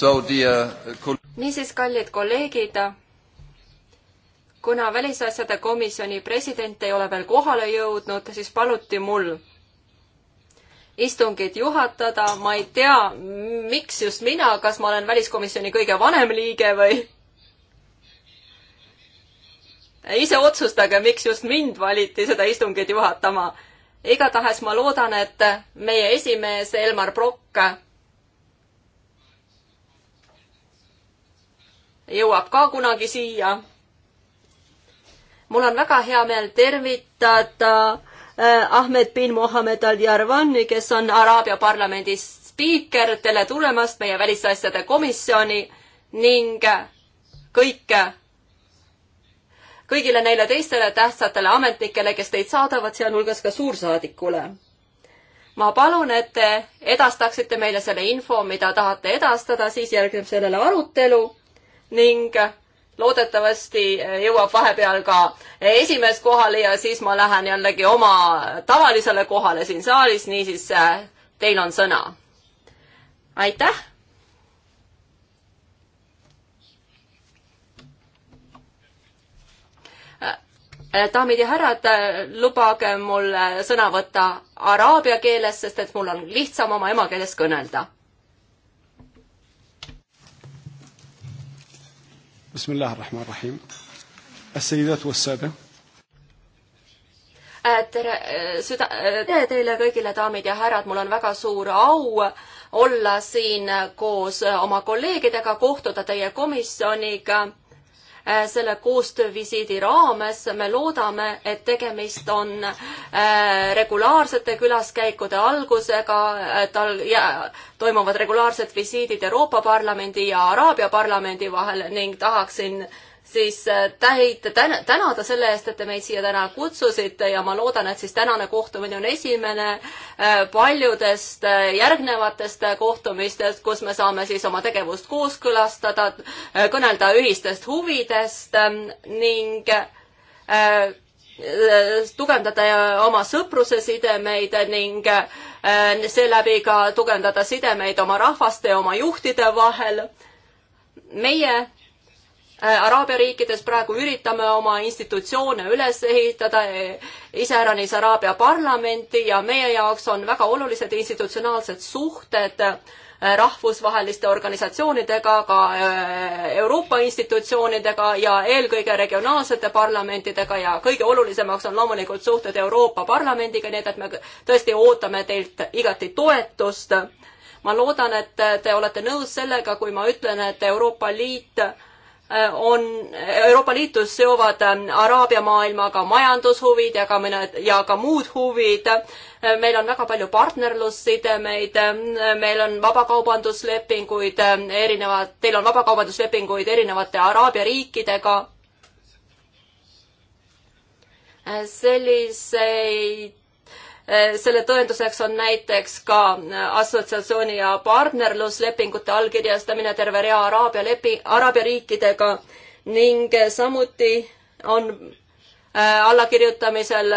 Uh, niisiis, kallid kolleegid, kuna välisasjade komisjoni president ei ole veel kohale jõudnud, siis paluti mul istungit juhatada, ma ei tea, miks just mina, kas ma olen väliskomisjoni kõige vanem liige või? ise otsustage, miks just mind valiti seda istungit juhatama. igatahes ma loodan, et meie esimees Elmar Brokk jõuab ka kunagi siia. mul on väga hea meel tervitada äh, Ahmed bin Mohammed Al-Jarvani, kes on Araabia parlamendis spiiker, tere tulemast meie välisasjade komisjoni ning kõike, kõigile neile teistele tähtsatele ametnikele, kes teid saadavad, sealhulgas ka suursaadikule ma palun, et te edastaksite meile selle info, mida tahate edastada, siis järgneb sellele arutelu ning loodetavasti jõuab vahepeal ka esimest kohale ja siis ma lähen jällegi oma tavalisele kohale siin saalis, niisiis äh, teil on sõna. aitäh. Äh, daamid ja härrad, äh, lubage mul sõna võtta araabia keeles, sest et mul on lihtsam oma emakeeles kõnelda بسم الله الرحمن الرحيم السيدات والسادة tere, äh, süda, äh, tere teile kõigile, daamid ja härrad, mul on väga suur au olla siin äh, koos oma kolleegidega, kohtuda teie komisjoniga Äh, selle koostöövisiidi raames. me loodame, et tegemist on äh, regulaarsete külaskäikude algusega, äh, tal ja, toimuvad regulaarsed visiidid Euroopa Parlamendi ja Araabia Parlamendi vahel ning tahaksin äh, siis äh, täid, tänada selle eest, et te meid siia täna kutsusite ja ma loodan, et siis tänane kohtumine on esimene äh, paljudest äh, järgnevatest kohtumistest, kus me saame siis oma tegevust kooskõlastada, kõnelda ühistest huvidest ähm, ning tugevdada oma sõpruse sidemeid ning seeläbi ka tugevdada sidemeid oma rahvaste ja oma juhtide vahel. meie Äh, Araabia riikides praegu üritame oma institutsioone üles ehitada, e, iseäranis Araabia parlamenti ja meie jaoks on väga olulised institutsionaalsed suhted äh, rahvusvaheliste organisatsioonidega, ka äh, Euroopa institutsioonidega ja eelkõige regionaalsete parlamentidega ja kõige olulisemaks on loomulikult suhted Euroopa Parlamendiga, nii et, et me tõesti ootame teilt igati toetust. ma loodan, et te olete nõus sellega, kui ma ütlen, et Euroopa Liit Äh, on, Euroopa Liitus seovad ähm, Araabia maailmaga majandushuvid ja ka mõned ja ka muud huvid. Äh, meil on väga palju partnerlussidemeid, äh, meil on vabakaubanduslepinguid erinevad, teil on vabakaubanduslepinguid erinevate Araabia riikidega. selliseid Eh, selle tõenduseks on näiteks ka eh, assotsiatsiooni ja partnerluslepingute allkirjastamine terve rea Araabia lepi, Araabia riikidega ning eh, samuti on allakirjutamisel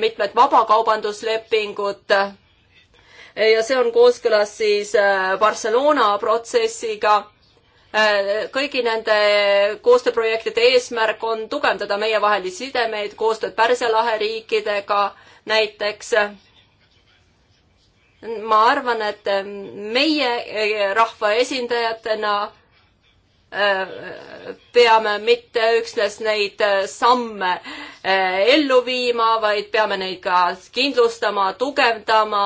mitmed vabakaubanduslepingud ja see on kooskõlas siis Barcelona protsessiga Äh, kõigi nende koostööprojektide eesmärk on tugevdada meievahelisi sidemeid, koostööd Pärsia lahe riikidega näiteks. ma arvan, et meie äh, rahvaesindajatena äh, peame mitte üksnes neid samme ellu viima, vaid peame neid ka kindlustama, tugevdama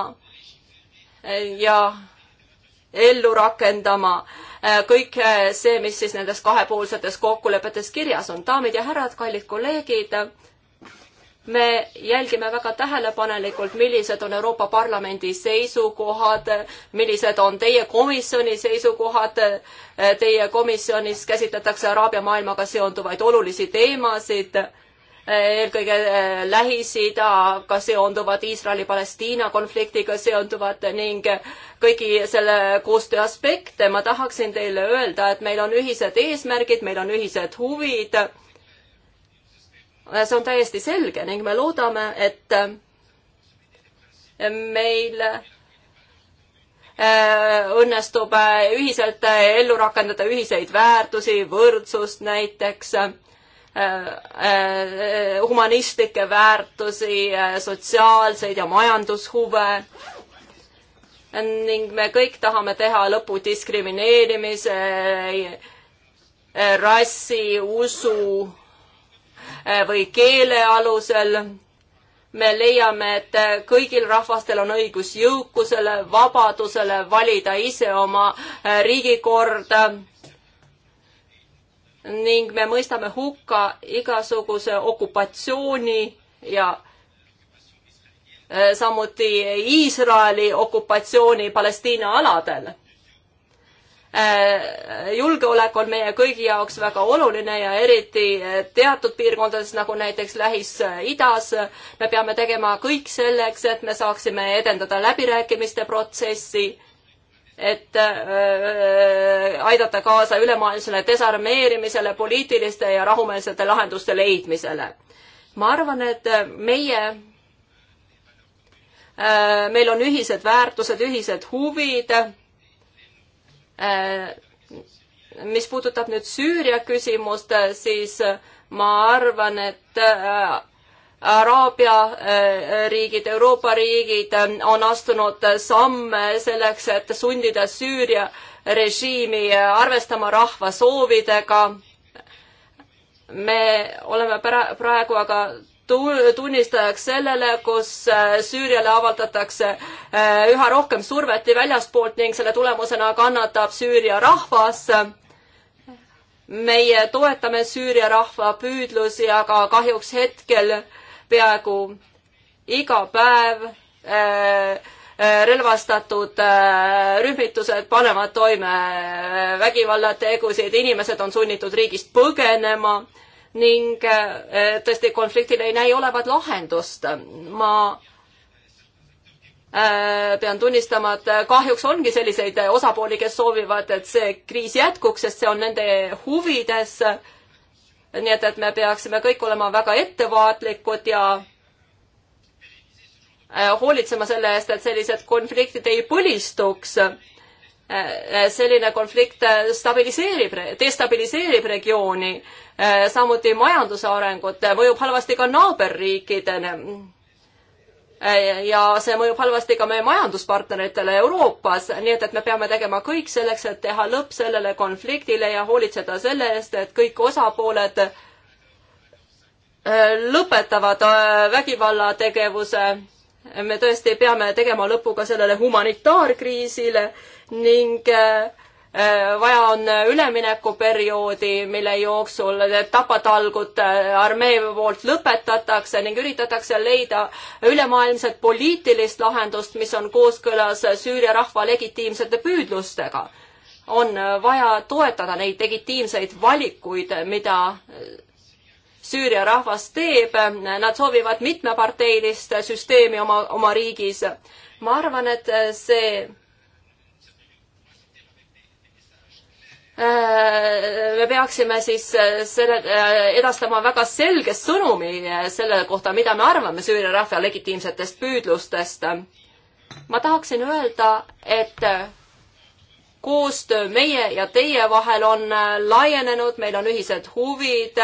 ja ellu rakendama. Äh, kõik äh, see, mis siis nendes kahepoolsetes kokkulepetes kirjas on. daamid ja härrad, kallid kolleegid, me jälgime väga tähelepanelikult, millised on Euroopa Parlamendi seisukohad, millised on teie komisjoni seisukohad. Äh, teie komisjonis käsitletakse Araabia maailmaga seonduvaid olulisi teemasid eelkõige äh, Lähis-Idaga seonduvad, Iisraeli-Palestiina konfliktiga seonduvad ning kõigi selle koostöö aspekte. ma tahaksin teile öelda, et meil on ühised eesmärgid, meil on ühised huvid. see on täiesti selge ning me loodame, et meil äh, õnnestub äh, ühiselt ellu rakendada ühiseid väärtusi, võrdsust näiteks Äh, äh, humanistlikke väärtusi, äh, sotsiaalseid ja majandushuve ning me kõik tahame teha lõpu diskrimineerimise, rassi, usu või keele alusel. me leiame, et kõigil rahvastel on õigus jõukusele, vabadusele valida ise oma riigikorda ning me mõistame hukka igasuguse okupatsiooni ja äh, samuti Iisraeli okupatsiooni Palestiina aladel. Äh, julgeolek on meie kõigi jaoks väga oluline ja eriti äh, teatud piirkondades, nagu näiteks Lähis-Idas, me peame tegema kõik selleks, et me saaksime edendada läbirääkimiste protsessi et äh, äh, aidata kaasa ülemaailmsele desarmeerimisele, poliitiliste ja rahumeelsete lahenduste leidmisele. ma arvan, et äh, meie äh,, meil on ühised väärtused, ühised huvid äh,. mis puudutab nüüd Süüria küsimust, äh, siis ma arvan, et äh, Araabia äh, riigid, Euroopa riigid on astunud samme selleks, et sundida Süüria režiimi arvestama rahva soovidega. me oleme praegu aga tunnistajaks sellele, kus äh, Süüriale avaldatakse äh, üha rohkem survet väljastpoolt ning selle tulemusena kannatab Süüria rahvas meie toetame Süüria rahva püüdlusi, aga kahjuks hetkel äh, peaaegu iga päev äh, äh, relvastatud äh, rühmitused panevad toime vägivallategusid, inimesed on sunnitud riigist põgenema ning tõesti konfliktil ei näi olevat lahendust. ma pean tunnistama, et kahjuks ongi selliseid osapooli, kes soovivad, et see kriis jätkuks, sest see on nende huvides nii et, et me peaksime kõik olema väga ettevaatlikud ja äh, hoolitsema selle eest, et sellised konfliktid ei põlistuks. Äh, äh, selline konflikt stabiliseerib, destabiliseerib regiooni, samuti majanduse arengut, mõjub halvasti ka naaberriikidele Äh, ja see mõjub halvasti ka meie majanduspartneritele Euroopas, nii et, et me peame tegema kõik selleks, et teha lõpp sellele konfliktile ja hoolitseda selle eest, et kõik osapooled äh, lõpetavad äh, vägivallategevuse. me tõesti peame tegema lõpu ka sellele humanitaarkriisile ning äh, Äh, vaja on üleminekuperioodi, mille jooksul tapatalgud äh, armee poolt lõpetatakse ning üritatakse leida ülemaailmset poliitilist lahendust, mis on kooskõlas Süüria rahva legitiimsete püüdlustega. on äh, vaja toetada neid legitiimseid valikuid, mida Süüria rahvas teeb, nad soovivad mitmeparteilist süsteemi oma, oma riigis. ma arvan, et see Äh, me peaksime siis äh, selle, äh, edastama väga selge sõnumi selle kohta, mida me arvame Süüria rahva legitiimsetest püüdlustest. ma tahaksin öelda, et koostöö meie ja teie vahel on laienenud, meil on ühised huvid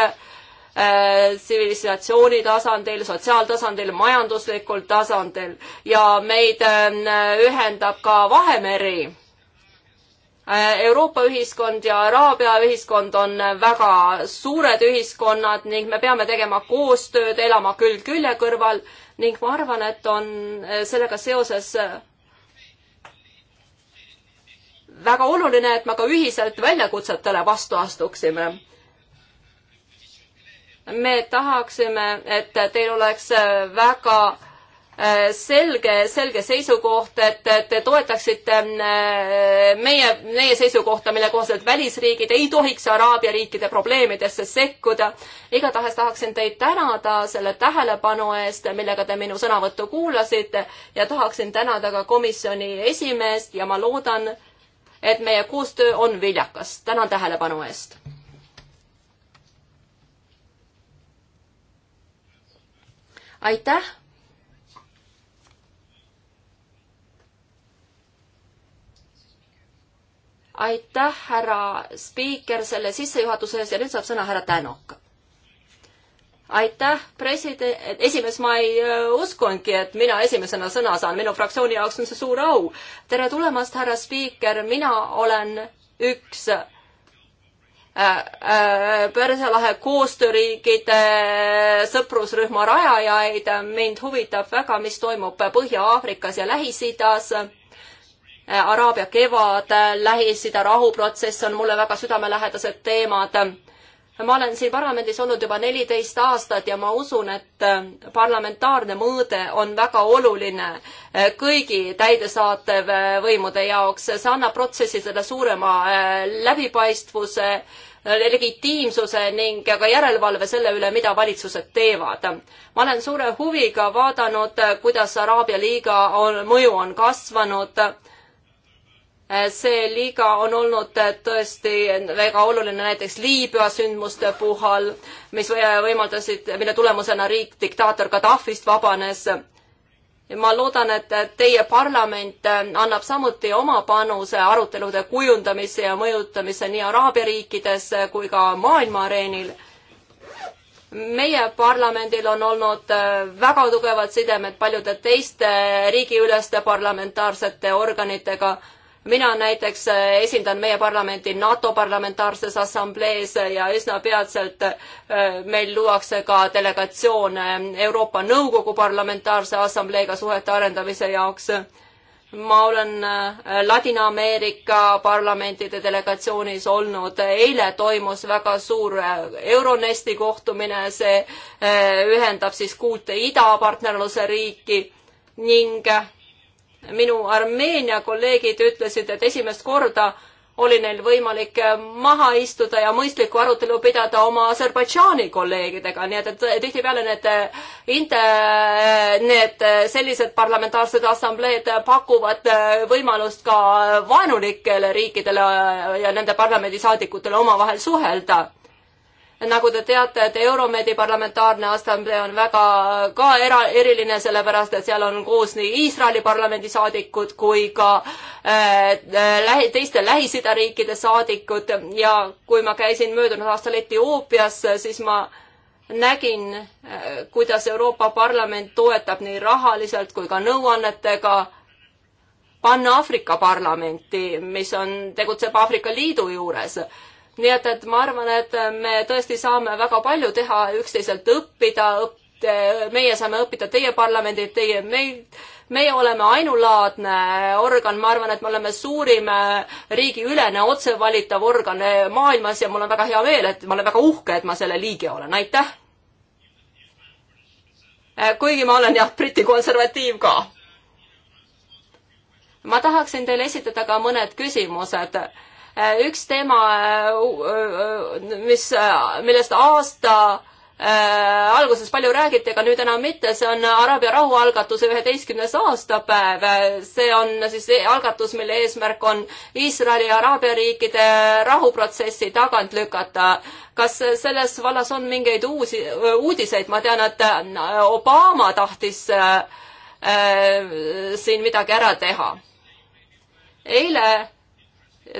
tsivilisatsiooni tasandil, sotsiaaltasandil, majanduslikul tasandil ja meid ühendab ka Vahemeri Äh, Euroopa ühiskond ja Araabia ühiskond on väga suured ühiskonnad ning me peame tegema koostööd, elama külg külje kõrval ning ma arvan, et on äh, sellega seoses äh, väga oluline, et me ka ühiselt väljakutsetele vastu astuksime. me tahaksime, et teil oleks väga selge, selge seisukoht, et te toetaksite mm, äh, meie, meie seisukohta, mille kohaselt välisriigid ei tohiks Araabia riikide probleemidesse sekkuda. igatahes tahaksin teid tänada selle tähelepanu eest, millega te minu sõnavõttu kuulasite ja tahaksin tänada ka komisjoni esimeest ja ma loodan, et meie koostöö on viljakas. tänan tähelepanu eest. aitäh aitäh, härra spiiker, selle sissejuhatuse eest ja nüüd saab sõna härra Tänok. aitäh, president, esimees, ma ei äh, uskunudki, et mina esimesena sõna saan, minu fraktsiooni jaoks on see suur au. tere tulemast, härra spiiker, mina olen üks äh, äh, Pärsialahe koostööriikide sõprusrühma rajajaid. mind huvitab väga, mis toimub Põhja-Aafrikas ja Lähis-Idas Äh, Araabia kevad, äh, Lähis-Ida rahuprotsess on mulle väga südamelähedased teemad. ma olen siin parlamendis olnud juba neliteist aastat ja ma usun, et äh, parlamentaarne mõõde on väga oluline kõigi täidesaatev võimude jaoks, see annab protsessidele suurema läbipaistvuse legitiimsuse ning ka järelevalve selle üle, mida valitsused teevad. ma olen suure huviga vaadanud, kuidas Araabia liiga on, mõju on kasvanud Äh, see liiga on olnud äh, tõesti väga oluline näiteks Liibüa sündmuste puhul, mis äh, võimaldasid, mille tulemusena riik diktaator Gaddafist vabanes. ma loodan, et teie parlament annab samuti oma panuse arutelude kujundamise ja mõjutamise nii Araabia riikides kui ka maailma areenil meie parlamendil on olnud väga tugevad sidemed paljude teiste riigiüleste parlamentaarsete organitega mina näiteks äh, esindan meie parlamenti NATO parlamentaarses assamblees ja üsna peatselt äh, meil luuakse ka delegatsioon äh, Euroopa Nõukogu parlamentaarse assambleega suhete arendamise jaoks. ma olen Ladina-Ameerika parlamentide delegatsioonis olnud, eile toimus väga suur Euronesti kohtumine, see ühendab siis kuute idapartnerluse riiki ning minu Armeenia kolleegid ütlesid, et esimest korda oli neil võimalik maha istuda ja mõistlikku arutelu pidada oma Aserbaidžaani kolleegidega, nii et, et tihtipeale need inte, need sellised parlamentaarsed assambleed pakuvad võimalust ka vaenulikele riikidele ja nende parlamendisaadikutele omavahel suhelda nagu te teate, et Euromedi parlamentaarne assamblee on väga ka era, eriline, sellepärast et seal on koos nii Iisraeli parlamendisaadikud kui ka äh, äh, lähi, teiste Lähis-Ida riikide saadikud ja kui ma käisin möödunud aastal Etioopias, siis ma nägin äh,, kuidas Euroopa Parlament toetab nii rahaliselt kui ka nõuannetega Pan-Aafrika parlamenti, mis on, tegutseb Aafrika Liidu juures nii et, et ma arvan, et me tõesti saame väga palju teha, üksteiselt õppida õpp,, meie saame õppida teie parlamendilt, teie meilt meie oleme ainulaadne organ, ma arvan, et me oleme suurim äh, riigiülene otsevalitav organ äh, maailmas ja mul on väga hea meel, et ma olen väga uhke, et ma selle liige olen, aitäh. Äh, kuigi ma olen jah, Briti konservatiiv ka. ma tahaksin teile esitada ka mõned küsimused Äh, üks teema, äh, äh, mis, millest aasta äh, alguses palju räägiti, aga nüüd enam mitte, see on Araabia rahualgatuse üheteistkümnes aastapäev. see on siis e-, algatus, mille eesmärk on Iisraeli ja Araabia riikide rahuprotsessi tagant lükata. kas selles vallas on mingeid uusi uudiseid, ma tean, et Obama tahtis äh, äh, siin midagi ära teha. eile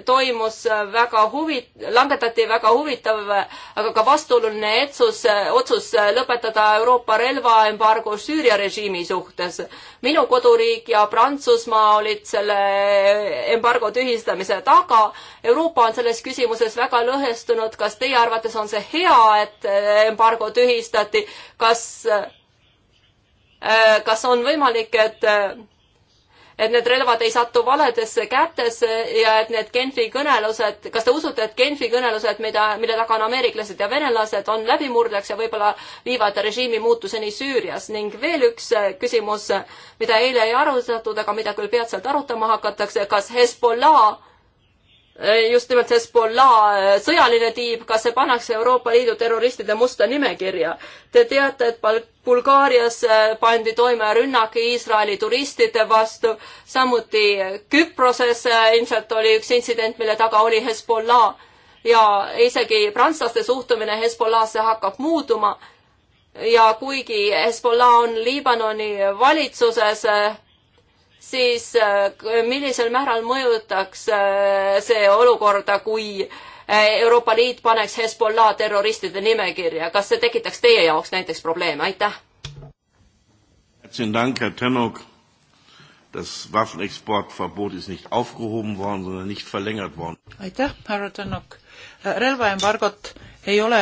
toimus väga huvi-, langetati väga huvitav, aga ka vastuoluline etsus, otsus lõpetada Euroopa relvaembargo Süüria režiimi suhtes. minu koduriik ja Prantsusmaa olid selle embargo tühistamise taga. Euroopa on selles küsimuses väga lõhestunud. kas teie arvates on see hea, et embargo tühistati? kas, kas on võimalik, et et need relvad ei satu valedesse kätesse ja et need Genfi kõnelused, kas te usute, et Genfi kõnelused, mida, mille taga on ameeriklased ja venelased, on läbimurdeks ja võib-olla viivad režiimi muutuseni Süürias ning veel üks äh, küsimus, mida eile ei arutatud, aga mida küll peatselt arutama hakatakse, kas Hezbollah Eh, just nimelt see Hezbollah eh, sõjaline tiib, kas see pannakse Euroopa Liidu terroristide musta nimekirja? Te teate, et Bulgaarias eh, pandi toime rünnak Iisraeli turistide vastu, samuti Küproses ilmselt oli üks intsident, mille taga oli Hezbollah ja isegi prantslaste suhtumine Hezbollahsse hakkab muutuma. ja kuigi Hezbollah on Liibanoni valitsuses, siis äh, millisel määral mõjutaks äh, see olukorda, kui äh, Euroopa Liit paneks Hezbollah terroristide nimekirja, kas see tekitaks teie jaoks näiteks probleeme, aitäh? Das Waffenexportverbot ist nicht aufgehoben worden, sondern nicht verlängert worden. Aitäh, härra Tõnok. Relvaembargot ei ole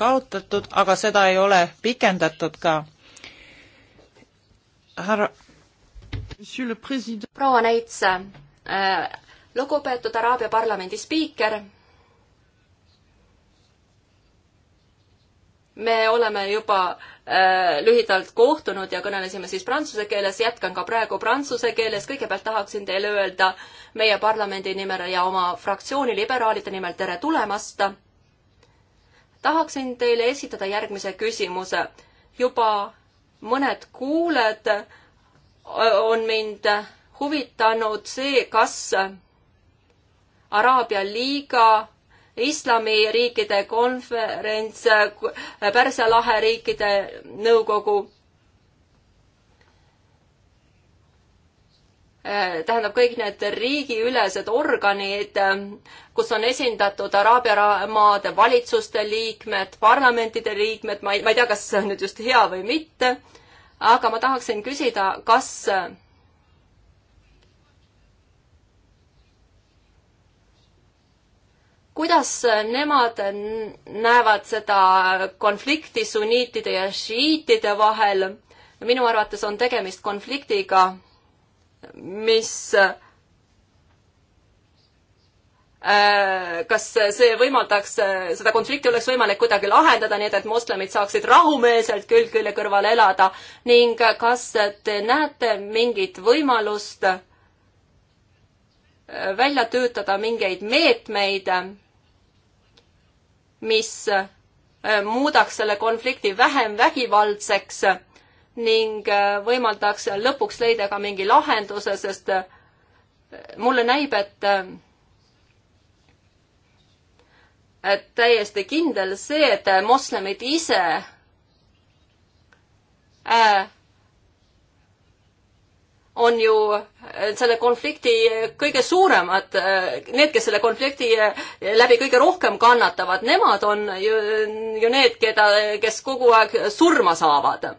kaotatud, aga seda ei ole pikendatud ka. Härra proua Neits, äh, lugupeetud Araabia parlamendi spiiker, me oleme juba äh, lühidalt kohtunud ja kõnelesime siis prantsuse keeles, jätkan ka praegu prantsuse keeles. kõigepealt tahaksin teile öelda meie parlamendi nimel ja oma fraktsiooni liberaalide nimel tere tulemast. tahaksin teile esitada järgmise küsimuse. juba mõned kuuled on mind huvitanud see, kas Araabia liiga islamiriikide konverents, Pärsia lahe riikide nõukogu tähendab, kõik need riigiülesed organid, kus on esindatud Araabia maade valitsuste liikmed, parlamentide liikmed, ma ei, ma ei tea, kas see on nüüd just hea või mitte aga ma tahaksin küsida, kas kuidas nemad näevad seda konflikti sunniitide ja šiitide vahel? minu arvates on tegemist konfliktiga, mis äh, Äh, kas see võimaldaks, äh, seda konflikti oleks võimalik kuidagi lahendada, nii et, et moslemid saaksid rahumeelselt külg külje kõrval elada ning kas te näete mingit võimalust äh, välja töötada mingeid meetmeid, mis muudaks selle konflikti vähem vägivaldseks ning võimaldaks lõpuks leida ka mingi lahenduse, sest mulle näib, et täiesti kindel see, et moslemid ise äh, on ju äh, selle konflikti kõige suuremad, äh, need, kes selle konflikti läbi kõige rohkem kannatavad, nemad on ju, ju need, keda, kes kogu aeg surma saavad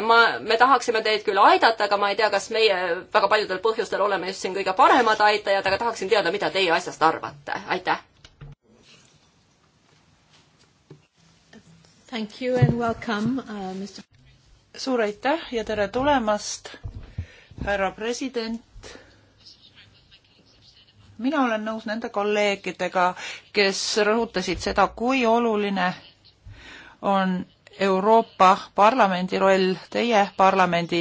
ma, me tahaksime teid küll aidata, aga ma ei tea, kas meie väga paljudel põhjustel oleme just siin kõige paremad aitajad, aga tahaksin teada, mida teie asjast arvate, aitäh. Thank you and welcome uh,, Mr. suur aitäh ja tere tulemast, härra president. mina olen nõus nende kolleegidega, kes rõhutasid seda, kui oluline on Euroopa Parlamendi roll, teie parlamendi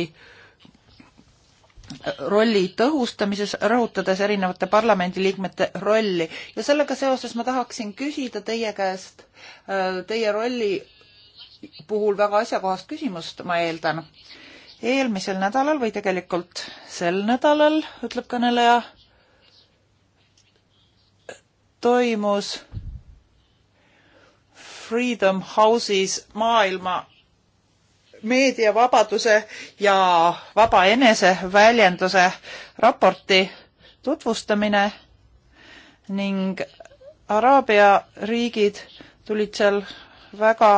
rolli tõhustamises, rõhutades erinevate parlamendiliikmete rolli. ja sellega seoses ma tahaksin küsida teie käest äh, teie rolli puhul väga asjakohast küsimust, ma eeldan. eelmisel nädalal või tegelikult sel nädalal, ütleb kõneleja, toimus Freedom House'is maailma meediavabaduse ja vaba eneseväljenduse raporti tutvustamine ning Araabia riigid tulid seal väga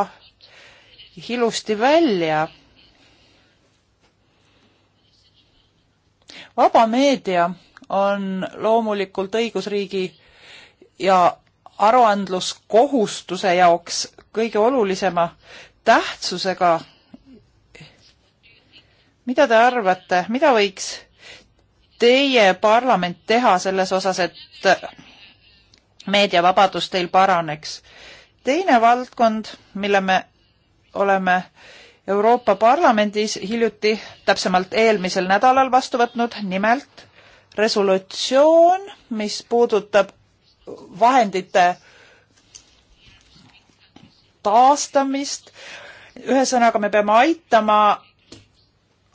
ilusti välja. vaba meedia on loomulikult õigusriigi ja aruandluskohustuse jaoks kõige olulisema tähtsusega. mida te arvate, mida võiks teie parlament teha selles osas, et meediavabadus teil paraneks? teine valdkond, mille me oleme Euroopa Parlamendis hiljuti, täpsemalt eelmisel nädalal vastu võtnud, nimelt resolutsioon, mis puudutab vahendite taastamist. ühesõnaga, me peame aitama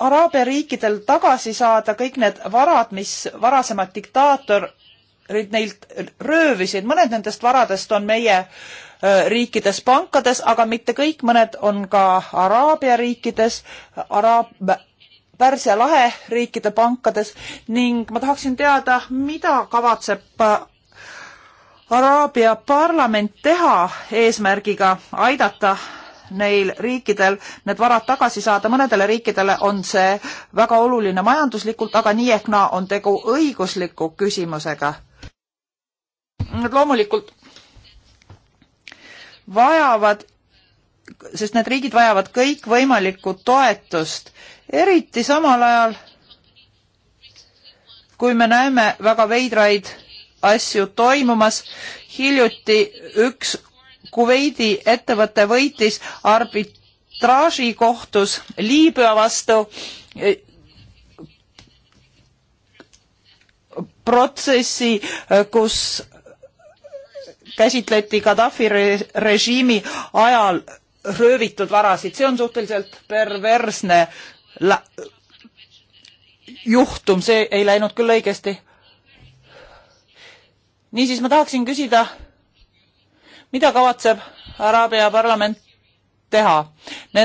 araabia riikidel tagasi saada kõik need varad, mis varasemad diktaatorid neilt röövisid. mõned nendest varadest on meie äh, riikides pankades, aga mitte kõik, mõned on ka Araabia riikides, Araab-, Pärsia lahe riikide pankades ning ma tahaksin teada, mida kavatseb äh, Araabia parlament teha eesmärgiga aidata neil riikidel need varad tagasi saada. mõnedele riikidele on see väga oluline majanduslikult, aga nii ehk naa on tegu õigusliku küsimusega. Nad loomulikult vajavad, sest need riigid vajavad kõikvõimalikku toetust, eriti samal ajal, kui me näeme väga veidraid asju toimumas. hiljuti üks Kuveidi ettevõte võitis arbitraažikohtus Liibüa vastu protsessi, kus käsitleti Gaddafi režiimi ajal röövitud varasid. see on suhteliselt perversne juhtum, see ei läinud küll õigesti niisiis ma tahaksin küsida, mida kavatseb Araabia parlament teha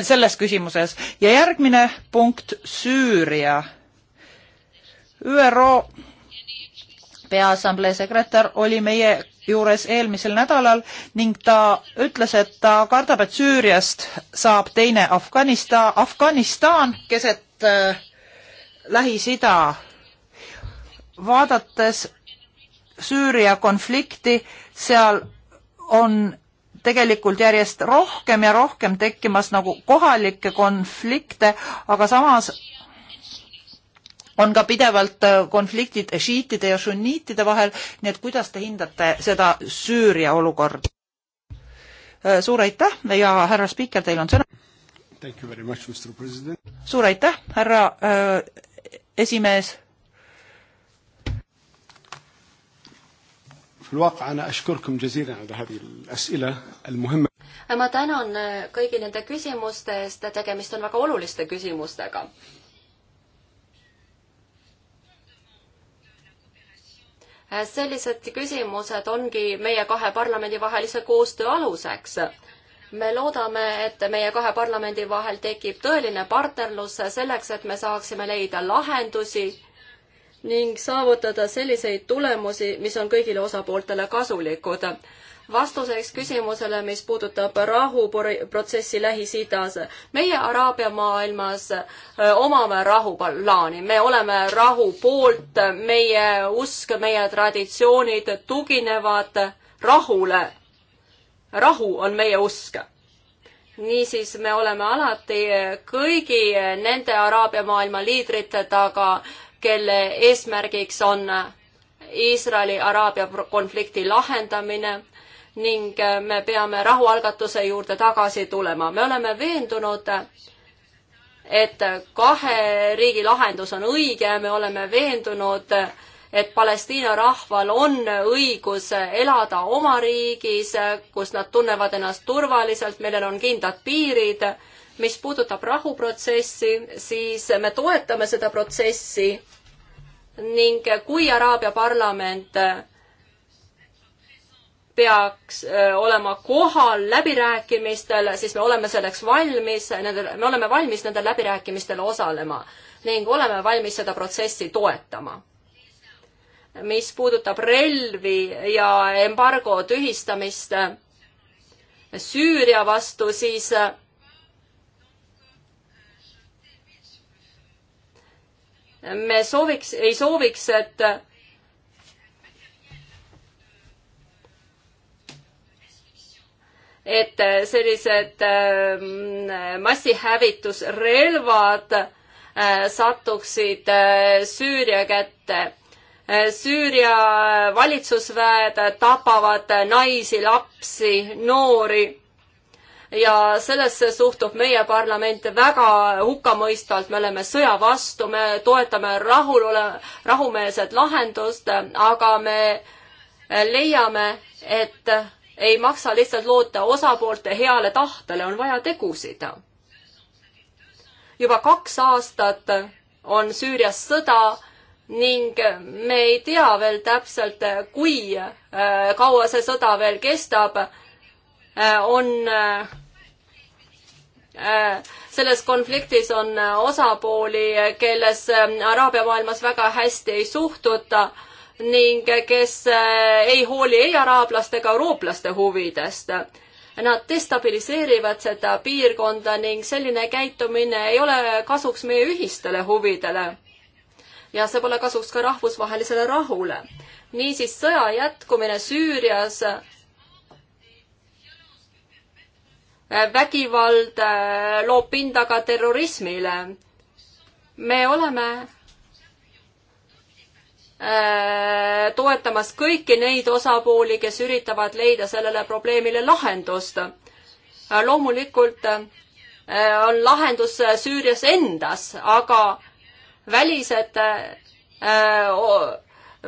selles küsimuses ja järgmine punkt Süüria. ÜRO Peaassamblee sekretär oli meie juures eelmisel nädalal ning ta ütles, et ta kardab, et Süüriast saab teine Afganistan, Afganistan keset äh, Lähis-Ida. vaadates Süüria konflikti, seal on tegelikult järjest rohkem ja rohkem tekkimas nagu kohalikke konflikte, aga samas on ka pidevalt äh, konfliktid šiitide ja sunniitide vahel, nii et kuidas te hindate seda Süüria olukorda? Äh, suur aitäh ja härra spiiker, teil on sõna. suur aitäh, härra äh, esimees في الواقع أنا أشكركم جزيلا على هذه الأسئلة المهمة ma tänan kõigi nende küsimuste eest, tegemist on väga oluliste küsimustega. sellised küsimused ongi meie kahe parlamendi vahelise koostöö aluseks. me loodame, et meie kahe parlamendi vahel tekib tõeline partnerlus selleks, et me saaksime leida lahendusi ning saavutada selliseid tulemusi, mis on kõigile osapooltele kasulikud. vastuseks küsimusele, mis puudutab rahuprotsessi Lähis-Idas. meie Araabia maailmas omame rahuplaani, me oleme rahu poolt, meie usk, meie traditsioonid tuginevad rahule. rahu on meie usk niisiis me oleme alati kõigi nende Araabia maailma liidrite taga, kelle eesmärgiks on Iisraeli-Araabia konflikti lahendamine ning äh, me peame rahualgatuse juurde tagasi tulema. me oleme veendunud, et kahe riigi lahendus on õige, me oleme veendunud, et Palestiina rahval on õigus elada oma riigis, kus nad tunnevad ennast turvaliselt, millel on kindlad piirid mis puudutab rahuprotsessi, siis me toetame seda protsessi ning kui Araabia parlament äh, peaks äh, olema kohal läbirääkimistel, siis me oleme selleks valmis, nendel, me oleme valmis nendel läbirääkimistel osalema ning oleme valmis seda protsessi toetama. mis puudutab relvi ja embargo tühistamist äh, Süüria vastu, siis me sooviks, ei sooviks, et et sellised ähm, massihävitusrelvad äh, satuksid äh, Süüria kätte. Äh, Süüria valitsusväed tapavad naisi, lapsi, noori ja sellesse suhtub meie parlament väga hukkamõistvalt, me oleme sõja vastu, me toetame rahulole-, rahumeelset lahendust, aga me leiame, et ei maksa lihtsalt loota osapoolte heale tahtele, on vaja tegusid. juba kaks aastat on Süürias sõda ning me ei tea veel täpselt, kui äh, kaua see sõda veel kestab. Äh, on äh, Äh, selles konfliktis on äh, osapooli, äh, kelles Araabia maailmas väga hästi ei suhtuta ning kes ei hooli ei araablaste ega eurooplaste huvidest. Nad destabiliseerivad seda piirkonda ning selline käitumine ei ole kasuks meie ühistele huvidele. ja see pole kasuks ka rahvusvahelisele rahule. niisiis sõja jätkumine Süürias Äh, vägivald äh, loob pinda ka terrorismile. me oleme äh, toetamas kõiki neid osapooli, kes üritavad leida sellele probleemile lahendust. loomulikult on lahendus Süürias endas, aga välised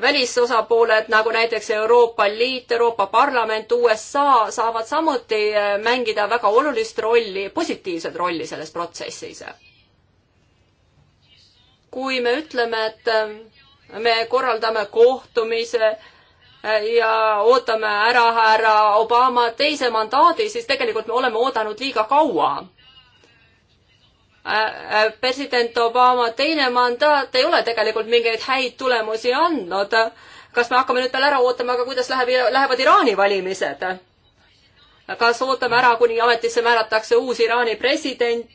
välisosapooled, nagu näiteks Euroopa Liit, Euroopa Parlament, USA, saavad samuti eh, mängida väga olulist rolli, positiivset rolli selles protsessis. kui me ütleme, et eh, me korraldame kohtumise eh, ja ootame ära härra Obama teise mandaadi, siis tegelikult me oleme oodanud liiga kaua president Obama teine mandaat ei ole tegelikult mingeid häid tulemusi andnud. kas me hakkame nüüd veel ära ootama ka, kuidas läheb, lähevad Iraani valimised? kas ootame ära, kuni ametisse määratakse uus Iraani president?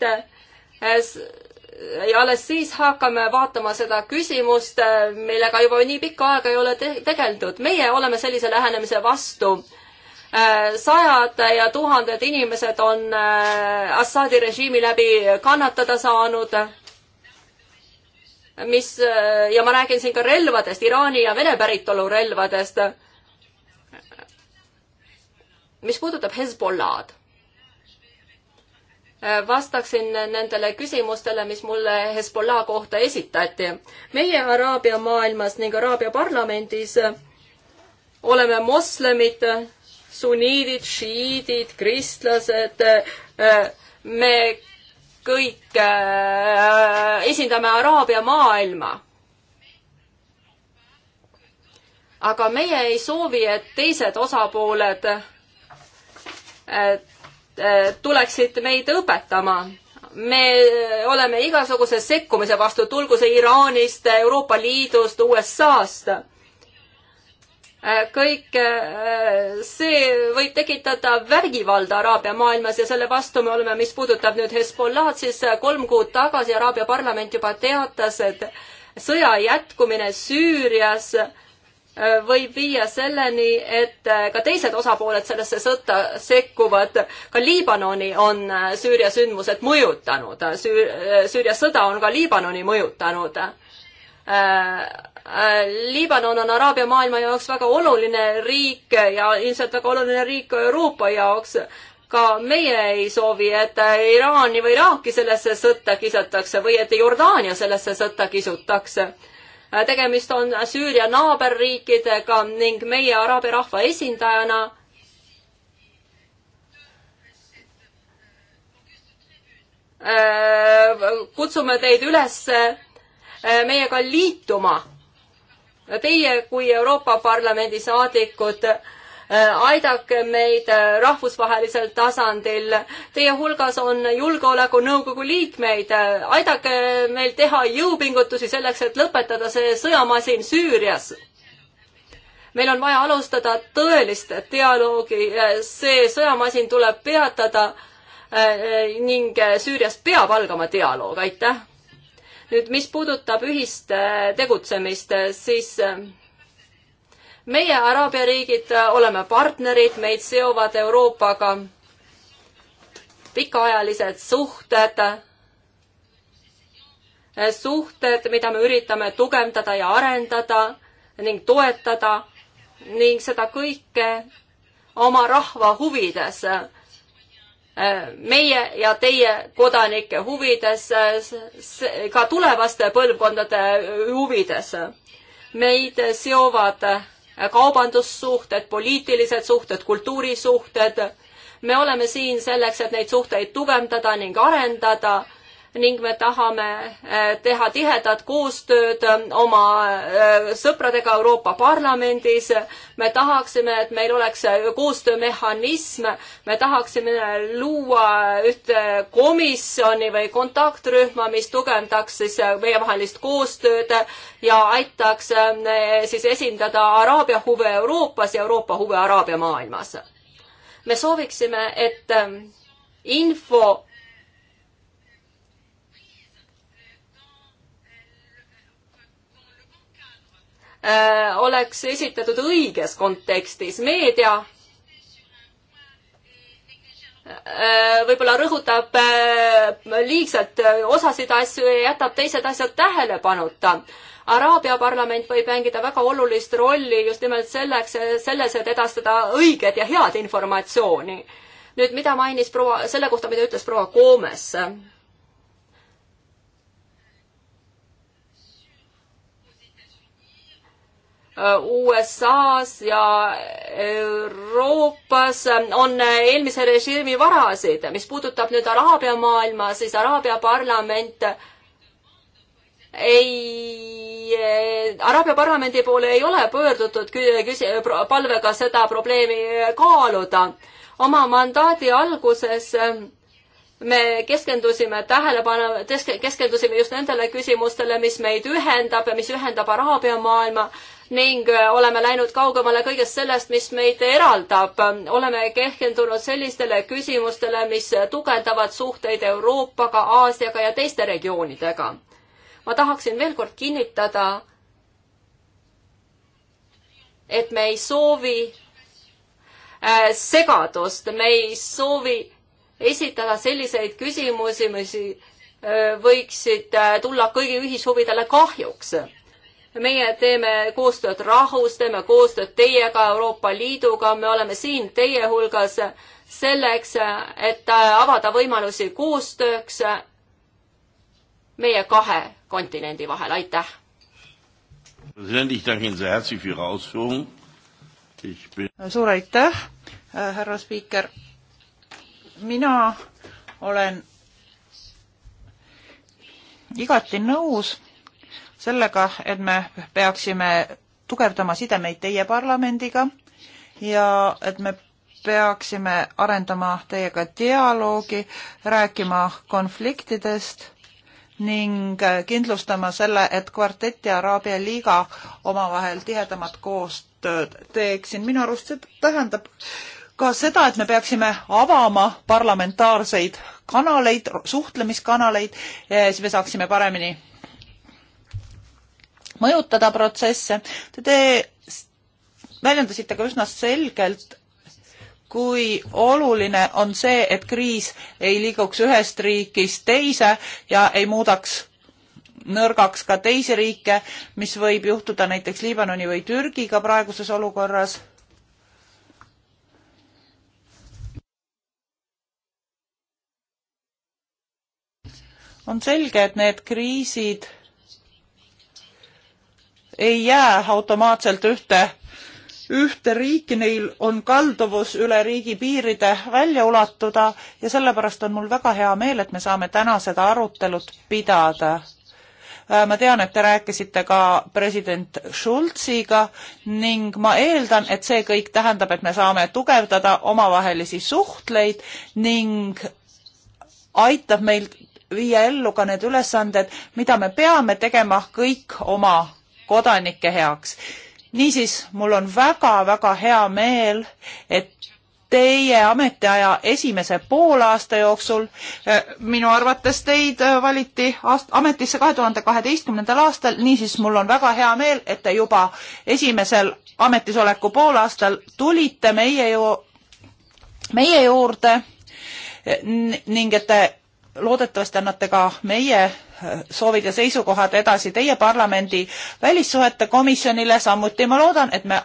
ja alles siis hakkame vaatama seda küsimust, millega juba nii pikka aega ei ole te tegeldud. meie oleme sellise lähenemise vastu sajad ja tuhanded inimesed on äh, Assadi režiimi läbi kannatada saanud, mis, äh, ja ma räägin siin ka relvadest, Iraani ja Vene päritolu relvadest. mis puudutab Hezbollah'd, äh, vastaksin nendele küsimustele, mis mulle Hezbollah kohta esitati. meie Araabia maailmas ning Araabia parlamendis oleme moslemid sunniidid, šiiidid, kristlased, äh, me kõik äh, esindame Araabia maailma aga meie ei soovi, et teised osapooled äh, tuleksid meid õpetama. me oleme igasuguse sekkumise vastu, tulgu see Iraanist, Euroopa Liidust, USA-st. Äh, kõik äh, see võib tekitada vägivalda Araabia maailmas ja selle vastu me oleme, mis puudutab nüüd Hezbollah'd, siis äh, kolm kuud tagasi Araabia parlament juba teatas, et sõja jätkumine Süürias võib viia selleni, et ka teised osapooled sellesse sõtta sekkuvad. ka Liibanoni on Süüria sündmused mõjutanud Süür, Süüria sõda on ka Liibanoni mõjutanud Äh, Liibanon on Araabia maailma jaoks väga oluline riik ja ilmselt väga oluline riik ka Euroopa jaoks. ka meie ei soovi, et Iraani või Iraaki sellesse sõtta kisatakse või et Jordaania sellesse sõtta kisutakse. Äh, tegemist on Süüria naaberriikidega ning meie araabia rahva esindajana äh, kutsume teid üles meiega liituma Teie kui Euroopa Parlamendi saadikud äh, aidake meid äh, rahvusvahelisel tasandil. Teie hulgas on Julgeolekunõukogu liikmeid, äh, aidake meil teha jõupingutusi selleks, et lõpetada see sõjamasin Süürias. meil on vaja alustada tõelist dialoogi, see sõjamasin tuleb peatada ning Süürias peab algama dialoog, aitäh nüüd, mis puudutab ühist äh, tegutsemist, äh, siis äh, meie Araabia riigid oleme partnerid, meid seovad Euroopaga pikaajalised suhted, suhted, mida me üritame tugevdada ja arendada ning toetada ning seda kõike oma rahva huvides meie ja teie kodanike huvides, ka tulevaste põlvkondade huvides. meid seovad kaubandussuhted, poliitilised suhted, kultuurisuhted. me oleme siin selleks, et neid suhteid tugevdada ning arendada ning me tahame äh, teha tihedat koostööd äh, oma äh, sõpradega Euroopa Parlamendis. me tahaksime, et meil oleks koostöömehhanism, me tahaksime luua ühte komisjoni või kontaktrühma, mis tugevdaks siis meievahelist koostööd ja aitaks siis esindada Araabia huve Euroopas ja Euroopa huve Araabia maailmas. me sooviksime, et info Äh, oleks esitatud õiges kontekstis. meedia äh, võib-olla rõhutab äh, liigselt osasid asju ja jätab teised asjad tähelepanuta. Araabia parlament võib mängida väga olulist rolli just nimelt selleks, selles, et edastada õiget ja head informatsiooni. nüüd, mida mainis proua, selle kohta, mida ütles proua Koomes USA-s ja Euroopas on eelmise režiimi varasid. mis puudutab nüüd Araabia maailma, siis Araabia parlament ei, Araabia parlamendi poole ei ole pöördutud küsi-, palvega seda probleemi kaaluda. oma mandaadi alguses me keskendusime tähelepanu, keskendusime just nendele küsimustele, mis meid ühendab ja mis ühendab Araabia maailma ning äh, oleme läinud kaugemale kõigest sellest, mis meid eraldab. oleme kehkendunud sellistele küsimustele, mis tugevdavad suhteid Euroopaga, Aasiaga ja teiste regioonidega. ma tahaksin veel kord kinnitada, et me ei soovi äh, segadust, me ei soovi esitada selliseid küsimusi, mis äh, võiksid tulla kõigi ühishuvidele kahjuks meie teeme koostööd rahus, teeme koostööd teiega, Euroopa Liiduga, me oleme siin teie hulgas selleks, et avada võimalusi koostööks meie kahe kontinendi vahel, aitäh! suur aitäh, härra spiiker! mina olen igati nõus sellega, et me peaksime tugevdama sidemeid teie parlamendiga ja et me peaksime arendama teiega dialoogi, rääkima konfliktidest ning kindlustama selle, et kvartett ja Araabia liiga omavahel tihedamat koostööd teeksin. minu arust see tähendab ka seda, et me peaksime avama parlamentaarseid kanaleid, suhtlemiskanaleid, siis me saaksime paremini mõjutada protsesse. Te väljendasite ka üsna selgelt, kui oluline on see, et kriis ei liiguks ühest riigist teise ja ei muudaks nõrgaks ka teisi riike, mis võib juhtuda näiteks Liibanoni või Türgiga praeguses olukorras. on selge, et need kriisid ei jää automaatselt ühte ühte riiki, neil on kalduvus üle riigipiiride välja ulatuda ja sellepärast on mul väga hea meel, et me saame täna seda arutelut pidada. Äh, ma tean, et te rääkisite ka president Schulziga ning ma eeldan, et see kõik tähendab, et me saame tugevdada omavahelisi suhtleid ning aitab meil viia ellu ka need ülesanded, mida me peame tegema kõik oma kodanike heaks. niisiis, mul on väga-väga hea meel, et teie ametiaja esimese poolaasta jooksul eh, minu arvates teid eh, valiti aast, ametisse kahe tuhande kaheteistkümnendal aastal, niisiis mul on väga hea meel, et te juba esimesel ametisoleku poolaastal tulite meie ju, meie juurde eh, ning et te loodetavasti annate ka meie soovid ja seisukohad edasi teie parlamendi välissuhete komisjonile, samuti ma loodan, et me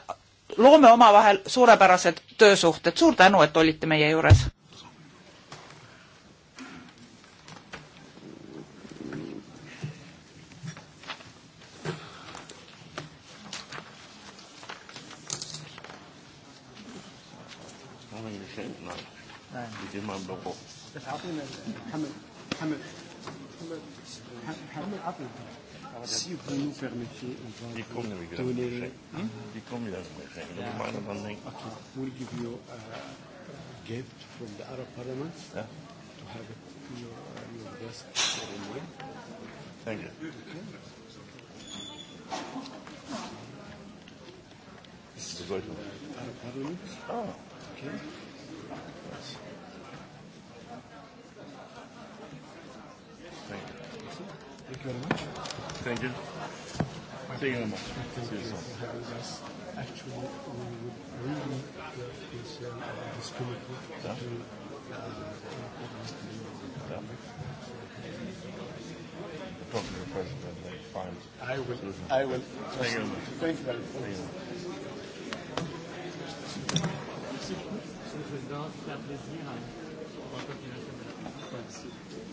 loome omavahel suurepärased töösuhted. suur tänu, et olite meie juures. Nein. Nein. Die sind mal im Büro. Das auch nicht mehr. Haben wir, haben wir. Si vous nous permettez, on va Die komen we graag donner... zeggen. Die komen we graag zeggen. Ja. Maar dan denk ik... Okay, we'll give you a gift from the Arab Parliament yeah. to have it to your, uh, your desk for a meal. Thank you. Okay. This is the right one. Arab Parliament. Oh. Okay. Yes. Thank you very much. Thank you. Uh, Thank you very much. Thank you for having us. Actually, we would really love to share our historical yeah. to uh, yeah. Talk to the president and find. I will. Solution. I will. Thank you. Thank you very much. Thank you. Monsieur le Président, c'est un plaisir. On va continuer à faire de la Merci.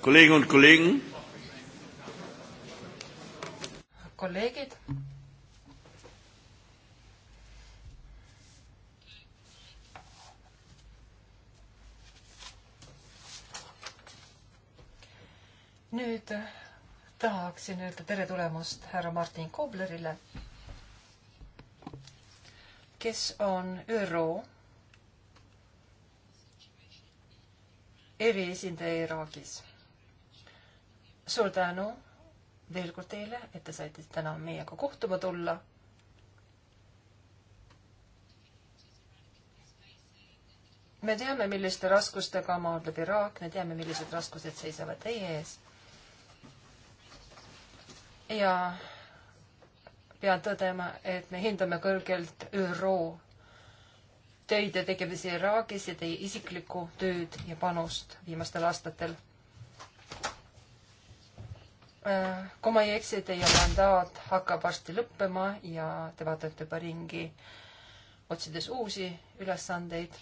Kolleginnen und Kollegen. Kolleegid. nüüd tahaksin öelda tere tulemast härra Martin Koblerile, kes on ÜRO eriesindaja Iraagis suur tänu veel kord teile, et te saite täna meiega kohtuma tulla. me teame, milliste raskustega maadleb Iraak, me teame, millised raskused seisavad teie ees. ja pean tõdema, et me hindame kõrgelt ÜRO töid ja tegemisi Iraagis ja teie isiklikku tööd ja panust viimastel aastatel Äh, kui ma ei eksi, teie mandaat hakkab varsti lõppema ja te vaatate juba ringi, otsides uusi ülesandeid.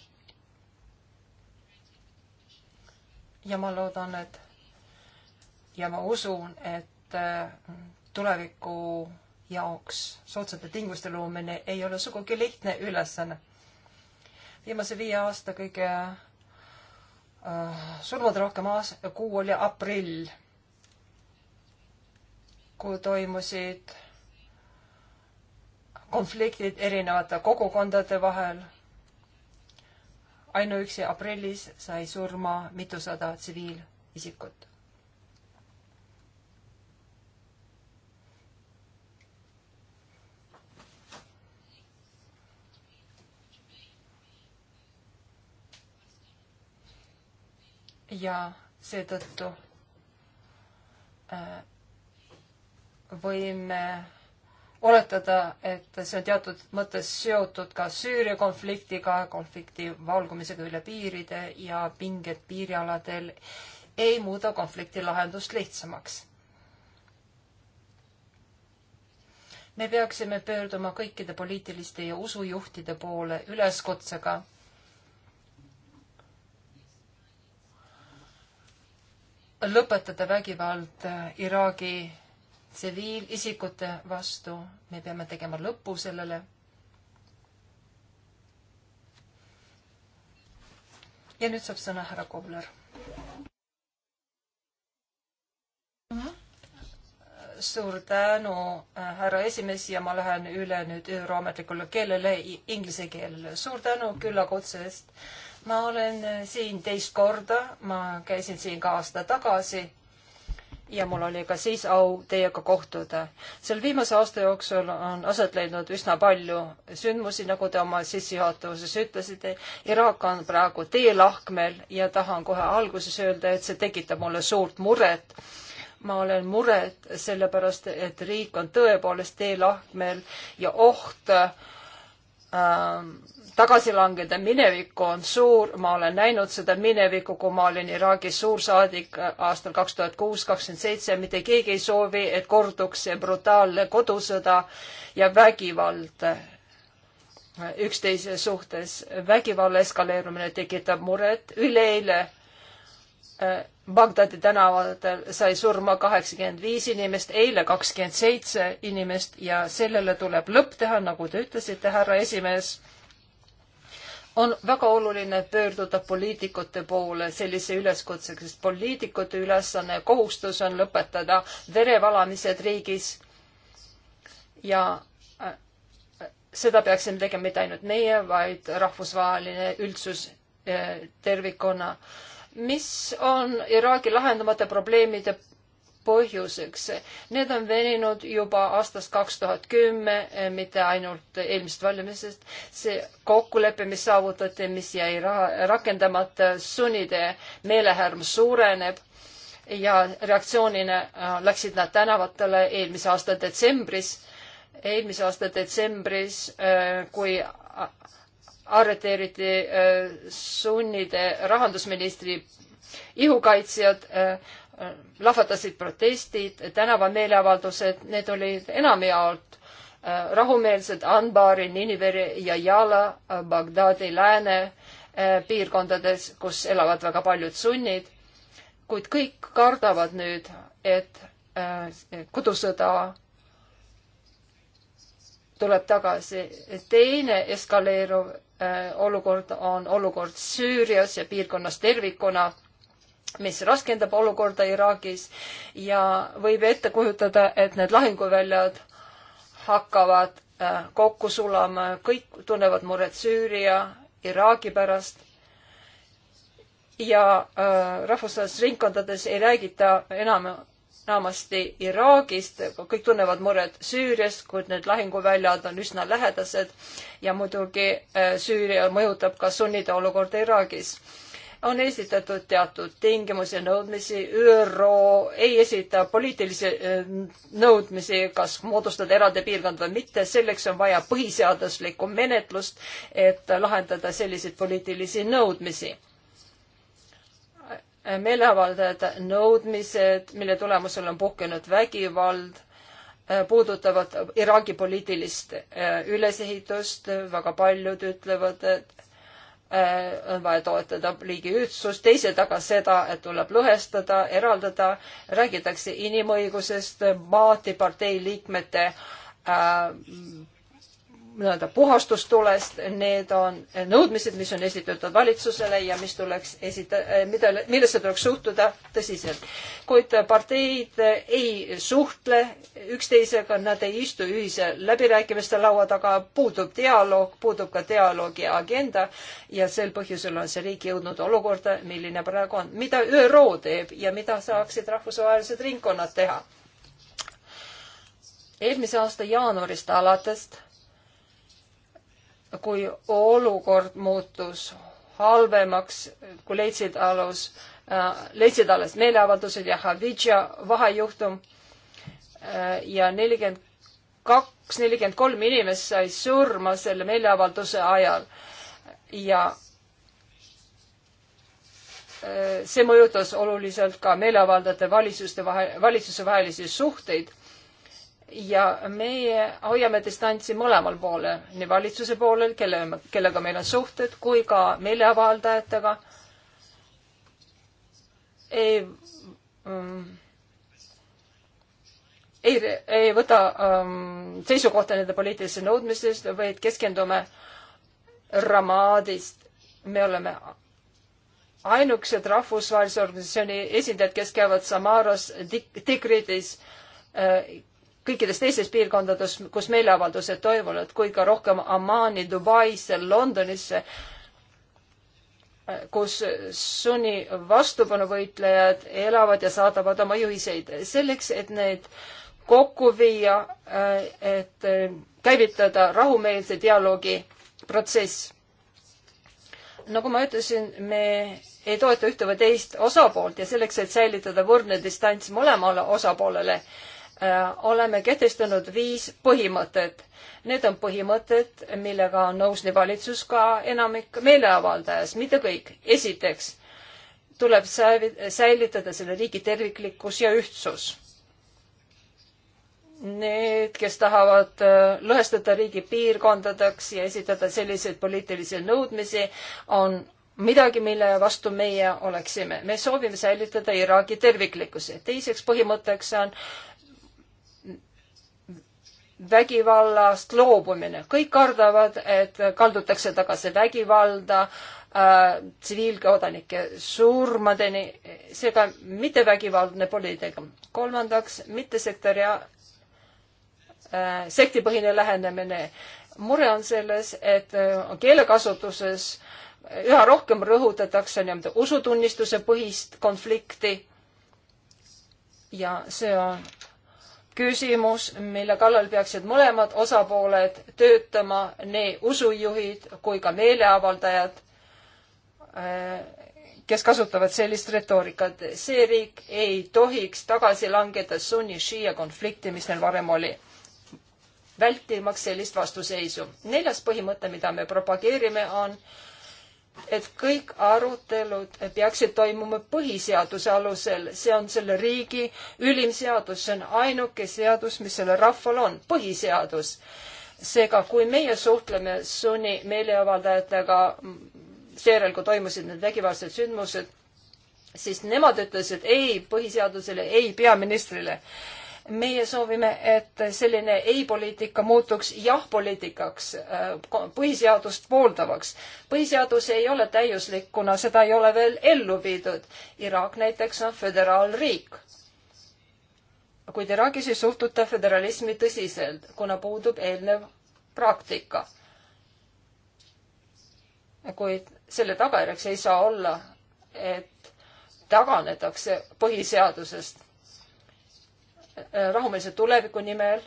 ja ma loodan, et ja ma usun, et äh, tuleviku jaoks soodsate tingimuste loomine ei ole sugugi lihtne ülesanne. viimase viie aasta kõige äh, surmade rohkem aas-, kuu oli aprill kui toimusid konfliktid erinevate kogukondade vahel. ainuüksi aprillis sai surma mitusada tsiviilisikut. ja seetõttu äh, võime oletada, et see on teatud mõttes seotud ka Süüria konfliktiga, konflikti valgumisega üle piiride ja pinged piirialadel ei muuda konflikti lahendust lihtsamaks. me peaksime pöörduma kõikide poliitiliste ja usujuhtide poole üleskutsega lõpetada vägivald Iraagi tsiviilisikute vastu, me peame tegema lõpu sellele. ja nüüd saab sõna härra Kobler. suur tänu, härra esimees ja ma lähen üle nüüd ÜRO ametlikule keelele, inglise keelele. suur tänu küllakutse eest. ma olen siin teist korda, ma käisin siin ka aasta tagasi ja mul oli ka siis au teiega kohtuda. selle viimase aasta jooksul on aset leidnud üsna palju sündmusi, nagu te oma sissejuhatuses ütlesite. Iraak on praegu teelahkmel ja tahan kohe alguses öelda, et see tekitab mulle suurt muret. ma olen muret sellepärast, et riik on tõepoolest teelahkmel ja oht äh, Ähm, tagasilangeda minevikku on suur, ma olen näinud seda minevikku, kui ma olin Iraagis suursaadik aastal kaks tuhat kuus, kakskümmend seitse, mitte keegi ei soovi, et korduks see brutaalne kodusõda ja vägivald üksteise suhtes. vägivalla eskaleerumine tekitab muret. üleeile äh, Bagdadi tänavatel sai surma kaheksakümmend viis inimest, eile kakskümmend seitse inimest ja sellele tuleb lõpp teha, nagu te ütlesite, härra esimees. on väga oluline pöörduda poliitikute poole sellise üleskutsega, sest poliitikute ülesanne, kohustus on lõpetada verevalamised riigis ja äh, äh, seda peaksime tegema mitte ainult meie, vaid rahvusvaheline üldsus äh, tervikuna äh, mis on Iraagi lahendamata probleemide põhjuseks. Need on veninud juba aastast kaks tuhat kümme, eh, mitte ainult eelmisest valmimisest. see kokkulepe, mis saavutati, mis jäi rakendamata, sunnide meelehärm suureneb ja reaktsioonina eh, läksid nad tänavatele eelmise aasta detsembris, eelmise aasta detsembris, eh, kui arreteeriti äh, sunnide rahandusministri ihukaitsjad, äh, lahvatasid protestid, tänavameeleavaldused, need olid enamjaolt äh, rahumeelsed Anbari, Niniveri ja Jala Bagdadi lääne piirkondades, kus elavad väga paljud sunnid. kuid kõik kardavad nüüd, et kodusõda tuleb tagasi. teine eskaleeruv Äh, olukord on olukord Süürias ja piirkonnas tervikuna, mis raskendab olukorda Iraagis ja võib ette kujutada, et need lahinguväljad hakkavad äh, kokku sulama, kõik tunnevad muret Süüria, Iraagi pärast ja äh, rahvusvahelistes ringkondades ei räägita enam enamasti Iraagist, kõik tunnevad muret Süüriast, kuid need lahinguväljad on üsna lähedased ja muidugi äh, Süüria mõjutab ka sunnide olukorda Iraagis. on esitatud teatud tingimusi ja nõudmisi, ÜRO ei esita poliitilisi äh, nõudmisi, kas moodustada eraldi piirkond või mitte, selleks on vaja põhiseaduslikku menetlust, et lahendada selliseid poliitilisi nõudmisi meeleavaldajad nõudmised, mille tulemusel on puhkenud vägivald, äh, puudutavad Iraagi poliitilist äh, ülesehitust, väga paljud ütlevad, et äh, on vaja toetada riigi ühtsust, teised aga seda, et tuleb lõhestada, eraldada, räägitakse inimõigusest, maati partei liikmete nii-öelda puhastustulest, need on nõudmised, mis on esitatud valitsusele ja mis tuleks esita-, eh, mida, millesse tuleks suhtuda tõsiselt. kuid parteid ei suhtle üksteisega, nad ei istu ühise läbirääkimiste laua taga, puudub dialoog, puudub ka dialoogi agenda ja sel põhjusel on see riik jõudnud olukorda, milline praegu on. mida ÜRO teeb ja mida saaksid rahvusvahelised ringkonnad teha? eelmise aasta jaanuarist alates kui olukord muutus halvemaks, kui leidsid alus, äh, leidsid alles meeleavaldused ja Hadidža vahejuhtum äh, ja nelikümmend kaks, nelikümmend kolm inimest sai surma selle meeleavalduse ajal ja äh, see mõjutas oluliselt ka meeleavaldajate valitsuste vahe, valitsuse vahelisi suhteid ja meie hoiame distantsi mõlemal poolel, nii valitsuse poolel, kelle, kellega meil on suhted, kui ka meeleavaldajatega. ei mm, ei, ei võta um, seisukohta nende poliitiliste nõudmistest, vaid keskendume Ramadist. me oleme ainukesed rahvusvahelise organisatsiooni esindajad, kes käivad Samaras, Tigridis äh,, kõikides teistes piirkondades, kus meeleavaldused toimunud, kui ka rohkem Ammaani, Dubaisse, Londonisse, kus sunni vastupanuvõitlejad elavad ja saadavad oma juhiseid. selleks, et need kokku viia, äh, et äh, käivitada rahumeelse dialoogi protsess. nagu ma ütlesin, me ei toeta ühte või teist osapoolt ja selleks, et säilitada võrdne distants mõlemale osapoolele, Äh, oleme kehtestanud viis põhimõtet. Need on põhimõtted, millega on nõus nii valitsus ka enamik meeleavaldajast, mitte kõik. esiteks tuleb säilitada selle riigi terviklikkus ja ühtsus. Need, kes tahavad äh, lõhestada riigi piirkondadeks ja esitada selliseid poliitilisi nõudmisi, on midagi, mille vastu meie oleksime. me soovime säilitada Iraagi terviklikkuse. teiseks põhimõtteks on vägivallast loobumine, kõik kardavad, et kaldutakse tagasi vägivalda äh,, tsiviilkodanike surmadeni, seega mittevägivaldne poliitika. kolmandaks, mittesektoria- äh,, sektipõhine lähenemine. mure on selles, et äh, keelekasutuses üha rohkem rõhutatakse nii-öelda usutunnistuse põhist konflikti ja see on küsimus, mille kallal peaksid mõlemad osapooled töötama, nii usujuhid kui ka meeleavaldajad, eh, kes kasutavad sellist retoorikat. see riik ei tohiks tagasi langeda sunni-šiia konflikti, mis neil varem oli, vältimaks sellist vastuseisu. neljas põhimõte, mida me propageerime, on et kõik arutelud peaksid toimuma põhiseaduse alusel, see on selle riigi ülim seadus, see on ainuke seadus, mis sellel rahval on, põhiseadus. seega, kui meie suhtleme sunni meeleavaldajatega, seejärel kui toimusid need vägivaldsed sündmused, siis nemad ütlesid ei põhiseadusele, ei peaministrile meie soovime, et selline ei-poliitika muutuks jah-poliitikaks, äh, põhiseadust pooldavaks. põhiseadus ei ole täiuslik, kuna seda ei ole veel ellu viidud. Iraak näiteks on föderaalriik. kuid Iraagis ei suhtuta föderalismi tõsiselt, kuna puudub eelnev praktika. kuid selle tagajärjeks ei saa olla, et taganetakse põhiseadusest Äh, rahumeelse tuleviku nimel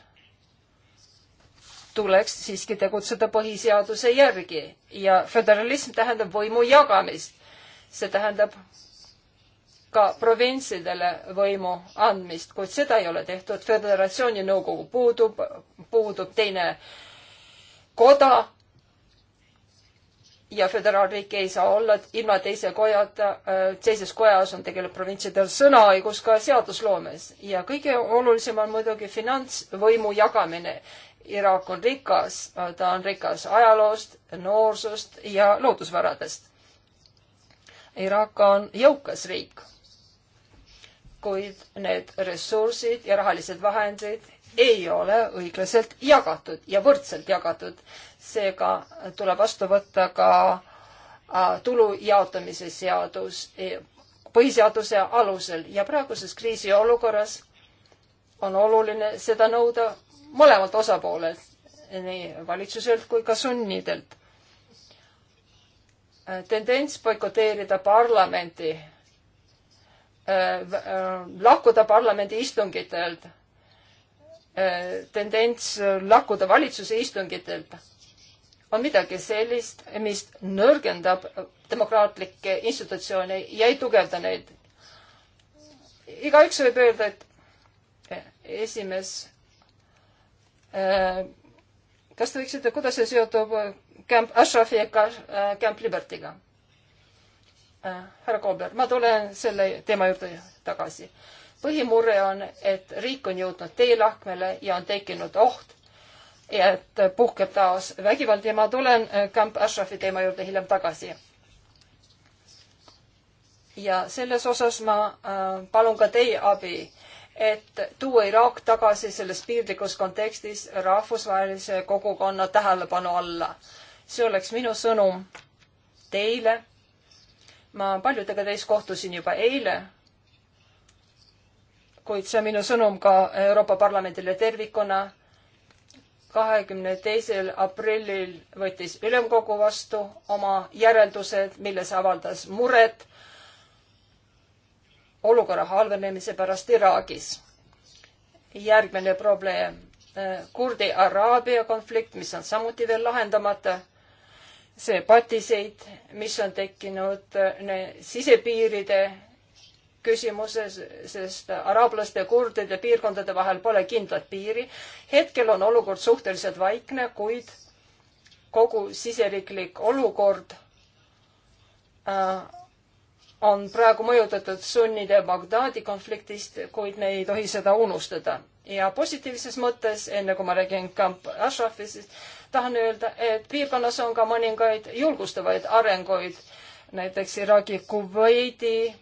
tuleks siiski tegutseda põhiseaduse järgi ja föderalism tähendab võimu jagamist. see tähendab ka provintsidele võimu andmist, kuid seda ei ole tehtud. föderatsiooni nõukogu puudub, puudub teine koda ja föderaalriik ei saa olla ilma teise kojata, äh, teises kojas on tegelikult provintsidel sõnaõigus ka seadusloomes ja kõige olulisem on muidugi finantsvõimu jagamine. Iraak on rikas, äh, ta on rikas ajaloost, noorsust ja loodusvaradest. Iraak on jõukas riik, kuid need ressursid ja rahalised vahendid ei ole õiglaselt jagatud ja võrdselt jagatud seega tuleb vastu võtta ka äh, tulu jaotamise seadus e, põhiseaduse alusel ja praeguses kriisiolukorras on oluline seda nõuda mõlemalt osapoolelt, nii valitsuselt kui ka sunnidelt. Äh, tendents boikoteerida parlamenti äh, äh,, lahkuda parlamendi istungitelt äh,, tendents lahkuda valitsuse istungitelt on midagi sellist, mis nõrgendab demokraatlikke institutsioone ja ei tugevda neid. igaüks võib öelda, et esimees, äh, kas te võiksite, kuidas see seotub äh, Camp Ashrafi ja äh, Camp Liberty'ga? härra Kobler, ma tulen selle teema juurde tagasi põhimurre on, et riik on jõudnud teelahkmele ja on tekkinud oht, et puhkeb taas vägivald ja ma tulen Camp Ashrafi teema juurde hiljem tagasi. ja selles osas ma äh, palun ka teie abi, et tuua Iraak tagasi selles piirlikus kontekstis rahvusvahelise kogukonna tähelepanu alla. see oleks minu sõnum teile. ma paljudega teist kohtusin juba eile kuid see on minu sõnum ka Euroopa Parlamendile tervikuna kahekümne teisel aprillil võttis ülemkogu vastu oma järeldused, milles avaldas muret olukorra halvenemise pärast Iraagis. järgmine probleem, äh, Kurdi-Araabia konflikt, mis on samuti veel lahendamata, see patiseid, mis on tekkinud äh, sisepiiride küsimuses, sest araablaste, kurdide piirkondade vahel pole kindlat piiri. hetkel on olukord suhteliselt vaikne, kuid kogu siseriiklik olukord äh, on praegu mõjutatud sunnide Bagdaadi konfliktist, kuid me ei tohi seda unustada. ja positiivses mõttes, enne kui ma räägin Camp Ashrafist, tahan öelda, et piirkonnas on ka mõningaid julgustavaid arenguid, näiteks Iraagi Kuveidi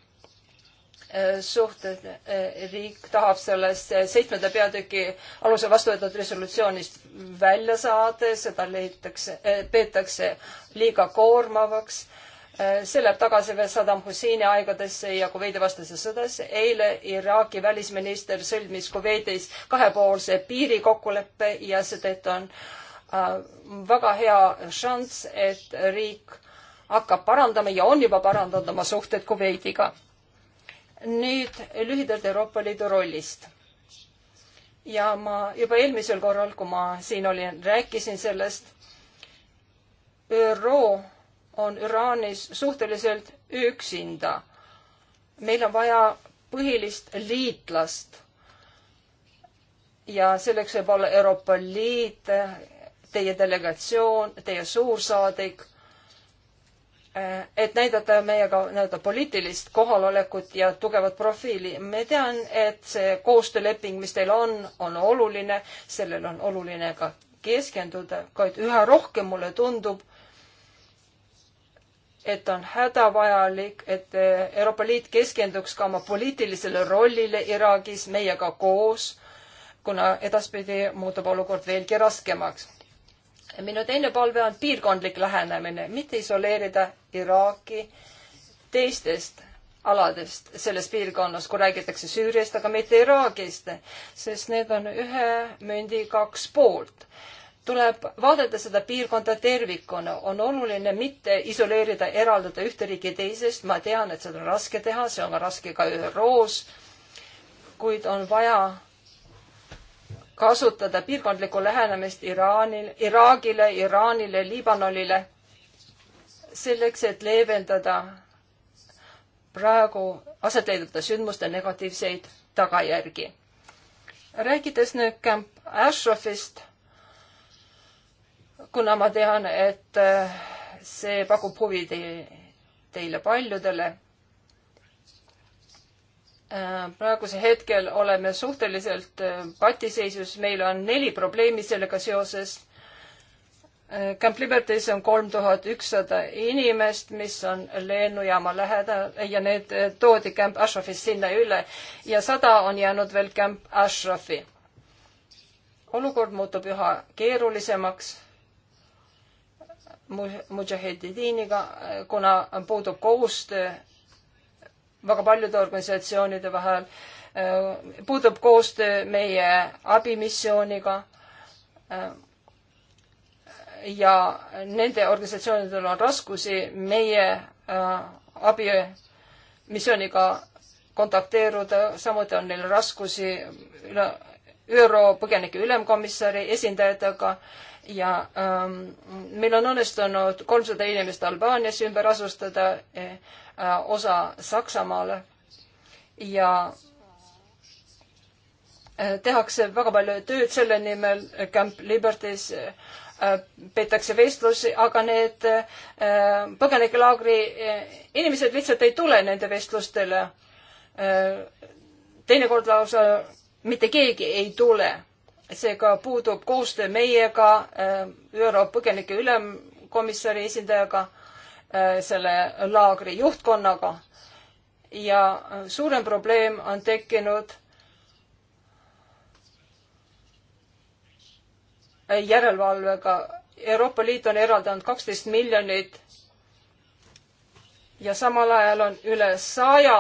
Äh, suhted, äh, riik tahab sellest äh, seitsmenda peatüki alusel vastu võetud resolutsioonist välja saada, seda leitakse, peetakse liiga koormavaks. see läheb tagasi veel Saddam Husseini aegadesse ja Kuveidi vastase sõdasse. eile Iraagi välisminister sõlmis Kuveidis kahepoolse piirikokkuleppe ja seetõttu on väga hea šanss, et riik hakkab parandama ja on juba parandanud oma suhted Kuveidiga nüüd lühidalt Euroopa Liidu rollist. ja ma juba eelmisel korral, kui ma siin olin, rääkisin sellest. ÜRO on Iraanis suhteliselt üksinda. meil on vaja põhilist liitlast. ja selleks võib olla Euroopa Liit, teie delegatsioon, teie suursaadik Äh, et näidata meiega nii-öelda poliitilist kohalolekut ja tugevat profiili. me tean, et see koostööleping, mis teil on, on oluline, sellel on oluline ka keskenduda, kuid üha rohkem mulle tundub, et on hädavajalik, et äh, Euroopa Liit keskenduks ka oma poliitilisele rollile Iraagis meiega koos, kuna edaspidi muutub olukord veelgi raskemaks minu teine palve on piirkondlik lähenemine, mitte isoleerida Iraaki teistest aladest selles piirkonnas, kui räägitakse Süüriast, aga mitte Iraagist, sest need on ühe mündi kaks poolt. tuleb vaadata seda piirkonda tervikuna, on oluline mitte isoleerida, eraldada ühte riiki teisest, ma tean, et seda on raske teha, see on ka raske ka ÜRO-s, kuid on vaja kasutada piirkondlikku lähenemist Iraanil, Iraagile, Iraanile, Liibanonile, selleks, et leevendada praegu aset leidvate sündmuste negatiivseid tagajärgi. rääkides nüüd Camp Ashrafist, kuna ma tean, et äh, see pakub huvi teie, teile paljudele Äh, praegusel hetkel oleme suhteliselt äh, patiseisus, meil on neli probleemi sellega seoses. Äh, Camp Libertis on kolm tuhat ükssada inimest, mis on lennujaama lähedal ja need toodi Camp Ashrafist sinna üle ja sada on jäänud veel Camp Ashrafi. olukord muutub üha keerulisemaks mujahediiniga, kuna puudub koostöö väga paljude organisatsioonide vahel, äh, puudub koostöö meie abimissiooniga äh, ja nende organisatsioonidel on raskusi meie äh, abimissiooniga kontakteeruda, samuti on neil raskusi ÜRO põgenike ülemkomissari esindajatega ja ähm, meil on õnnestunud kolmsada inimest Albaaniasse ümber asustada eh, Äh, osa Saksamaale ja äh, tehakse väga palju tööd selle nimel, Camp Liberties äh, peetakse vestlusi, aga need põgenikelaagri inimesed lihtsalt ei tule nende vestlustele. teinekord lausa mitte keegi ei tule. seega puudub koostöö meiega, ÜRO põgenike ülemkomissari esindajaga Äh, selle laagri juhtkonnaga. ja suurem probleem on tekkinud järelevalvega. Euroopa Liit on eraldanud kaksteist miljonit ja samal ajal on üle saja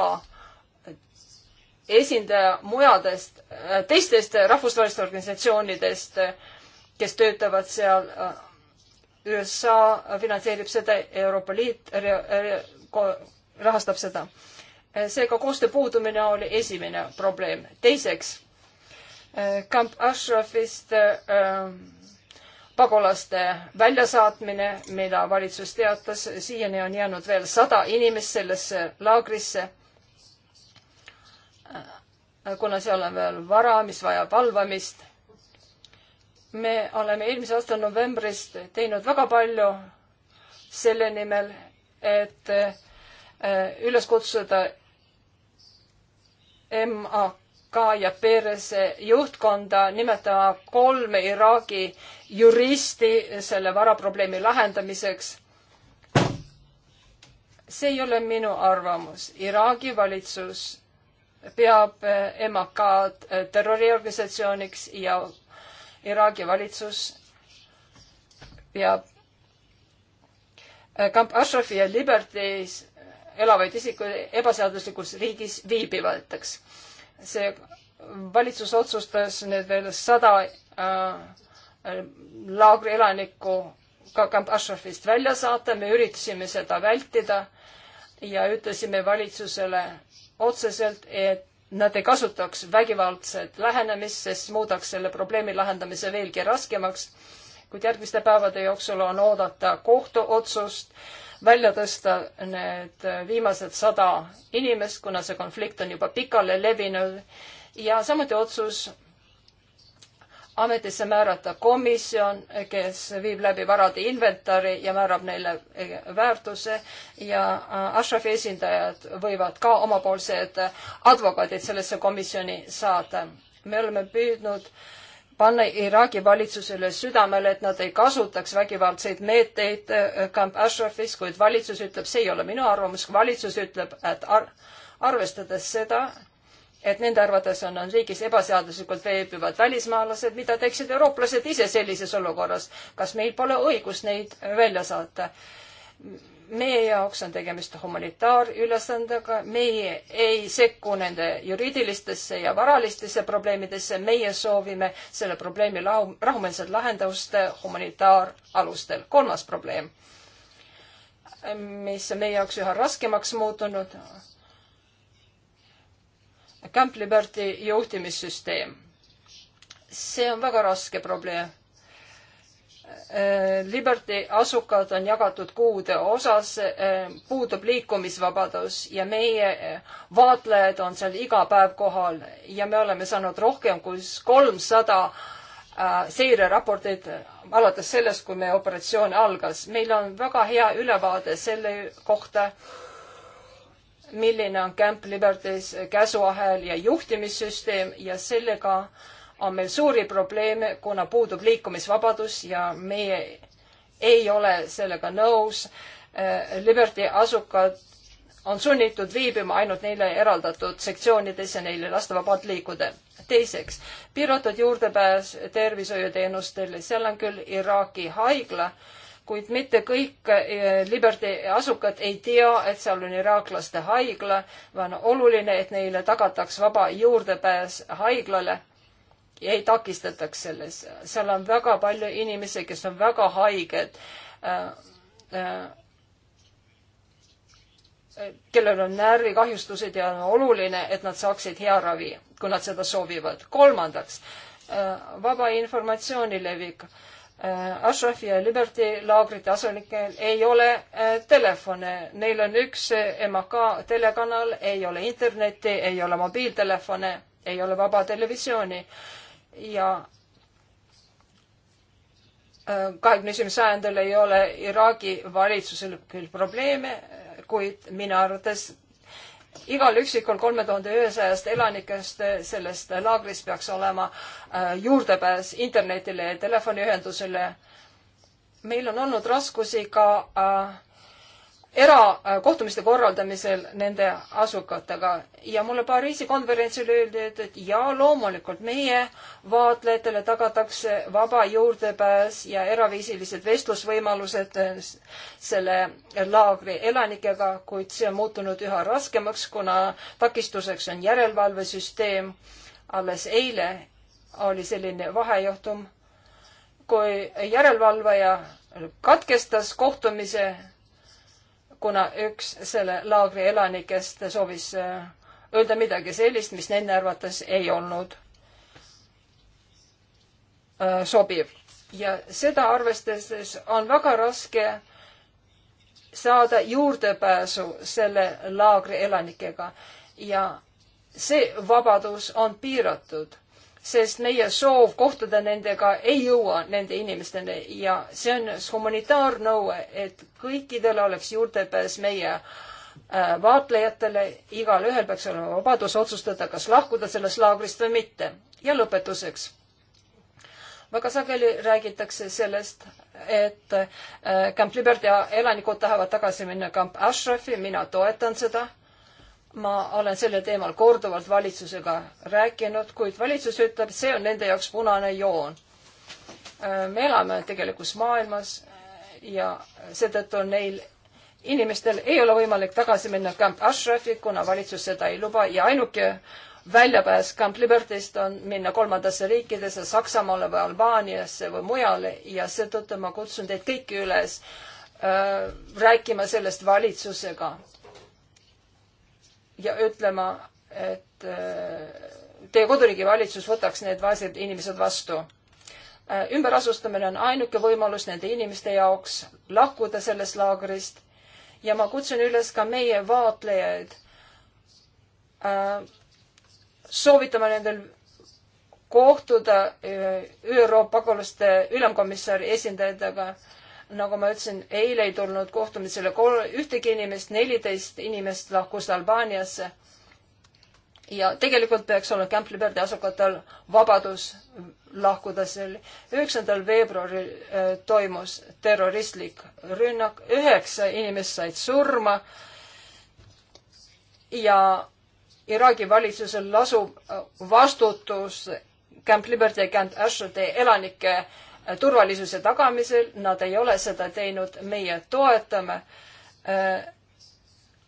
esindaja mujadest, äh, teistest rahvusvahelistest organisatsioonidest, kes töötavad seal äh, USA finantseerib seda, Euroopa Liit rahastab seda. seega koostöö puudumine oli esimene probleem. teiseks, Camp Ashrafist äh, pagulaste väljasaatmine, mida valitsus teatas, siiani on jäänud veel sada inimest sellesse laagrisse. Äh, kuna seal on veel vara, mis vajab valvamist me oleme eelmise aasta novembrist teinud väga palju selle nimel, et äh, üles kutsuda MAK ja Perese juhtkonda nimetama kolme Iraagi juristi selle varaprobleemi lahendamiseks. see ei ole minu arvamus. Iraagi valitsus peab äh, MAK-d äh, terroriorganisatsiooniks ja Iraagi valitsus peab äh, Camp Ashrafi ja Libertys elavaid isikuid ebaseaduslikus riigis viibivateks. see valitsus otsustas nüüd veel sada äh, laagri elanikku ka Camp Ashrafist välja saata, me üritasime seda vältida ja ütlesime valitsusele otseselt, et nad ei kasutaks vägivaldset lähenemist, sest muudaks selle probleemi lahendamise veelgi raskemaks, kuid järgmiste päevade jooksul on oodata kohtuotsust, välja tõsta need viimased sada inimest, kuna see konflikt on juba pikale levinud ja samuti otsus ametisse määrata komisjon, kes viib läbi varade inventari ja määrab neile väärtuse ja äh, Ashrafi esindajad võivad ka omapoolsed advokaadid sellesse komisjoni saada. me oleme püüdnud panna Iraagi valitsusele südamele, et nad ei kasutaks vägivaldseid meetmeid äh, Camp Ashrafis, kuid valitsus ütleb, see ei ole minu arvamus, valitsus ütleb, et ar arvestades seda, et nende arvates on, on riigis ebaseaduslikult veebivad välismaalased, mida teeksid eurooplased ise sellises olukorras. kas meil pole õigust neid välja saata? meie jaoks on tegemist humanitaarülesandega, meie ei sekku nende juriidilistesse ja varalistesse probleemidesse, meie soovime selle probleemi lahu, rahumeelset lahendust humanitaaralustel. kolmas probleem, mis on meie jaoks üha raskemaks muutunud, Camp Liberty juhtimissüsteem. see on väga raske probleem. Äh, Liberty asukad on jagatud kuude osas, äh, puudub liikumisvabadus ja meie äh, vaatlejad on seal iga päev kohal ja me oleme saanud rohkem kui kolmsada seireraporteid alates sellest, kui meie operatsioon algas. meil on väga hea ülevaade selle kohta, milline on Camp Libertys käsuahel ja juhtimissüsteem ja sellega on meil suuri probleeme, kuna puudub liikumisvabadus ja meie ei ole sellega nõus. Äh, Liberty asukad on sunnitud viibima ainult neile eraldatud sektsioonides ja neile lasta vabalt liikuda. teiseks, piiratud juurdepääs tervishoiuteenustele, seal on küll Iraagi haigla, kuid mitte kõik eh, Liberty asukad ei tea, et seal on iraaklaste haigla, vaid oluline, et neile tagataks vaba juurdepääs haiglale ja ei takistataks selles. seal on väga palju inimesi, kes on väga haiged äh,, äh, kellel on närvikahjustused ja on oluline, et nad saaksid hea ravi, kui nad seda soovivad. kolmandaks äh,, vaba informatsiooni levik äh, Äh, Ashrafi ja Liberty laagrite asulikel ei ole äh, telefone, neil on üks äh, MAK telekanal, ei ole internetti, ei ole mobiiltelefone, ei ole vaba televisiooni ja kahekümne esimesel sajandil ei ole Iraagi valitsusel küll probleeme, kuid minu arvates igal üksikul kolme tuhande ühesajast elanikest sellest laagrist peaks olema äh, juurdepääs internetile ja telefoniühendusele. meil on olnud raskusi ka äh, erakohtumiste korraldamisel nende asukatega ja mulle Pariisi konverentsil öeldi, et, et jaa, loomulikult meie vaatlejatele tagatakse vaba juurdepääs ja eraviisilised vestlusvõimalused selle laagri elanikega, kuid see on muutunud üha raskemaks, kuna takistuseks on järelevalvesüsteem. alles eile oli selline vahejuhtum, kui järelevalvaja katkestas kohtumise kuna üks selle laagri elanikest soovis äh, öelda midagi sellist, mis nende arvates ei olnud äh, sobiv. ja seda arvestades on väga raske saada juurdepääsu selle laagri elanikega ja see vabadus on piiratud sest meie soov kohtuda nendega ei jõua nende inimesteni ja see on humanitaarnõue, et kõikidel oleks juurdepääs meie äh, vaatlejatele, igalühel peaks olema vabadus otsustada, kas lahkuda sellest laagrist või mitte. ja lõpetuseks. väga sageli räägitakse sellest, et äh, Camp Liberty elanikud tahavad tagasi minna Camp Ashrafi, mina toetan seda ma olen sellel teemal korduvalt valitsusega rääkinud, kuid valitsus ütleb, see on nende jaoks punane joon. Äh, me elame tegelikus maailmas äh, ja seetõttu neil inimestel ei ole võimalik tagasi minna Camp Ashrafi, kuna valitsus seda ei luba ja ainuke väljapääs Camp Libertist on minna kolmandasse riikidesse, Saksamaale või Albaaniasse või mujale ja seetõttu ma kutsun teid kõiki üles äh, rääkima sellest valitsusega ja ütlema, et äh, teie koduriigi valitsus võtaks need vaesed inimesed vastu. Äh, ümberasustamine on ainuke võimalus nende inimeste jaoks lahkuda sellest laagrist ja ma kutsun üles ka meie vaatlejaid äh, soovitama nendel kohtuda ÜRO pagulaste ülemkomissari esindajatega nagu ma ütlesin, eile ei tulnud kohtumisele ühtegi inimest, neliteist inimest lahkus Albaaniasse. ja tegelikult peaks olnud Camp Liberty asukatel vabadus lahkuda seal. üheksandal veebruaril äh, toimus terroristlik rünnak, üheksa inimest said surma ja Iraagi valitsusel lasub äh, vastutus Camp Liberty ja Camp Ashrati elanike äh, turvalisuse tagamisel, nad ei ole seda teinud, meie toetame äh,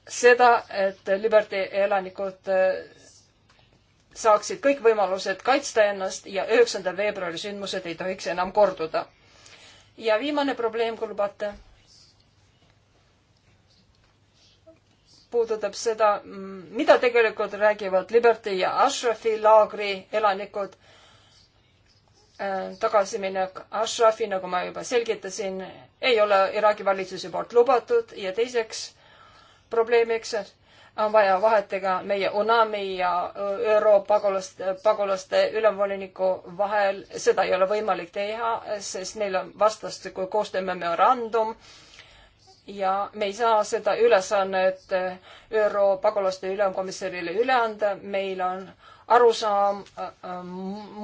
seda, et Liberty elanikud äh, saaksid kõik võimalused kaitsta ennast ja üheksanda veebruari sündmused ei tohiks enam korduda. ja viimane probleem, kui lubate, puudutab seda, mm, mida tegelikult räägivad Liberty ja Ashrafi laagri elanikud Äh, tagasiminek Ashrafi, nagu ma juba selgitasin, ei ole Iraagi valitsuse poolt lubatud ja teiseks probleemiks on vaja vahet teha meie UNAMI ja äh, ÜRO pagulaste, äh, pagulaste ülemvoliniku vahel. seda ei ole võimalik teha, sest neil on vastastikku koostöömemorandum ja me ei saa seda ülesannet ÜRO pagulaste ülemkomissarile üle anda. meil on arusaam äh, äh,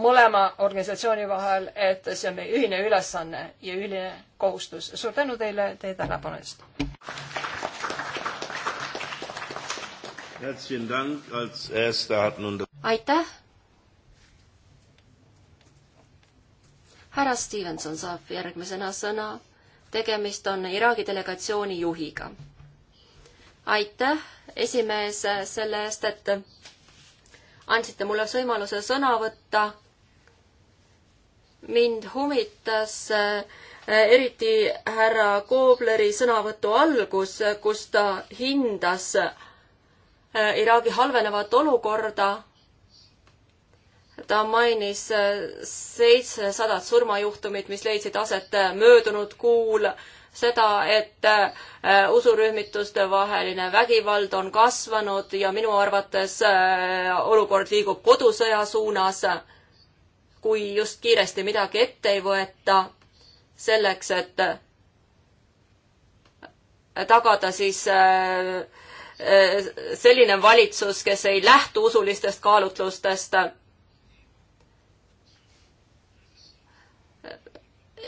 mõlema organisatsiooni vahel, et see on meie ühine ülesanne ja ühine kohustus. suur tänu teile teie tähelepanu eest. aitäh. härra Stevenson saab järgmisena sõna. tegemist on Iraagi delegatsiooni juhiga. aitäh, esimees, selle eest, et andsite mulle võimaluse sõna võtta. mind huvitas äh, eriti härra Koobleri sõnavõtu algus, kus ta hindas äh, Iraagi halvenevat olukorda ta mainis äh, seitsesadat surmajuhtumit, mis leidsid aset möödunud kuul seda, et äh, usurühmituste vaheline vägivald on kasvanud ja minu arvates äh, olukord liigub kodusõja suunas. kui just kiiresti midagi ette ei võeta selleks, et äh, tagada siis selline valitsus, kes ei lähtu usulistest kaalutlustest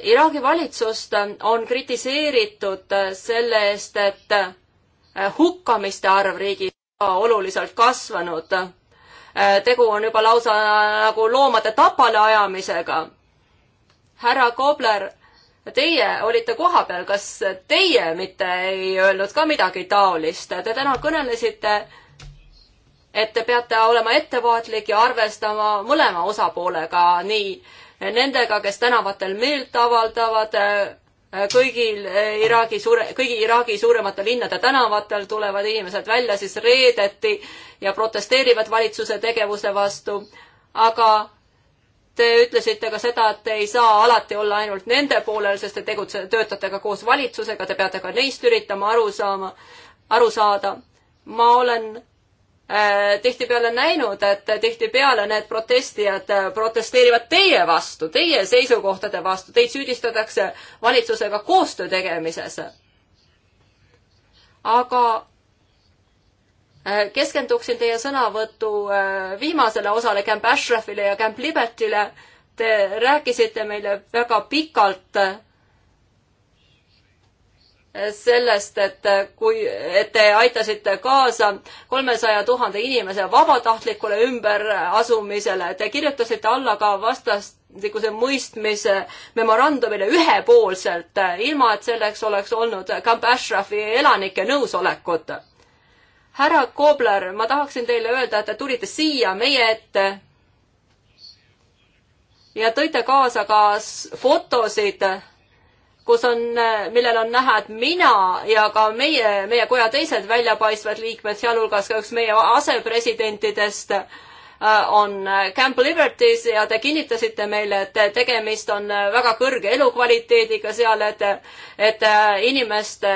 Iraagi valitsust on kritiseeritud äh, selle eest, et äh, hukkamiste arv riigis oluliselt kasvanud. Äh, tegu on juba lausa nagu loomade tapale ajamisega. härra Kobler, teie olite kohapeal, kas teie mitte ei öelnud ka midagi taolist? Te täna kõnelesite, et te peate olema ettevaatlik ja arvestama mõlema osapoolega, nii nendega, kes tänavatel meelt avaldavad, äh, kõigil äh, Iraagi suure, kõigi Iraagi suuremate linnade tänavatel tulevad inimesed välja siis reedeti ja protesteerivad valitsuse tegevuse vastu, aga te ütlesite ka seda, et te ei saa alati olla ainult nende poolel, sest te tegutse-, töötate ka koos valitsusega, te peate ka neist üritama aru saama, aru saada. ma olen Äh, tihtipeale näinud, et tihtipeale need protestijad äh, protesteerivad teie vastu, teie seisukohtade vastu, teid süüdistatakse valitsusega koostöö tegemises. aga äh, keskenduksin teie sõnavõtu viimasele osale, Camp Ashrafile ja Camp Libertile. Te rääkisite meile väga pikalt sellest, et kui, et te aitasite kaasa kolmesaja tuhande inimese vabatahtlikule ümberasumisele. Te kirjutasite alla ka vastastikuse mõistmise memorandumile ühepoolselt, ilma et selleks oleks olnud Camp Ashrafi elanike nõusolekut. härra Kobler, ma tahaksin teile öelda, et te tulite siia meie ette ja tõite kaasa ka fotosid kus on, millel on näha, et mina ja ka meie, meie koja teised väljapaistvad liikmed, sealhulgas ka üks meie asepresidentidest, äh, on Camp Liberties ja te kinnitasite meile, et tegemist on äh, väga kõrge elukvaliteediga seal, et et äh, inimeste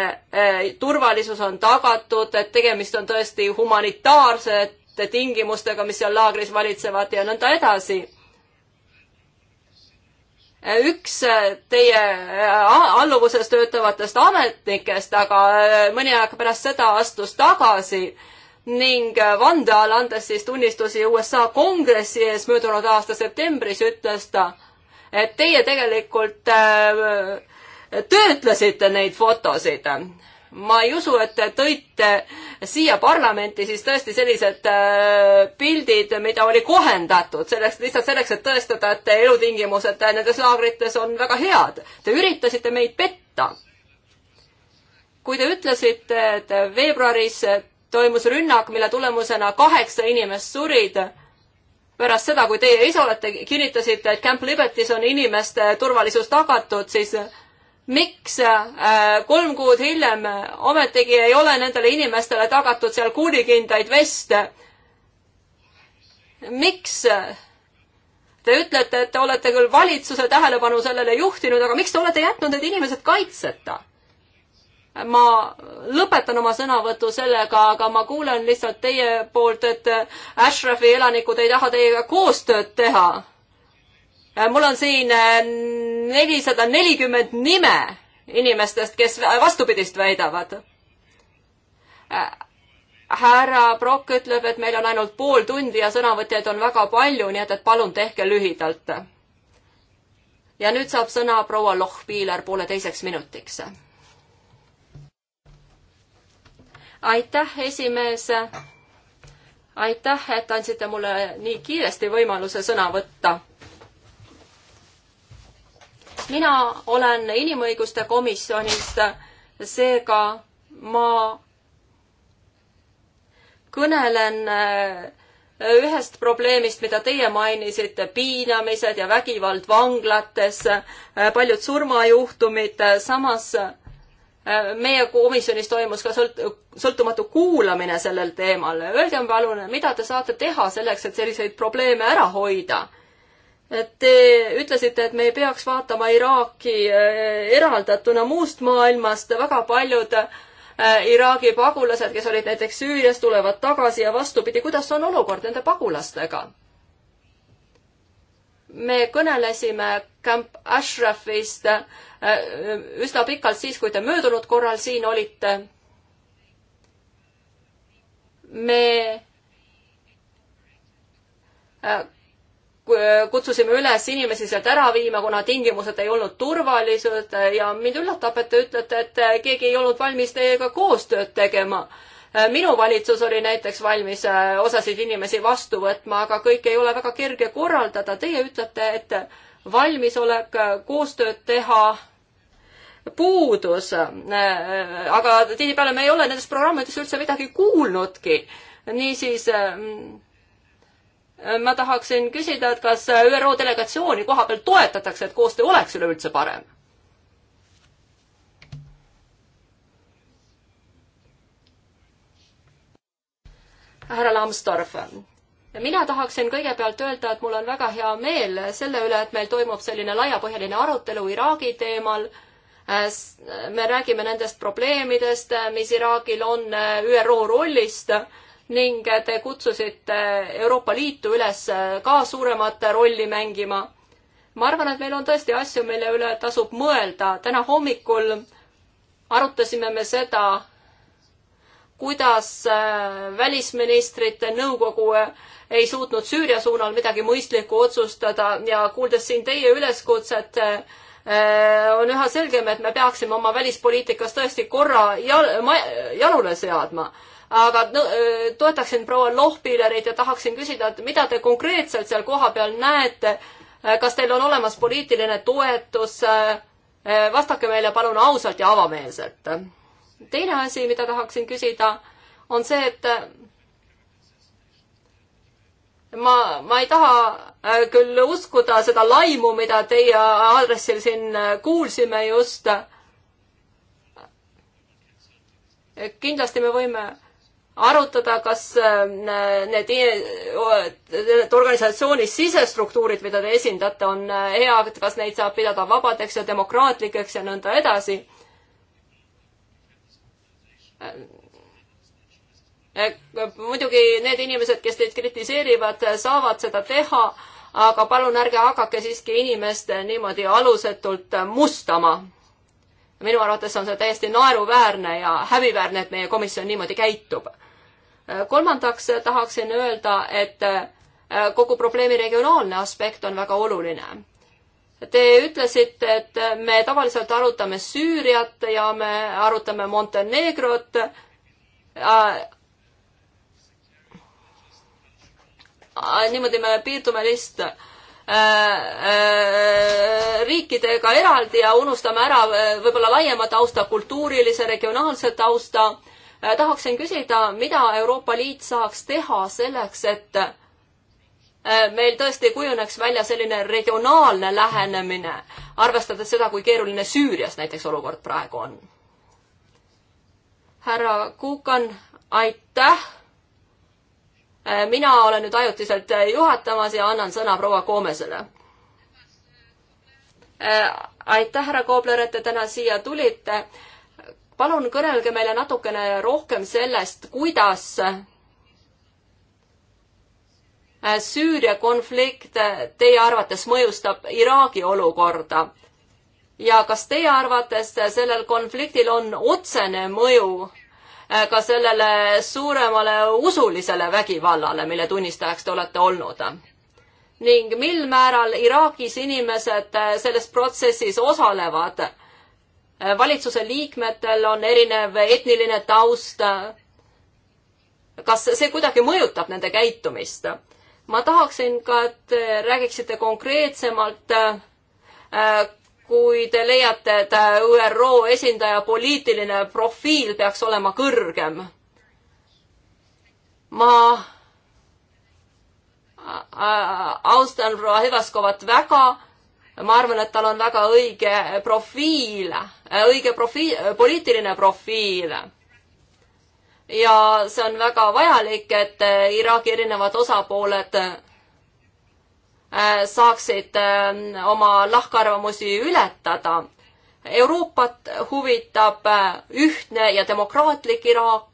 turvalisus on tagatud, et tegemist on tõesti humanitaarsete tingimustega, mis seal laagris valitsevad ja nõnda edasi üks teie äh, alluvuses töötavatest ametnikest, aga äh, mõni aeg pärast seda astus tagasi ning äh, vande all andes siis tunnistusi USA kongressi ees möödunud aasta septembris, ütles ta, et teie tegelikult töötlesite neid fotosid ma ei usu, et te tõite siia parlamenti siis tõesti sellised äh, pildid, mida oli kohendatud selleks, lihtsalt selleks, et tõestada, et elutingimused nendes laagrites on väga head. Te üritasite meid petta. kui te ütlesite, et veebruaris toimus rünnak, mille tulemusena kaheksa inimest surid, pärast seda, kui teie ise olete, kinnitasite, et Camp Libertis on inimeste turvalisus tagatud, siis miks äh, kolm kuud hiljem ometigi ei ole nendele inimestele tagatud seal kuulikindaid veste? miks te ütlete, et te olete küll valitsuse tähelepanu sellele juhtinud, aga miks te olete jätnud need inimesed kaitseta? ma lõpetan oma sõnavõtu sellega, aga ma kuulen lihtsalt teie poolt, et Ashrafi elanikud ei taha teiega koostööd teha Äh, mul on siin äh, nelisada nelikümmend nime inimestest, kes vastupidist väidavad. Äh, härra Brock ütleb, et meil on ainult pool tundi ja sõnavõtjaid on väga palju, nii et, et palun tehke lühidalt. ja nüüd saab sõna proua Lohpiiler pooleteiseks minutiks. aitäh, esimees. aitäh, et andsite mulle nii kiiresti võimaluse sõna võtta mina olen inimõiguste komisjonis, seega ma kõnelen äh, ühest probleemist, mida teie mainisite, piinamised ja vägivald vanglates, äh, paljud surmajuhtumid, äh, samas meie komisjonis toimus ka sõlt-, sõltumatu kuulamine sellel teemal. Öelge palun, mida te saate teha selleks, et selliseid probleeme ära hoida? Te ütlesite, et me ei peaks vaatama Iraaki äh, eraldatuna muust maailmast, väga paljud äh, Iraagi pagulased, kes olid näiteks Süürias, tulevad tagasi ja vastupidi, kuidas on olukord nende pagulastega? me kõnelesime Camp Ashrafist äh, üsna pikalt siis, kui te möödunud korral siin olite. me kutsusime üles inimesi sealt ära viima, kuna tingimused ei olnud turvalised ja mind üllatab, et te ütlete, et keegi ei olnud valmis teiega koostööd tegema. minu valitsus oli näiteks valmis äh, osasid inimesi vastu võtma, aga kõike ei ole väga kerge korraldada. Teie ütlete, et valmisolek äh, koostööd teha puudus. Äh, aga tihtipeale me ei ole nendest programmidest üldse midagi kuulnudki. niisiis ma tahaksin küsida, et kas ÜRO delegatsiooni koha peal toetatakse, et koostöö oleks üleüldse parem? härra Lambsdorff, mina tahaksin kõigepealt öelda, et mul on väga hea meel selle üle, et meil toimub selline laiapõhjaline arutelu Iraagi teemal me räägime nendest probleemidest, mis Iraagil on ÜRO rollist ning te kutsusite Euroopa Liitu üles ka suuremat rolli mängima. ma arvan, et meil on tõesti asju, mille üle tasub mõelda. täna hommikul arutasime me seda, kuidas äh, välisministrite nõukogu äh, ei suutnud Süüria suunal midagi mõistlikku otsustada ja kuuldes siin teie üleskutset, äh, on üha selgem, et me peaksime oma välispoliitikas tõesti korra jal, ma, jalule seadma aga no, äh, toetaksin proua Lohpillerit ja tahaksin küsida, et mida te konkreetselt seal kohapeal näete, äh, kas teil on olemas poliitiline toetus, äh, vastake meile palun ausalt ja avameelselt. teine asi, mida tahaksin küsida, on see, et ma, ma ei taha küll uskuda seda laimu, mida teie aadressil siin kuulsime just kindlasti me võime arutada, kas äh, need, need organisatsiooni sisestruktuurid, mida te esindate, on äh, head, kas neid saab pidada vabadeks ja demokraatlikeks ja nõnda edasi. Äh, muidugi need inimesed, kes teid kritiseerivad, saavad seda teha, aga palun ärge hakake siiski inimest niimoodi alusetult mustama minu arvates on see täiesti naeruväärne ja häbiväärne, et meie komisjon niimoodi käitub kolmandaks tahaksin öelda, et äh, kogu probleemi regionaalne aspekt on väga oluline. Te ütlesite, et me tavaliselt arutame Süüriat ja me arutame Montenegrot. Äh, äh, niimoodi me piirdume lihtsalt riikidega eraldi ja unustame ära võib-olla laiema tausta, kultuurilise, regionaalse tausta Äh, tahaksin küsida, mida Euroopa Liit saaks teha selleks, et äh, meil tõesti kujuneks välja selline regionaalne lähenemine, arvestades seda, kui keeruline Süürias näiteks olukord praegu on. härra Kukan, aitäh! Äh, mina olen nüüd ajutiselt juhatamas ja annan sõna proua Koomesele aitäh, härra Koobler, et te täna siia tulite palun kõnelge meile natukene rohkem sellest, kuidas äh, Süüria konflikt äh, teie arvates mõjustab Iraagi olukorda ja kas teie arvates äh, sellel konfliktil on otsene mõju ka sellele suuremale usulisele vägivallale, mille tunnistajaks te olete olnud? ning mil määral Iraagis inimesed selles protsessis osalevad valitsuse liikmetel on erinev etniline taust. kas see kuidagi mõjutab nende käitumist? ma tahaksin ka, et te räägiksite konkreetsemalt, äh, kui te leiate, et äh, ÜRO esindaja poliitiline profiil peaks olema kõrgem. ma äh, austan proua Hevaskovat väga ma arvan, et tal on väga õige profiil, äh, õige profiil, äh, poliitiline profiil. ja see on väga vajalik, et äh, Iraagi erinevad osapooled saaksid oma lahkarvamusi ületada. Euroopat huvitab ühtne ja demokraatlik Iraak,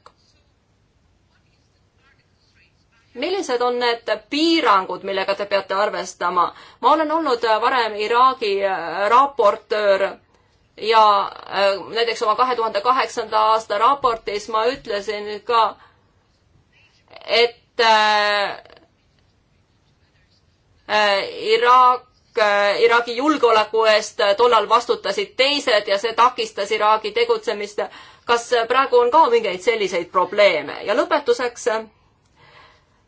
millised on need piirangud, millega te peate arvestama? ma olen olnud varem Iraagi äh, raportöör ja äh, näiteks oma kahe tuhande kaheksanda aasta raportis ma ütlesin ka, et äh, Iraak Iraagi julgeoleku eest tollal vastutasid teised ja see takistas Iraagi tegutsemist. kas praegu on ka mingeid selliseid probleeme? ja lõpetuseks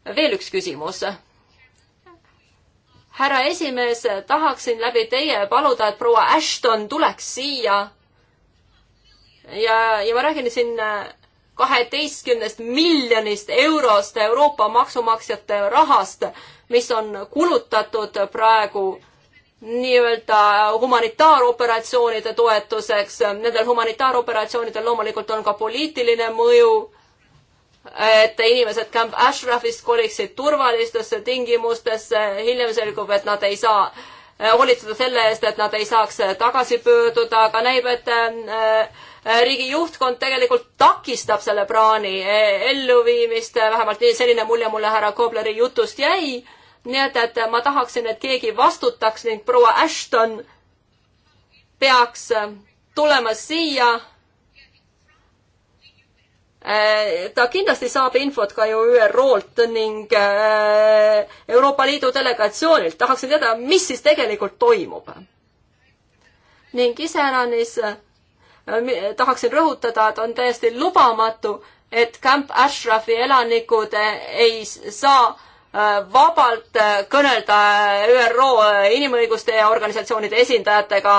veel üks küsimus. härra esimees, tahaksin läbi teie paluda, et proua Ashton tuleks siia. ja, ja ma räägin siin kaheteistkümnest miljonist eurost Euroopa maksumaksjate rahast, mis on kulutatud praegu nii-öelda humanitaaroperatsioonide toetuseks. Nendel humanitaaroperatsioonidel loomulikult on ka poliitiline mõju et inimesed Camp Ashrafist koliksid turvalistesse tingimustesse, hiljem selgub, et nad ei saa eh, hoolitseda selle eest, et nad ei saaks tagasi pöörduda, aga näib, et eh, eh, riigi juhtkond tegelikult takistab selle plaani elluviimist, vähemalt selline mulje mulle härra Kobleri jutust jäi. nii et, et ma tahaksin, et keegi vastutaks ning proua Ashton peaks tulema siia Äh, ta kindlasti saab infot ka ju ÜRO-lt ning äh, Euroopa Liidu delegatsioonilt, tahaksin teada, mis siis tegelikult toimub. ning iseäranis äh, tahaksin rõhutada, et on täiesti lubamatu, et Camp Ashrafi elanikud ei saa vabalt kõnelda ÜRO inimõiguste ja organisatsioonide esindajatega.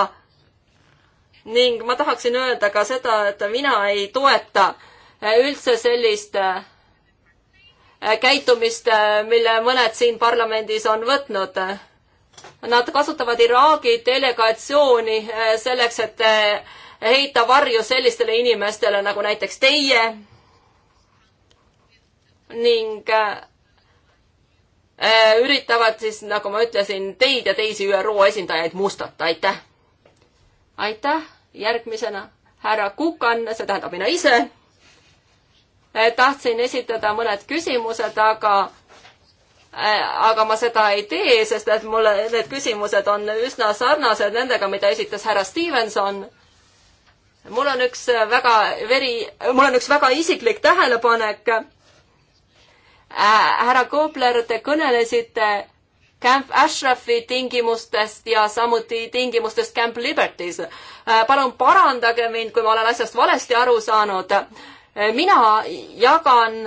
ning ma tahaksin öelda ka seda, et mina ei toeta äh, Äh, üldse sellist äh, käitumist, äh, mille mõned siin parlamendis on võtnud. Nad kasutavad Iraagi delegatsiooni selleks, et heita varju sellistele inimestele nagu näiteks teie ning üritavad siis, nagu ma ütlesin, teid ja teisi ÜRO esindajaid mustata, aitäh! aitäh, järgmisena härra Kukan, see tähendab mina ise Eh, tahtsin esitada mõned küsimused, aga eh, aga ma seda ei tee, sest et mulle need küsimused on üsna sarnased nendega, mida esitas härra Stevenson. mul on üks väga veri, mul on üks väga isiklik tähelepanek. Eh, härra Koobler, te kõnelesite Camp Ashrafi tingimustest ja samuti tingimustest Camp Libertys. palun parandage mind, kui ma olen asjast valesti aru saanud mina jagan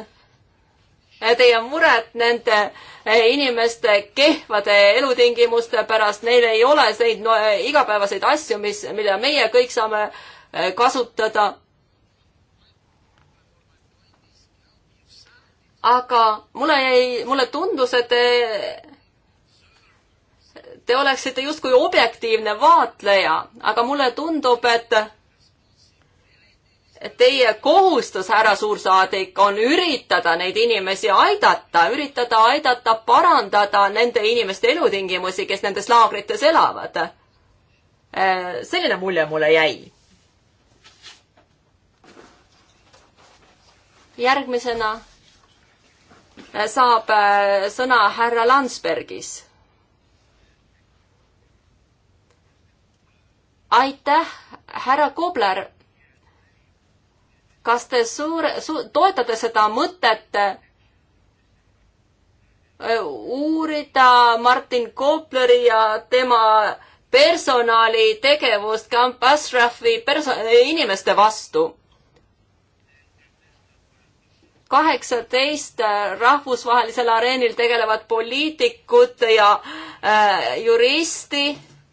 eh, teie muret nende eh, inimeste kehvade elutingimuste pärast, neil ei ole neid no, eh, igapäevaseid asju, mis, mida meie kõik saame kasutada. aga mulle jäi, mulle tundus, et te, te oleksite justkui objektiivne vaatleja, aga mulle tundub, et teie kohustus, härra suursaadik, on üritada neid inimesi aidata, üritada aidata parandada nende inimeste elutingimusi, kes nendes laagrites elavad. Eh, selline mulje mulle jäi. järgmisena eh, saab eh, sõna härra Landsbergis. aitäh, härra Kobler kas te suur su,, toetate seda mõtet äh, uurida Martin Kopleri ja tema personali tegevust Camp Ashrafi perso-, inimeste vastu. kaheksateist rahvusvahelisel areenil tegelevat poliitikut ja äh, juristi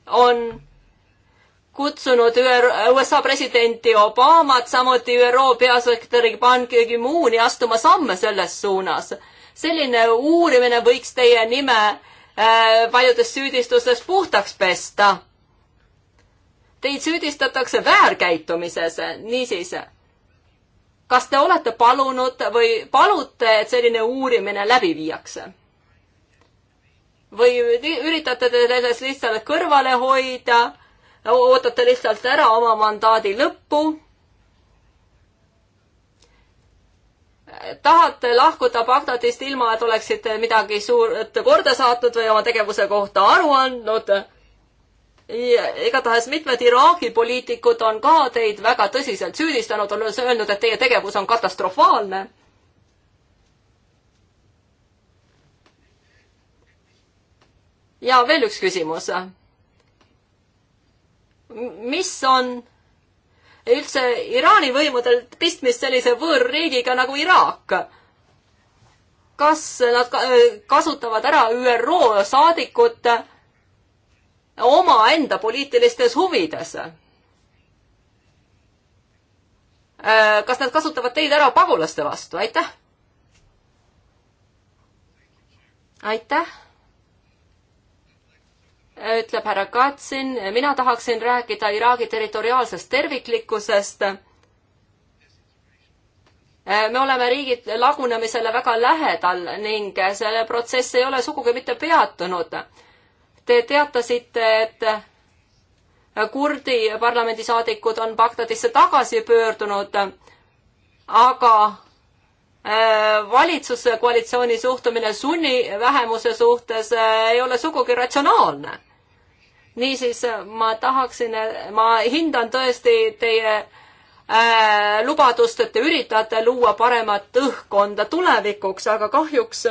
on kutsunud ÜRO, USA presidenti Obamat, samuti ÜRO peasekretäri Ban Ki-mooni astuma samme selles suunas. selline uurimine võiks teie nime äh, paljudes süüdistustes puhtaks pesta. Teid süüdistatakse väärkäitumises, niisiis. kas te olete palunud või palute, et selline uurimine läbi viiakse? või üritate te sellest lihtsalt kõrvale hoida ootate lihtsalt ära oma mandaadi lõppu. tahate lahkuda Bagdadist ilma, et oleksite midagi suurt korda saatnud või oma tegevuse kohta aru andnud igatahes mitmed Iraagi poliitikud on ka teid väga tõsiselt süüdistanud, olles öelnud, et teie tegevus on katastrofaalne. ja veel üks küsimus mis on üldse Iraani võimudel pistmist sellise võõrriigiga nagu Iraak? kas nad kasutavad ära ÜRO saadikut omaenda poliitilistes huvides? Äh, kas nad kasutavad teid ära pagulaste vastu, aitäh! aitäh! ütleb härra Katsin, mina tahaksin rääkida Iraagi territoriaalsest terviklikkusest. me oleme riigid lagunemisele väga lähedal ning selle protsess ei ole sugugi mitte peatunud. Te teatasite, et kurdi parlamendisaadikud on Bagdadisse tagasi pöördunud, aga äh, valitsuskoalitsiooni suhtumine sunni vähemuse suhtes äh, ei ole sugugi ratsionaalne niisiis ma tahaksin, ma hindan tõesti teie äh, lubadust, et te üritate luua paremat õhkkonda tulevikuks, aga kahjuks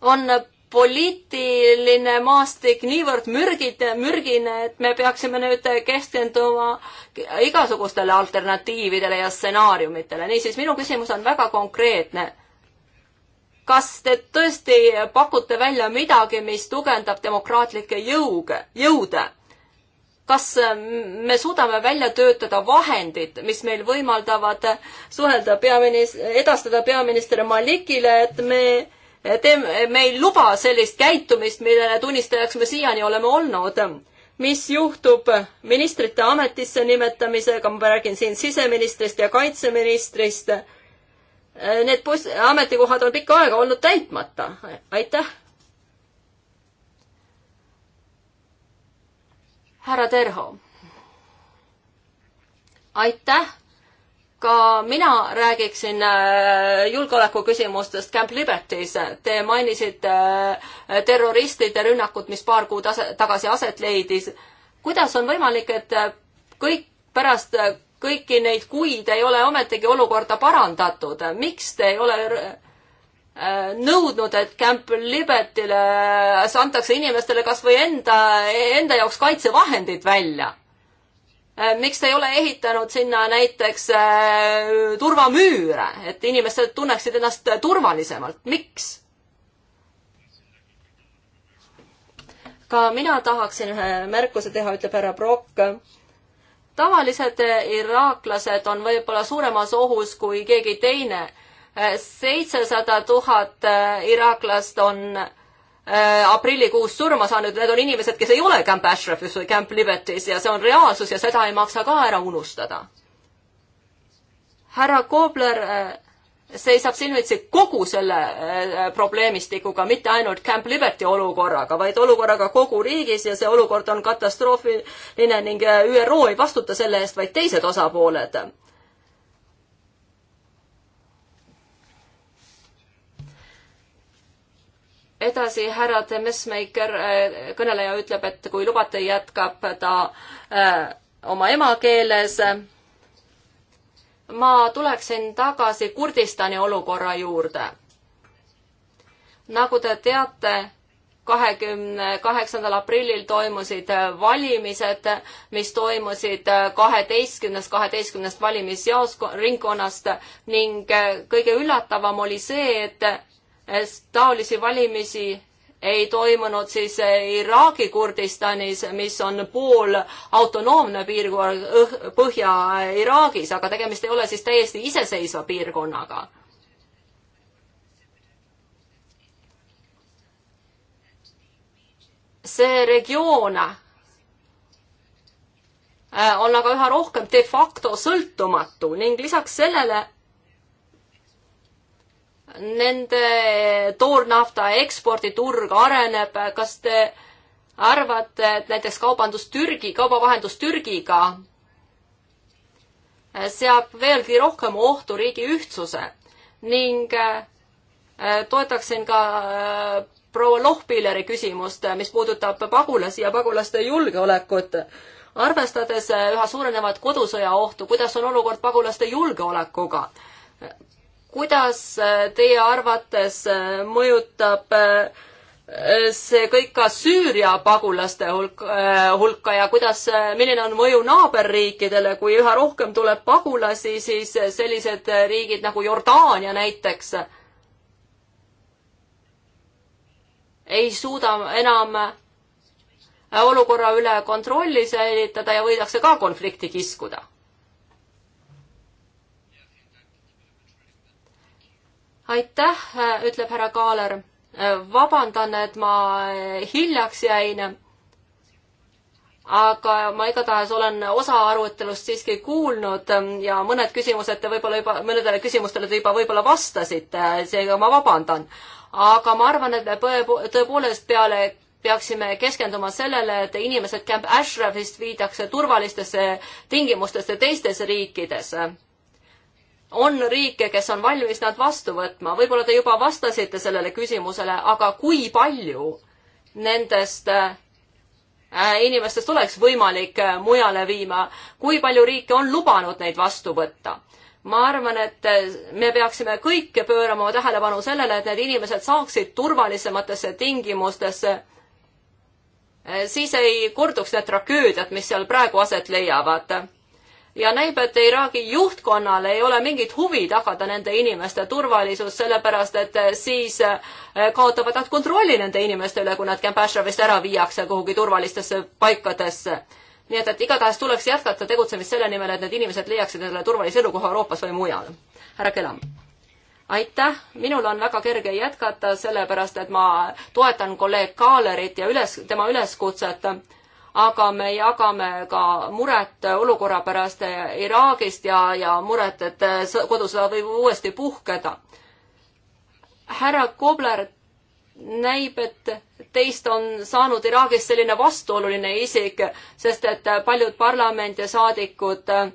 on poliitiline maastik niivõrd mürgid, mürgine, et me peaksime nüüd keskenduma igasugustele alternatiividele ja stsenaariumitele. niisiis, minu küsimus on väga konkreetne kas te tõesti pakute välja midagi, mis tugevdab demokraatlikke jõuge, jõude? kas me suudame välja töötada vahendid, mis meil võimaldavad suhelda peaminis-, edastada peaminister Malikile, et me teeme, me ei luba sellist käitumist, millele tunnistajaks me siiani oleme olnud mis juhtub ministrite ametisse nimetamisega, ma räägin siin siseministrist ja kaitseministrist Äh, need pos-, ametikohad on pikka aega olnud täitmata. aitäh. härra Terho. aitäh. ka mina räägiksin äh, julgeolekuküsimustest Camp Libertys. Te mainisite äh, terroristide rünnakut, mis paar kuud ase-, tagasi aset leidis. kuidas on võimalik, et kõik pärast kõiki neid kuid ei ole ometigi olukorda parandatud. miks te ei ole äh, nõudnud, et Camp Libertile äh, antakse inimestele kas või enda, enda jaoks kaitsevahendid välja? Äh, miks te ei ole ehitanud sinna näiteks turvamüüre, et inimesed tunneksid ennast turvalisemalt, miks? ka mina tahaksin ühe märkuse teha, ütleb härra Brock tavalised iraaklased on võib-olla suuremas ohus kui keegi teine. seitsesada tuhat äh, iraaklast on äh, aprillikuus surma saanud, need on inimesed, kes ei ole Camp Ashrafis või Camp Libertis ja see on reaalsus ja seda ei maksa ka ära unustada. härra Koobler äh, seisab silmitsi kogu selle äh, probleemistikuga, mitte ainult Camp Liberty olukorraga, vaid olukorraga kogu riigis ja see olukord on katastroofiline ning äh, ÜRO ei vastuta selle eest, vaid teised osapooled. edasi härra De Messmaker, äh, kõneleja ütleb, et kui lubate, jätkab ta öö, oma emakeeles ma tuleksin tagasi Kurdistani olukorra juurde. nagu te teate, kahekümne kaheksandal aprillil toimusid äh, valimised, mis toimusid äh, kaheteistkümnest, kaheteistkümnest valimisjaosringkonnast ning äh, kõige üllatavam oli see, et taolisi valimisi ei toimunud siis Iraagi Kurdistanis, mis on pool autonoomne piirkond Põhja-Iraagis, aga tegemist ei ole siis täiesti iseseisva piirkonnaga see regioon äh, on aga üha rohkem de facto sõltumatu ning lisaks sellele nende toornafta eksporditurg areneb, kas te arvate, et näiteks kaubandus Türgi, kaubavahendus Türgiga seab veelgi rohkem ohtu riigi ühtsuse ning äh, toetaksin ka äh, proua Lohpilleri küsimust, äh, mis puudutab pagulasi ja pagulaste julgeolekut. arvestades üha suurenevat kodusõja ohtu, kuidas on olukord pagulaste julgeolekuga? kuidas äh, teie arvates äh, mõjutab äh, see kõik ka Süüria pagulaste hulk, hulka ja kuidas, milline on mõju naaberriikidele, kui üha rohkem tuleb pagulasi, siis sellised riigid nagu Jordaania näiteks ei suuda enam olukorra üle kontrolli säilitada ja võidakse ka konflikti kiskuda aitäh, ütleb härra Kaaler. vabandan, et ma hiljaks jäin. aga ma igatahes olen osa arutelust siiski kuulnud ja mõned küsimused te võib-olla juba, mõnedele küsimustele te juba võib-olla vastasite, seega ma vabandan. aga ma arvan, et me tõepoolest peale peaksime keskenduma sellele, et inimesed Camp Ashrafist viidakse turvalistesse tingimustesse teistes riikides on riike, kes on valmis nad vastu võtma, võib-olla te juba vastasite sellele küsimusele, aga kui palju nendest äh, inimestest oleks võimalik äh, mujale viima, kui palju riike on lubanud neid vastu võtta? ma arvan, et äh, me peaksime kõik pöörama tähelepanu sellele, et need inimesed saaksid turvalisematesse tingimustesse. siis ei korduks need tragöödiad, mis seal praegu aset leiavad ja näib, et Iraagi juhtkonnal ei ole mingit huvi tagada nende inimeste turvalisust, sellepärast et eh, siis eh, kaotavad nad kontrolli nende inimeste üle, kui nad Camp Ashrafist ära viiakse kuhugi turvalistesse paikadesse. nii et, et igatahes tuleks jätkata tegutsemist selle nimel, et need inimesed leiaksid endale turvalise elukoha Euroopas või mujal. härra Kelam aitäh, minul on väga kerge jätkata, sellepärast et ma toetan kolleeg Kaalerit ja üles, tema üleskutset äh, aga me jagame ka muret olukorra pärast Iraagist ja, ja muret, et kodusõda võib uuesti puhkeda. härra Kobler, näib, et teist on saanud Iraagis selline vastuoluline isik, sest et paljud parlamendisaadikud äh,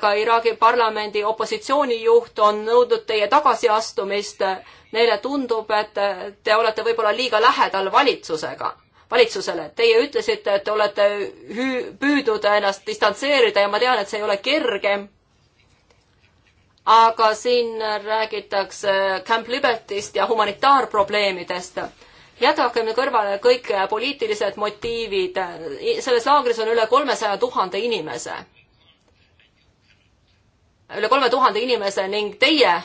ka Iraagi parlamendi opositsioonijuht on nõudnud teie tagasiastumist. Neile tundub, et te olete võib-olla liiga lähedal valitsusega valitsusele. Teie ütlesite, et olete püüdnud ennast distantseerida ja ma tean, et see ei ole kerge. aga siin räägitakse Camp Libertyst ja humanitaarprobleemidest jätagem kõrvale kõik poliitilised motiivid. selles laagris on üle kolmesaja tuhande inimese. üle kolme tuhande inimese ning teie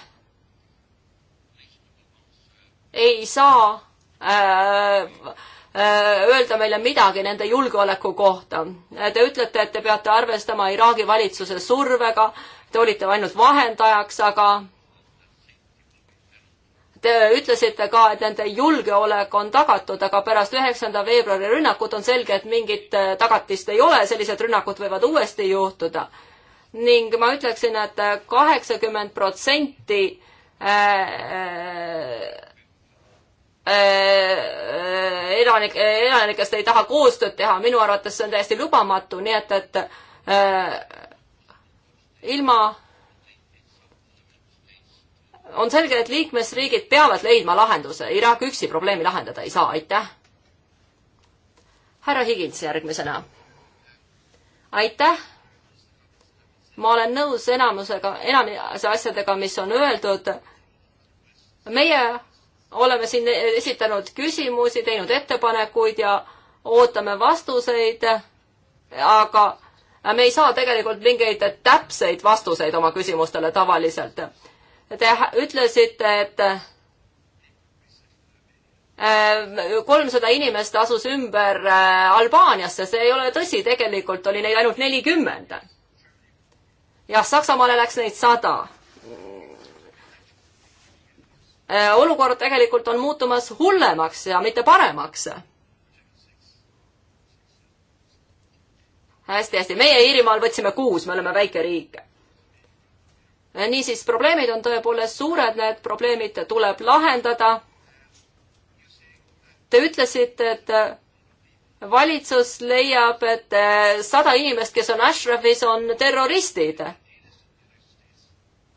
ei saa äh, Äh, öelda meile midagi nende julgeoleku kohta. Äh, te ütlete, et te peate arvestama Iraagi valitsuse survega, te olite ainult vahendajaks, aga te ütlesite ka, et nende julgeolek on tagatud, aga pärast üheksanda veebruari rünnakut on selge, et mingit äh, tagatist ei ole, sellised rünnakud võivad uuesti juhtuda. ning ma ütleksin et, et kaheksakümmend protsenti Äh, äh, elanik, äh, elanikest ei taha koostööd teha, minu arvates see on täiesti lubamatu, nii et, et äh, ilma on selge, et liikmesriigid peavad leidma lahenduse, Iraak üksi probleemi lahendada ei saa, aitäh. härra Higins järgmisena. aitäh. ma olen nõus enamusega, enamise asjadega, mis on öeldud. meie oleme siin esitanud küsimusi, teinud ettepanekuid ja ootame vastuseid, aga me ei saa tegelikult mingeid täpseid vastuseid oma küsimustele tavaliselt. Te ütlesite, et äh, kolmsada inimest asus ümber äh, Albaaniasse, see ei ole tõsi, tegelikult oli neid ainult nelikümmend. jah, Saksamaale läks neid sada Äh, olukord tegelikult on muutumas hullemaks ja mitte paremaks hästi-hästi, meie Iirimaal võtsime kuus, me oleme väike riik. Äh, niisiis, probleemid on tõepoolest suured, need probleemid tuleb lahendada. Te ütlesite, et äh, valitsus leiab, et sada inimest, kes on Ashrafis, on terroristid.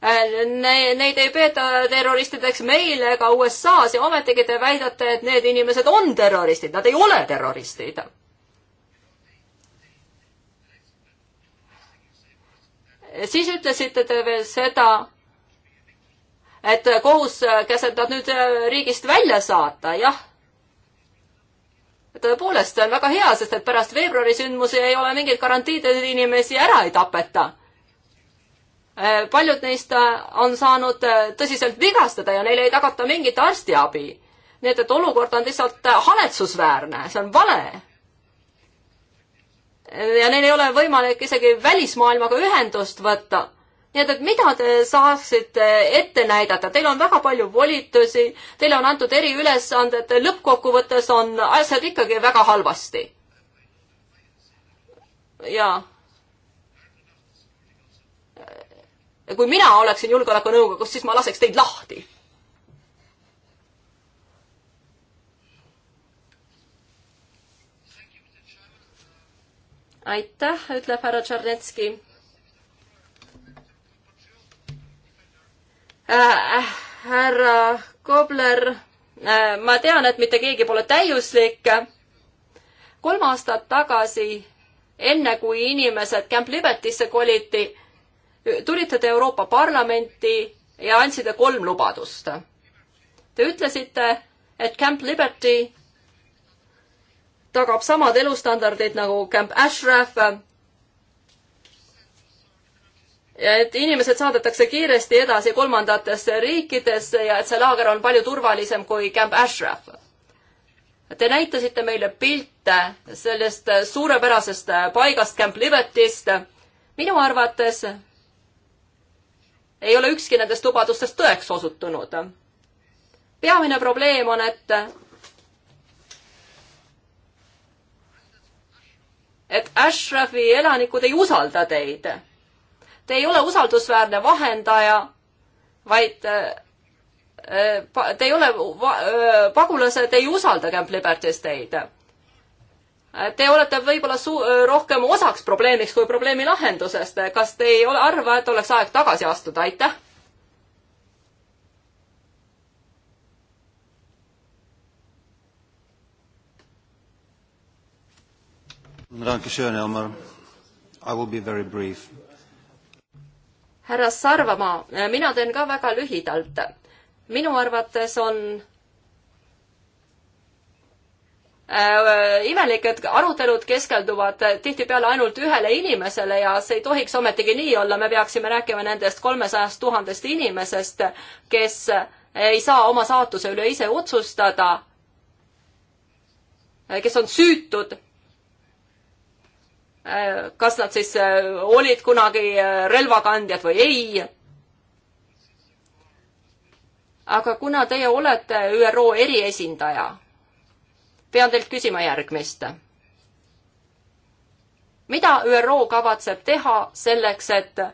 Äh, ne-, neid ei peeta terroristideks meil ega USA-s ja ometigi te väidate, et need inimesed on terroristid, nad ei ole terroristid siis ütlesite te veel seda, et kohus käsendab nüüd äh, riigist välja saata, jah. tõepoolest, see on väga hea, sest et pärast veebruari sündmusi ei ole mingit garantiid, et inimesi ära ei tapeta. Äh, paljud neist äh, on saanud äh, tõsiselt vigastada ja neile ei tagata mingit arstiabi. nii et, et olukord on lihtsalt haletsusväärne, see on vale. ja neil ei ole võimalik isegi välismaailmaga ühendust võtta nii et, et mida te saaksite ette näidata, teil on väga palju volitusi, teile on antud eriülesanded, lõppkokkuvõttes on asjad ikkagi väga halvasti. jaa kui mina oleksin julgeolekunõukogus, siis ma laseks teid lahti. aitäh, ütleb härra Tšarnetski äh, äh,. härra Kobler äh,, ma tean, et mitte keegi pole täiuslik. kolm aastat tagasi, enne kui inimesed Camp Libertisse koliti, tulite te Euroopa Parlamenti ja andsite kolm lubadust. Te ütlesite, et Camp Liberty tagab samad elustandardid nagu Camp Ashraf. ja et inimesed saadetakse kiiresti edasi kolmandatesse riikidesse ja et see laager on palju turvalisem kui Camp Ashraf. Te näitasite meile pilte sellest suurepärasest paigast Camp Libertist. minu arvates ei ole ükski nendest lubadustest tõeks osutunud. peamine probleem on, et et Ashrafi elanikud ei usalda teid. Te ei ole usaldusväärne vahendaja, vaid eh, eh, te ei ole, eh, pagulased ei usalda Camp Libertis teid Te olete võib-olla su-, rohkem osaks probleemiks kui probleemi lahendusest. kas te ei ole, arva, et oleks aeg tagasi astuda? aitäh! Dankeschön, Elmar. I will be very brief. härra Sarvamaa, mina teen ka väga lühidalt. minu arvates on Äh, imelik, et arutelud keskelduvad tihtipeale ainult ühele inimesele ja see ei tohiks ometigi nii olla, me peaksime rääkima nendest kolmesajast tuhandest inimesest, kes ei saa oma saatuse üle ise otsustada, äh, kes on süütud äh, kas nad siis olid kunagi relvakandjad või ei. aga kuna teie olete ÜRO eriesindaja, pean teilt küsima järgmist. mida ÜRO kavatseb teha selleks, et äh,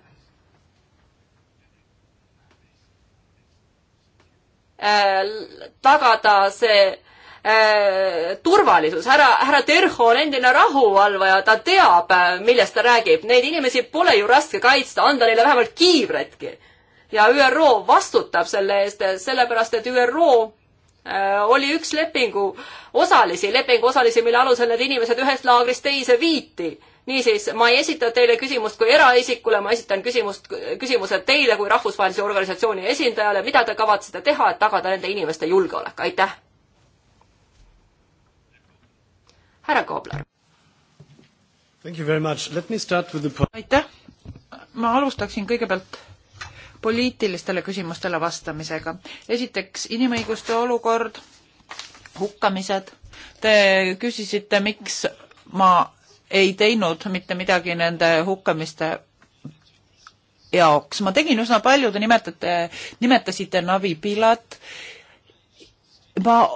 tagada see äh, turvalisus, härra, härra Terho on endine rahuvalvaja, ta teab, äh, millest ta räägib, neid inimesi pole ju raske kaitsta, anda neile vähemalt kiivretki. ja ÜRO vastutab selle eest, sellepärast et ÜRO Äh, oli üks lepingu osalisi, lepingu osalisi, mille alusel need inimesed ühest laagrist teise viiti. niisiis, ma ei esita teile küsimust kui eraisikule, ma esitan küsimust, küsimuse teile kui rahvusvahelise organisatsiooni esindajale, mida te kavatsete teha, et tagada nende inimeste julgeolek, aitäh. härra Koobler. aitäh, ma alustaksin kõigepealt poliitilistele küsimustele vastamisega. esiteks inimõiguste olukord, hukkamised. Te küsisite, miks ma ei teinud mitte midagi nende hukkamiste jaoks. ma tegin üsna palju, te nimetate, nimetasite Navi Pilat. ma,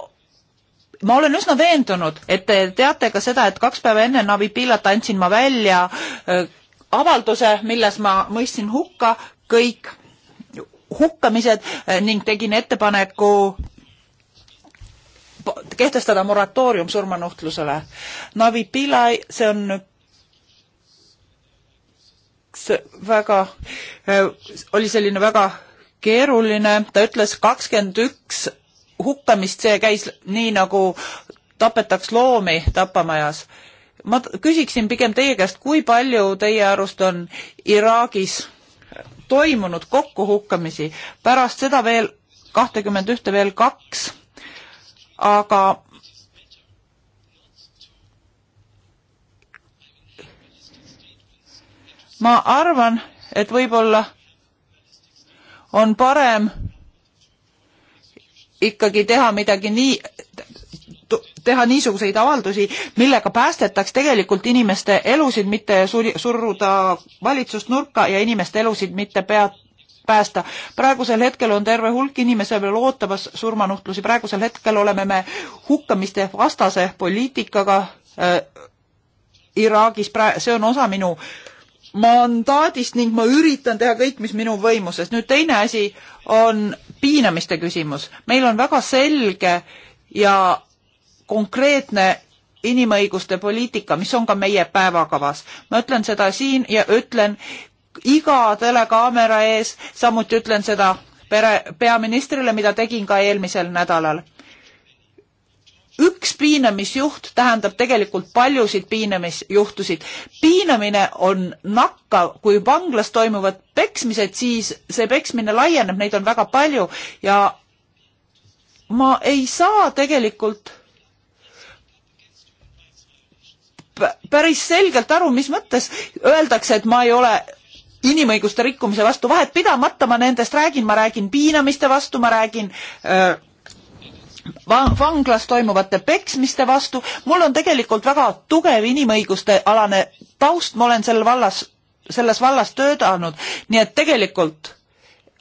ma olen üsna veendunud, et te teate ka seda, et kaks päeva enne Navi Pilat andsin ma välja äh, avalduse, milles ma mõistsin hukka kõik hukkamised eh, ning tegin ettepaneku kehtestada moratoorium surmanuhtlusele. Navi Pillai, see on see väga, eh, oli selline väga keeruline, ta ütles kakskümmend üks hukkamist, see käis nii, nagu tapetaks loomi tapamajas. ma küsiksin pigem teie käest, kui palju teie arust on Iraagis toimunud kokkuhukkamisi, pärast seda veel kahtekümmend ühte veel kaks, aga ma arvan, et võib-olla on parem ikkagi teha midagi nii, teha niisuguseid avaldusi, millega päästetaks tegelikult inimeste elusid, mitte suruda valitsust nurka ja inimeste elusid mitte pead, päästa. praegusel hetkel on terve hulk inimesi veel ootamas surmanuhtlusi, praegusel hetkel oleme me hukkamiste vastase poliitikaga äh, Iraagis, see on osa minu mandaadist ning ma üritan teha kõik, mis minu võimuses. nüüd teine asi on piinamiste küsimus. meil on väga selge ja konkreetne inimõiguste poliitika, mis on ka meie päevakavas. ma ütlen seda siin ja ütlen iga telekaamera ees, samuti ütlen seda pere, peaministrile, mida tegin ka eelmisel nädalal. üks piinamisjuht tähendab tegelikult paljusid piinamisjuhtusid. piinamine on nakkav, kui vanglas toimuvad peksmised, siis see peksmine laieneb, neid on väga palju ja ma ei saa tegelikult päris selgelt aru, mis mõttes öeldakse, et ma ei ole inimõiguste rikkumise vastu vahet pidamata, ma nendest räägin, ma räägin piinamiste vastu, ma räägin öö, vanglas toimuvate peksmiste vastu. mul on tegelikult väga tugev inimõiguste alane taust, ma olen sel vallas, selles vallas töötanud, nii et tegelikult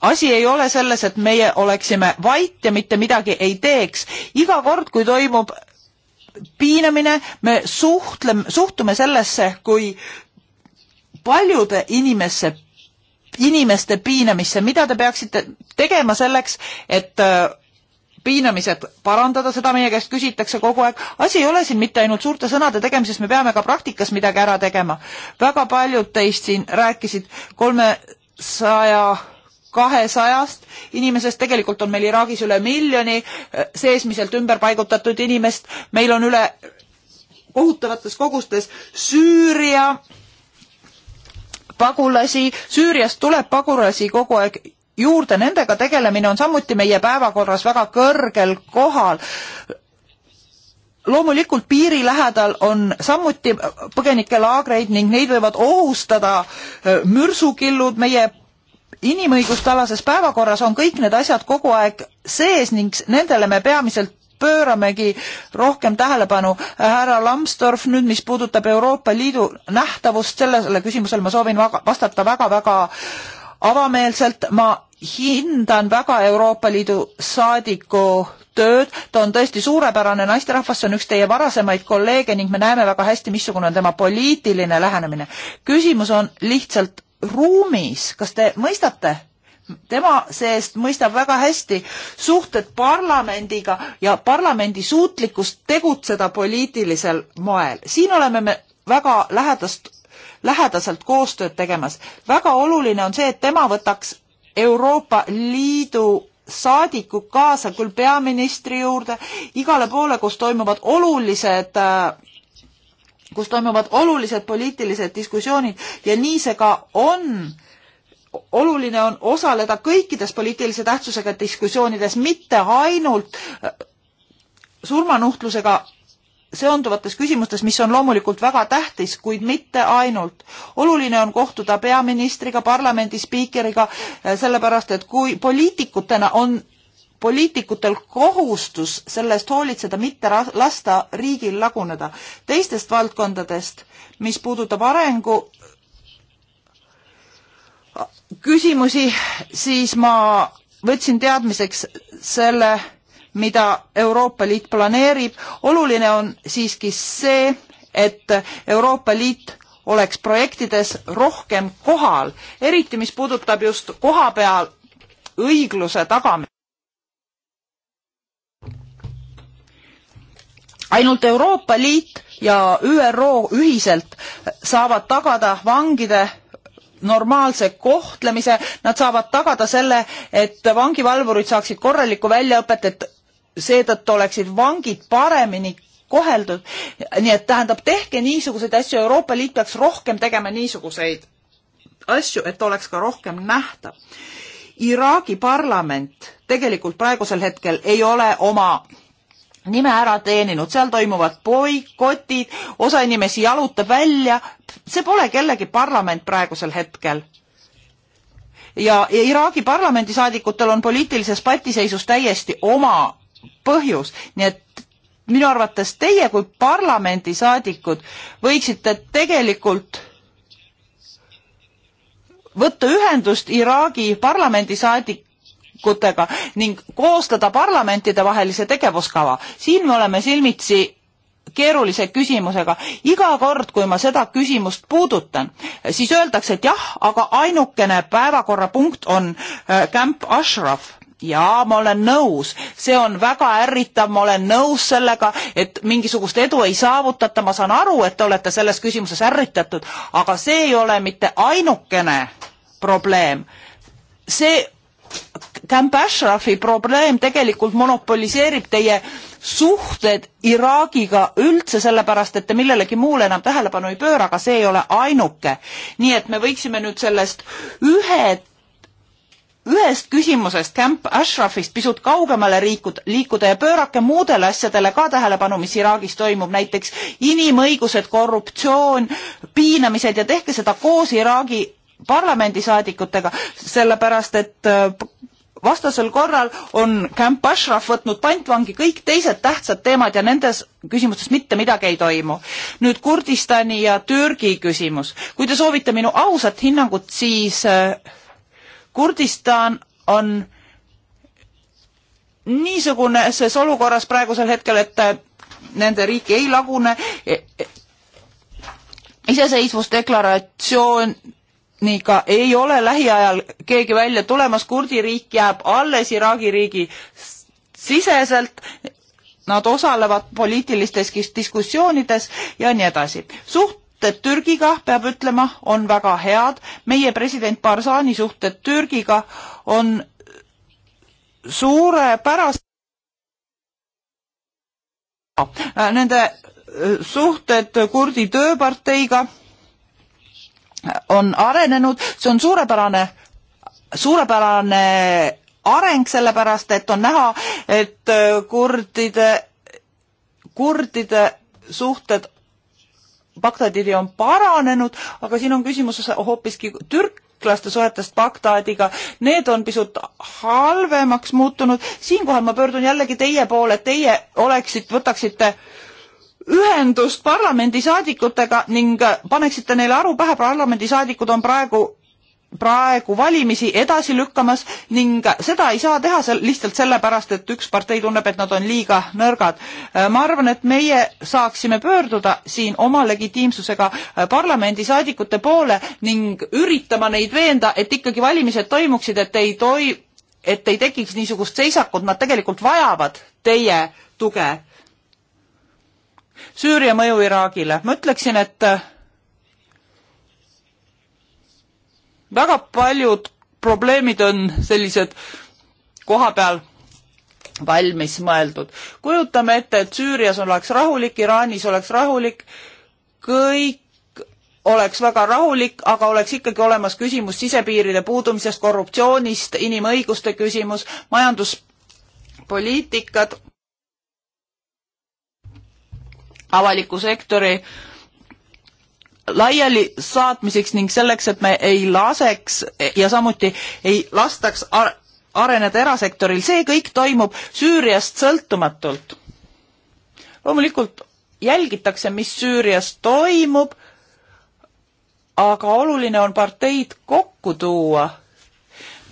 asi ei ole selles, et meie oleksime vait ja mitte midagi ei teeks. iga kord, kui toimub piinamine, me suhtleme, suhtume sellesse kui paljude inimesse, inimeste piinamisse, mida te peaksite tegema selleks, et äh, piinamised parandada, seda meie käest küsitakse kogu aeg. asi ei ole siin mitte ainult suurte sõnade tegemises, me peame ka praktikas midagi ära tegema. väga paljud teist siin rääkisid kolmesaja 300 kahesajast inimesest, tegelikult on meil Iraagis üle miljoni eh, seesmiselt ümber paigutatud inimest, meil on üle kohutavates kogustes Süüria pagulasi, Süüriast tuleb pagulasi kogu aeg juurde, nendega tegelemine on samuti meie päevakorras väga kõrgel kohal. loomulikult piiri lähedal on samuti põgenikelaagreid ning neid võivad ohustada eh, mürsukillud, meie inimõiguste alases päevakorras on kõik need asjad kogu aeg sees ning nendele me peamiselt pööramegi rohkem tähelepanu. härra Lambsdorff, nüüd mis puudutab Euroopa Liidu nähtavust, sellele küsimusele ma soovin vastata väga-väga avameelselt, ma hindan väga Euroopa Liidu saadiku tööd, ta on tõesti suurepärane naisterahvas, see on üks teie varasemaid kolleege ning me näeme väga hästi, missugune on tema poliitiline lähenemine. küsimus on lihtsalt ruumis, kas te mõistate? tema seest mõistab väga hästi suhted parlamendiga ja parlamendi suutlikkust tegutseda poliitilisel moel. siin oleme me väga lähedast, lähedaselt koostööd tegemas. väga oluline on see, et tema võtaks Euroopa Liidu saadikud kaasa küll peaministri juurde, igale poole, kus toimuvad olulised äh, kus toimuvad olulised poliitilised diskussioonid ja nii see ka on. oluline on osaleda kõikides poliitilise tähtsusega diskussioonides, mitte ainult äh, surmanuhtlusega seonduvates küsimustes, mis on loomulikult väga tähtis, kuid mitte ainult. oluline on kohtuda peaministriga, parlamendi spiikeriga, äh, sellepärast et kui poliitikutena on poliitikutel kohustus sellest hoolitseda, mitte lasta riigil laguneda. teistest valdkondadest, mis puudutab arengu küsimusi, siis ma võtsin teadmiseks selle, mida Euroopa Liit planeerib. oluline on siiski see, et Euroopa Liit oleks projektides rohkem kohal, eriti mis puudutab just koha peal õigluse tagamist. ainult Euroopa Liit ja ÜRO ühiselt saavad tagada vangide normaalse kohtlemise, nad saavad tagada selle, et vangivalvurid saaksid korralikku väljaõpet, et seetõttu oleksid vangid paremini koheldud. nii et tähendab, tehke niisuguseid asju, Euroopa Liit peaks rohkem tegema niisuguseid asju, et oleks ka rohkem nähtav. Iraagi parlament tegelikult praegusel hetkel ei ole oma nime ära teeninud, seal toimuvad boikotid, osa inimesi jalutab välja, see pole kellegi parlament praegusel hetkel. ja Iraagi parlamendisaadikutel on poliitilises patiseisus täiesti oma põhjus, nii et minu arvates teie kui parlamendisaadikud võiksite tegelikult võtta ühendust Iraagi parlamendisaadikuga, saadikutega ning koostada parlamentidevahelise tegevuskava. siin me oleme silmitsi keerulise küsimusega. iga kord, kui ma seda küsimust puudutan, siis öeldakse, et jah, aga ainukene päevakorrapunkt on äh, Camp Ashraf jaa, ma olen nõus, see on väga ärritav, ma olen nõus sellega, et mingisugust edu ei saavutata, ma saan aru, et te olete selles küsimuses ärritatud, aga see ei ole mitte ainukene probleem. see Camp Ashrafi probleem tegelikult monopoliseerib teie suhted Iraagiga üldse, sellepärast et te millelegi muule enam tähelepanu ei pööra, aga see ei ole ainuke. nii et me võiksime nüüd sellest ühe, ühest küsimusest, Camp Ashrafist pisut kaugemale liikuda, liikuda ja pöörake muudele asjadele ka tähelepanu, mis Iraagis toimub, näiteks inimõigused, korruptsioon, piinamised ja tehke seda koos Iraagi parlamendisaadikutega, sellepärast et äh, vastasel korral on Camp Ashraf võtnud pantvangi kõik teised tähtsad teemad ja nendes küsimustes mitte midagi ei toimu. nüüd Kurdistani ja Türgi küsimus. kui te soovite minu ausat hinnangut, siis äh, Kurdistan on niisuguses olukorras praegusel hetkel, et äh, nende riik ei lagune, e, e, iseseisvusdeklaratsioon niga ei ole lähiajal keegi välja tulemas, kurdi riik jääb alles Iraagi riigi siseselt, nad osalevad poliitilistes diskussioonides ja nii edasi. suhted Türgiga, peab ütlema, on väga head, meie president Barzani suhted Türgiga on suurepärast-. Nende suhted kurdi tööparteiga on arenenud, see on suurepärane, suurepärane areng, sellepärast et on näha, et äh, kurdide, kurdide suhted Bagdadini on paranenud, aga siin on küsimus hoopiski türklaste suhetest Bagdadiga, need on pisut halvemaks muutunud, siinkohal ma pöördun jällegi teie poole, teie oleksite, võtaksite äh, ühendust parlamendisaadikutega ning paneksite neile aru pähe, parlamendisaadikud on praegu praegu valimisi edasi lükkamas ning seda ei saa teha seal lihtsalt sellepärast, et üks partei tunneb, et nad on liiga nõrgad. ma arvan, et meie saaksime pöörduda siin oma legitiimsusega parlamendisaadikute poole ning üritama neid veenda, et ikkagi valimised toimuksid, et ei toi-, et ei tekiks niisugust seisakut, nad tegelikult vajavad teie tuge Süüria mõju Iraagile. ma ütleksin, et äh, väga paljud probleemid on sellised koha peal valmis mõeldud. kujutame ette, et Süürias oleks rahulik, Iraanis oleks rahulik, kõik oleks väga rahulik, aga oleks ikkagi olemas küsimus sisepiiride puudumisest, korruptsioonist, inimõiguste küsimus, majanduspoliitikad avaliku sektori laiali saatmiseks ning selleks, et me ei laseks ja samuti ei lastaks areneda erasektoril, see kõik toimub Süüriast sõltumatult. loomulikult jälgitakse, mis Süürias toimub, aga oluline on parteid kokku tuua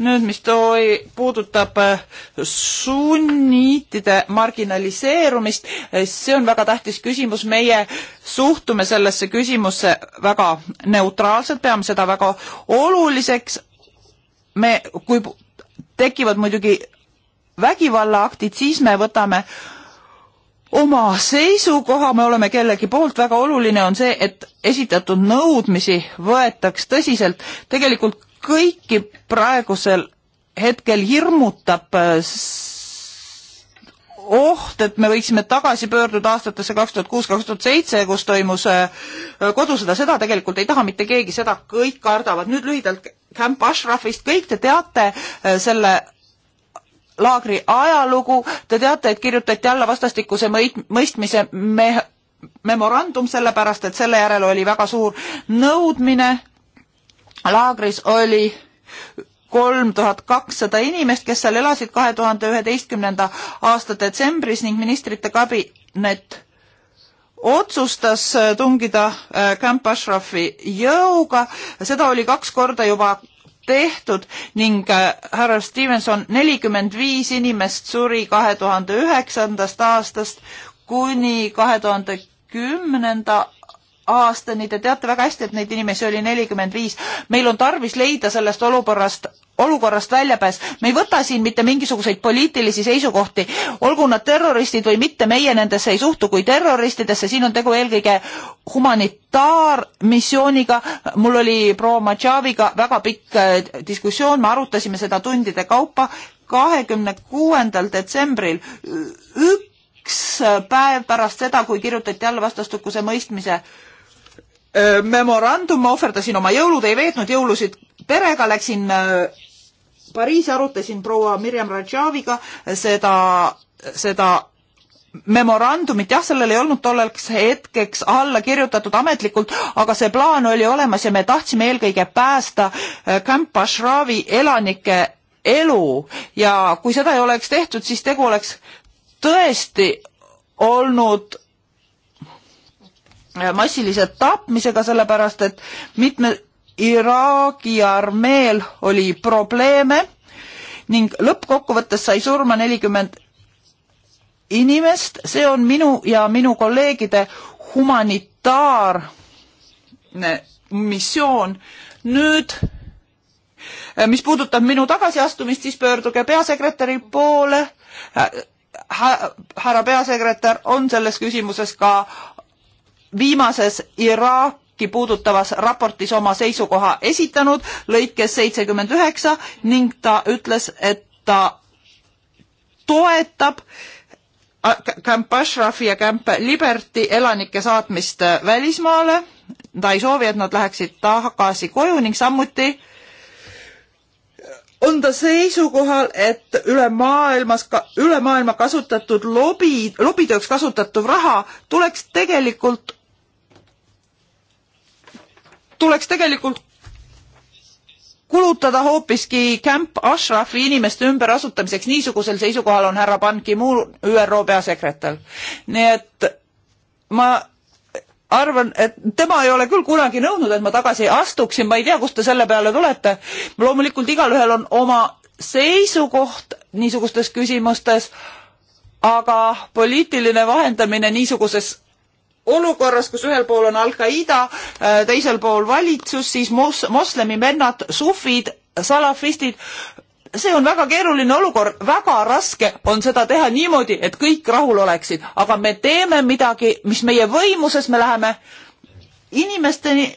nüüd, mis toi, puudutab äh, sunniitide marginaliseerumist, äh, see on väga tähtis küsimus, meie suhtume sellesse küsimusse väga neutraalselt, peame seda väga oluliseks. me, kui tekivad muidugi vägivallaaktid, siis me võtame oma seisukoha, me oleme kellegi poolt, väga oluline on see, et esitatud nõudmisi võetaks tõsiselt. tegelikult kõiki praegusel hetkel hirmutab äh, oht, et me võiksime tagasi pöörduda aastatesse kaks tuhat kuus, kaks tuhat seitse, kus toimus äh, kodusõda, seda tegelikult ei taha mitte keegi, seda kõik kardavad. nüüd lühidalt Camp Ashrafist, kõik te teate äh, selle laagri ajalugu, te teate, et kirjutati alla vastastikuse mõistmise me memorandum, sellepärast et selle järel oli väga suur nõudmine laagris oli kolm tuhat kakssada inimest, kes seal elasid kahe tuhande üheteistkümnenda aasta detsembris ning ministrite kabinet otsustas äh, tungida äh, Camp Ashrafi jõuga, seda oli kaks korda juba tehtud ning äh, härra Stevenson, nelikümmend viis inimest suri kahe tuhande üheksandast aastast kuni kahe tuhande kümnenda aastani, te teate väga hästi, et neid inimesi oli nelikümmend viis. meil on tarvis leida sellest olukorrast, olukorrast väljapääs. me ei võta siin mitte mingisuguseid poliitilisi seisukohti, olgu nad terroristid või mitte, meie nendesse ei suhtu kui terroristidesse, siin on tegu eelkõige humanitaarmissiooniga. mul oli proua Matšaviga väga pikk äh, diskussioon, me arutasime seda tundide kaupa. kahekümne kuuendal detsembril äh, üks päev pärast seda, kui kirjutati alla vastastukuse mõistmise äh, memorandum, ma ohverdasin oma jõulud, ei veetnud jõulusid perega, läksin Pariisi, arutasin proua Mirjam Rajaviga seda, seda memorandumit, jah, sellel ei olnud tolleks hetkeks alla kirjutatud ametlikult, aga see plaan oli olemas ja me tahtsime eelkõige päästa Camp Ashravi elanike elu ja kui seda ei oleks tehtud, siis tegu oleks tõesti olnud Äh, massilise tapmisega, sellepärast et mitme Iraagi armeel oli probleeme ning lõppkokkuvõttes sai surma nelikümmend inimest, see on minu ja minu kolleegide humanitaarne missioon. nüüd, äh, mis puudutab minu tagasiastumist, siis pöörduge peasekretäri poole. Äh, härra peasekretär on selles küsimuses ka viimases Iraaki puudutavas raportis oma seisukoha esitanud lõikes seitsekümmend üheksa ning ta ütles, et ta toetab Camp Ashrafi ja Camp Liberty elanike saatmist välismaale. ta ei soovi, et nad läheksid tagasi koju ning samuti on ta seisukohal, et üle maailmas, üle maailma kasutatud lobi, lobitööks kasutatav raha tuleks tegelikult tuleks tegelikult kulutada hoopiski Camp Ashrafi inimeste ümberasutamiseks, niisugusel seisukohal on härra Ban Ki-moon, ÜRO peasekretär. nii et ma arvan, et tema ei ole küll kunagi nõudnud, et ma tagasi astuksin, ma ei tea, kust te selle peale tulete. loomulikult igalühel on oma seisukoht niisugustes küsimustes, aga poliitiline vahendamine niisuguses olukorras, kus ühel pool on Al-Qaeda, äh, teisel pool valitsus, siis mos-, moslemivennad, sufid, salafistid, see on väga keeruline olukord, väga raske on seda teha niimoodi, et kõik rahul oleksid, aga me teeme midagi, mis meie võimuses, me läheme inimesteni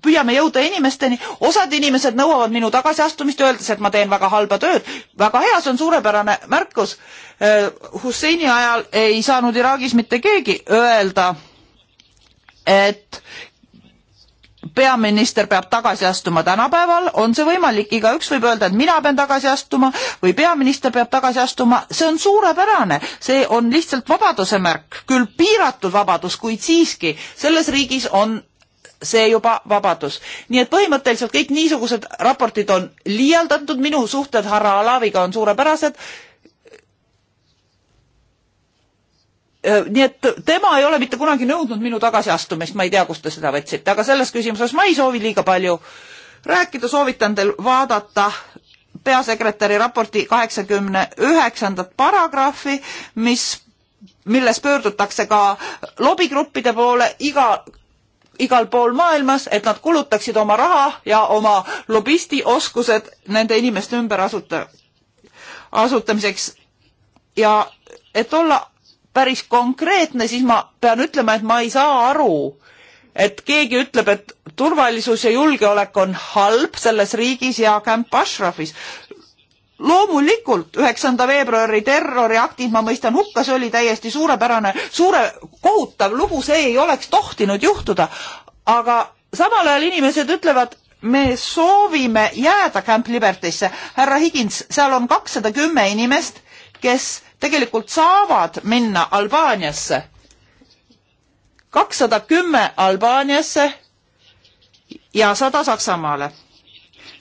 püüame jõuda inimesteni, osad inimesed nõuavad minu tagasiastumist, öeldes, et ma teen väga halba tööd. väga hea, see on suurepärane märkus. Äh, Husseini ajal ei saanud Iraagis mitte keegi öelda, et peaminister peab tagasi astuma tänapäeval, on see võimalik, igaüks võib öelda, et mina pean tagasi astuma või peaminister peab tagasi astuma, see on suurepärane, see on lihtsalt vabaduse märk, küll piiratud vabadus, kuid siiski selles riigis on see juba vabadus. nii et põhimõtteliselt kõik niisugused raportid on liialdatud, minu suhted härra Alaviga on suurepärased. Äh, nii et tema ei ole mitte kunagi nõudnud minu tagasiastumist, ma ei tea, kust te seda võtsite, aga selles küsimuses ma ei soovi liiga palju rääkida, soovitan teil vaadata peasekretäri raporti kaheksakümne üheksandat paragrahvi, mis milles pöördutakse ka lobigruppide poole iga igal pool maailmas, et nad kulutaksid oma raha ja oma lobisti oskused nende inimeste ümber asuta, asutamiseks. ja et olla päris konkreetne, siis ma pean ütlema, et ma ei saa aru, et keegi ütleb, et turvalisus ja julgeolek on halb selles riigis ja Camp Ashrafis loomulikult üheksanda veebruari terroriaktid ma mõistan hukka, see oli täiesti suurepärane, suure, kohutav lugu, see ei oleks tohtinud juhtuda. aga samal ajal inimesed ütlevad, me soovime jääda Camp Libertisse. härra Higins, seal on kakssada kümme inimest, kes tegelikult saavad minna Albaaniasse. kakssada kümme Albaaniasse ja sada Saksamaale.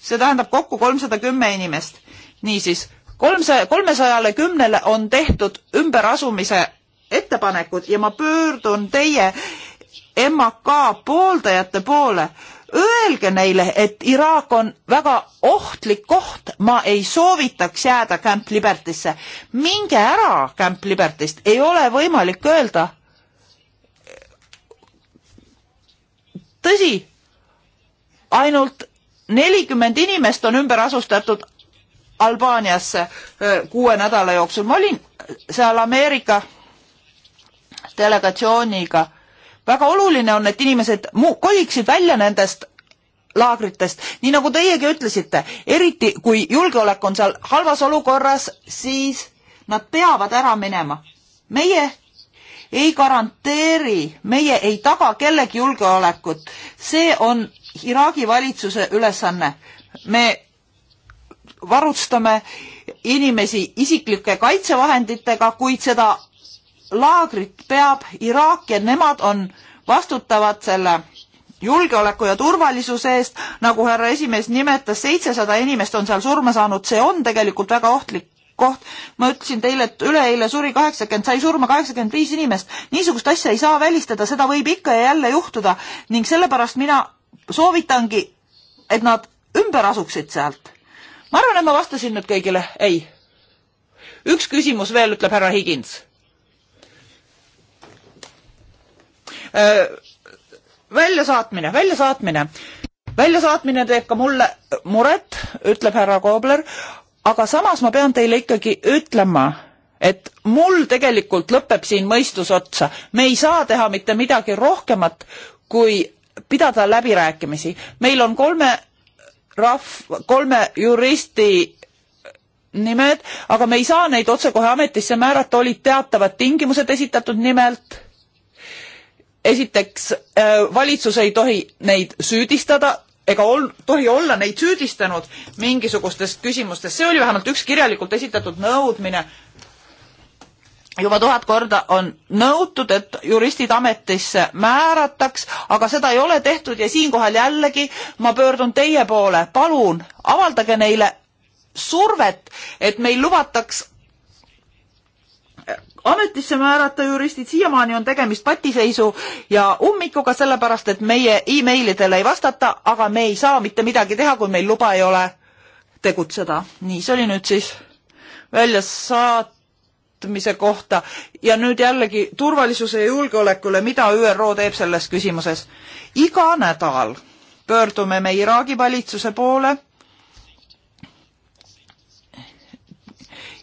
see tähendab kokku kolmsada kümme inimest niisiis, kolmsaja, kolmesajale kümnele on tehtud ümberasumise ettepanekud ja ma pöördun teie MK pooldajate poole. Öelge neile, et Iraak on väga ohtlik koht, ma ei soovitaks jääda Camp Libertisse. minge ära Camp Libertist, ei ole võimalik öelda. tõsi, ainult nelikümmend inimest on ümber asustatud, Albaaniasse kuue nädala jooksul. ma olin seal Ameerika delegatsiooniga. väga oluline on, et inimesed koliksid välja nendest laagritest, nii nagu teiegi ütlesite, eriti kui julgeolek on seal halvas olukorras, siis nad peavad ära minema. meie ei garanteeri, meie ei taga kellegi julgeolekut. see on Iraagi valitsuse ülesanne. me varustame inimesi isiklike kaitsevahenditega, kuid seda laagrit peab Iraak ja nemad on vastutavad selle julgeoleku ja turvalisuse eest, nagu härra esimees nimetas, seitsesada inimest on seal surma saanud, see on tegelikult väga ohtlik koht. ma ütlesin teile, et üleeile suri kaheksakümmend, sai surma kaheksakümmend viis inimest. niisugust asja ei saa välistada, seda võib ikka ja jälle juhtuda ning sellepärast mina soovitangi, et nad ümber asuksid sealt ma arvan, et ma vastasin nüüd kõigile, ei. üks küsimus veel, ütleb härra Higins. Äh, väljasaatmine, väljasaatmine. väljasaatmine teeb ka mulle muret, ütleb härra Koobler, aga samas ma pean teile ikkagi ütlema, et mul tegelikult lõpeb siin mõistus otsa. me ei saa teha mitte midagi rohkemat, kui pidada läbirääkimisi. meil on kolme rahv-, kolme juristi nimed, aga me ei saa neid otsekohe ametisse määrata, olid teatavad tingimused esitatud nimelt. esiteks, äh, valitsus ei tohi neid süüdistada ega ol-, tohi olla neid süüdistanud mingisugustes küsimustes, see oli vähemalt üks kirjalikult esitatud nõudmine juba tuhat korda on nõutud, et juristid ametisse määrataks, aga seda ei ole tehtud ja siinkohal jällegi ma pöördun teie poole, palun avaldage neile survet, et meil lubataks ametisse määrata juristid, siiamaani on tegemist patiseisu ja ummikuga, sellepärast et meie emailidele ei vastata, aga me ei saa mitte midagi teha, kui meil luba ei ole tegutseda. nii, see oli nüüd siis välja saat-, muutmise kohta ja nüüd jällegi turvalisuse ja julgeolekule, mida ÜRO teeb selles küsimuses. iga nädal pöördume me Iraagi valitsuse poole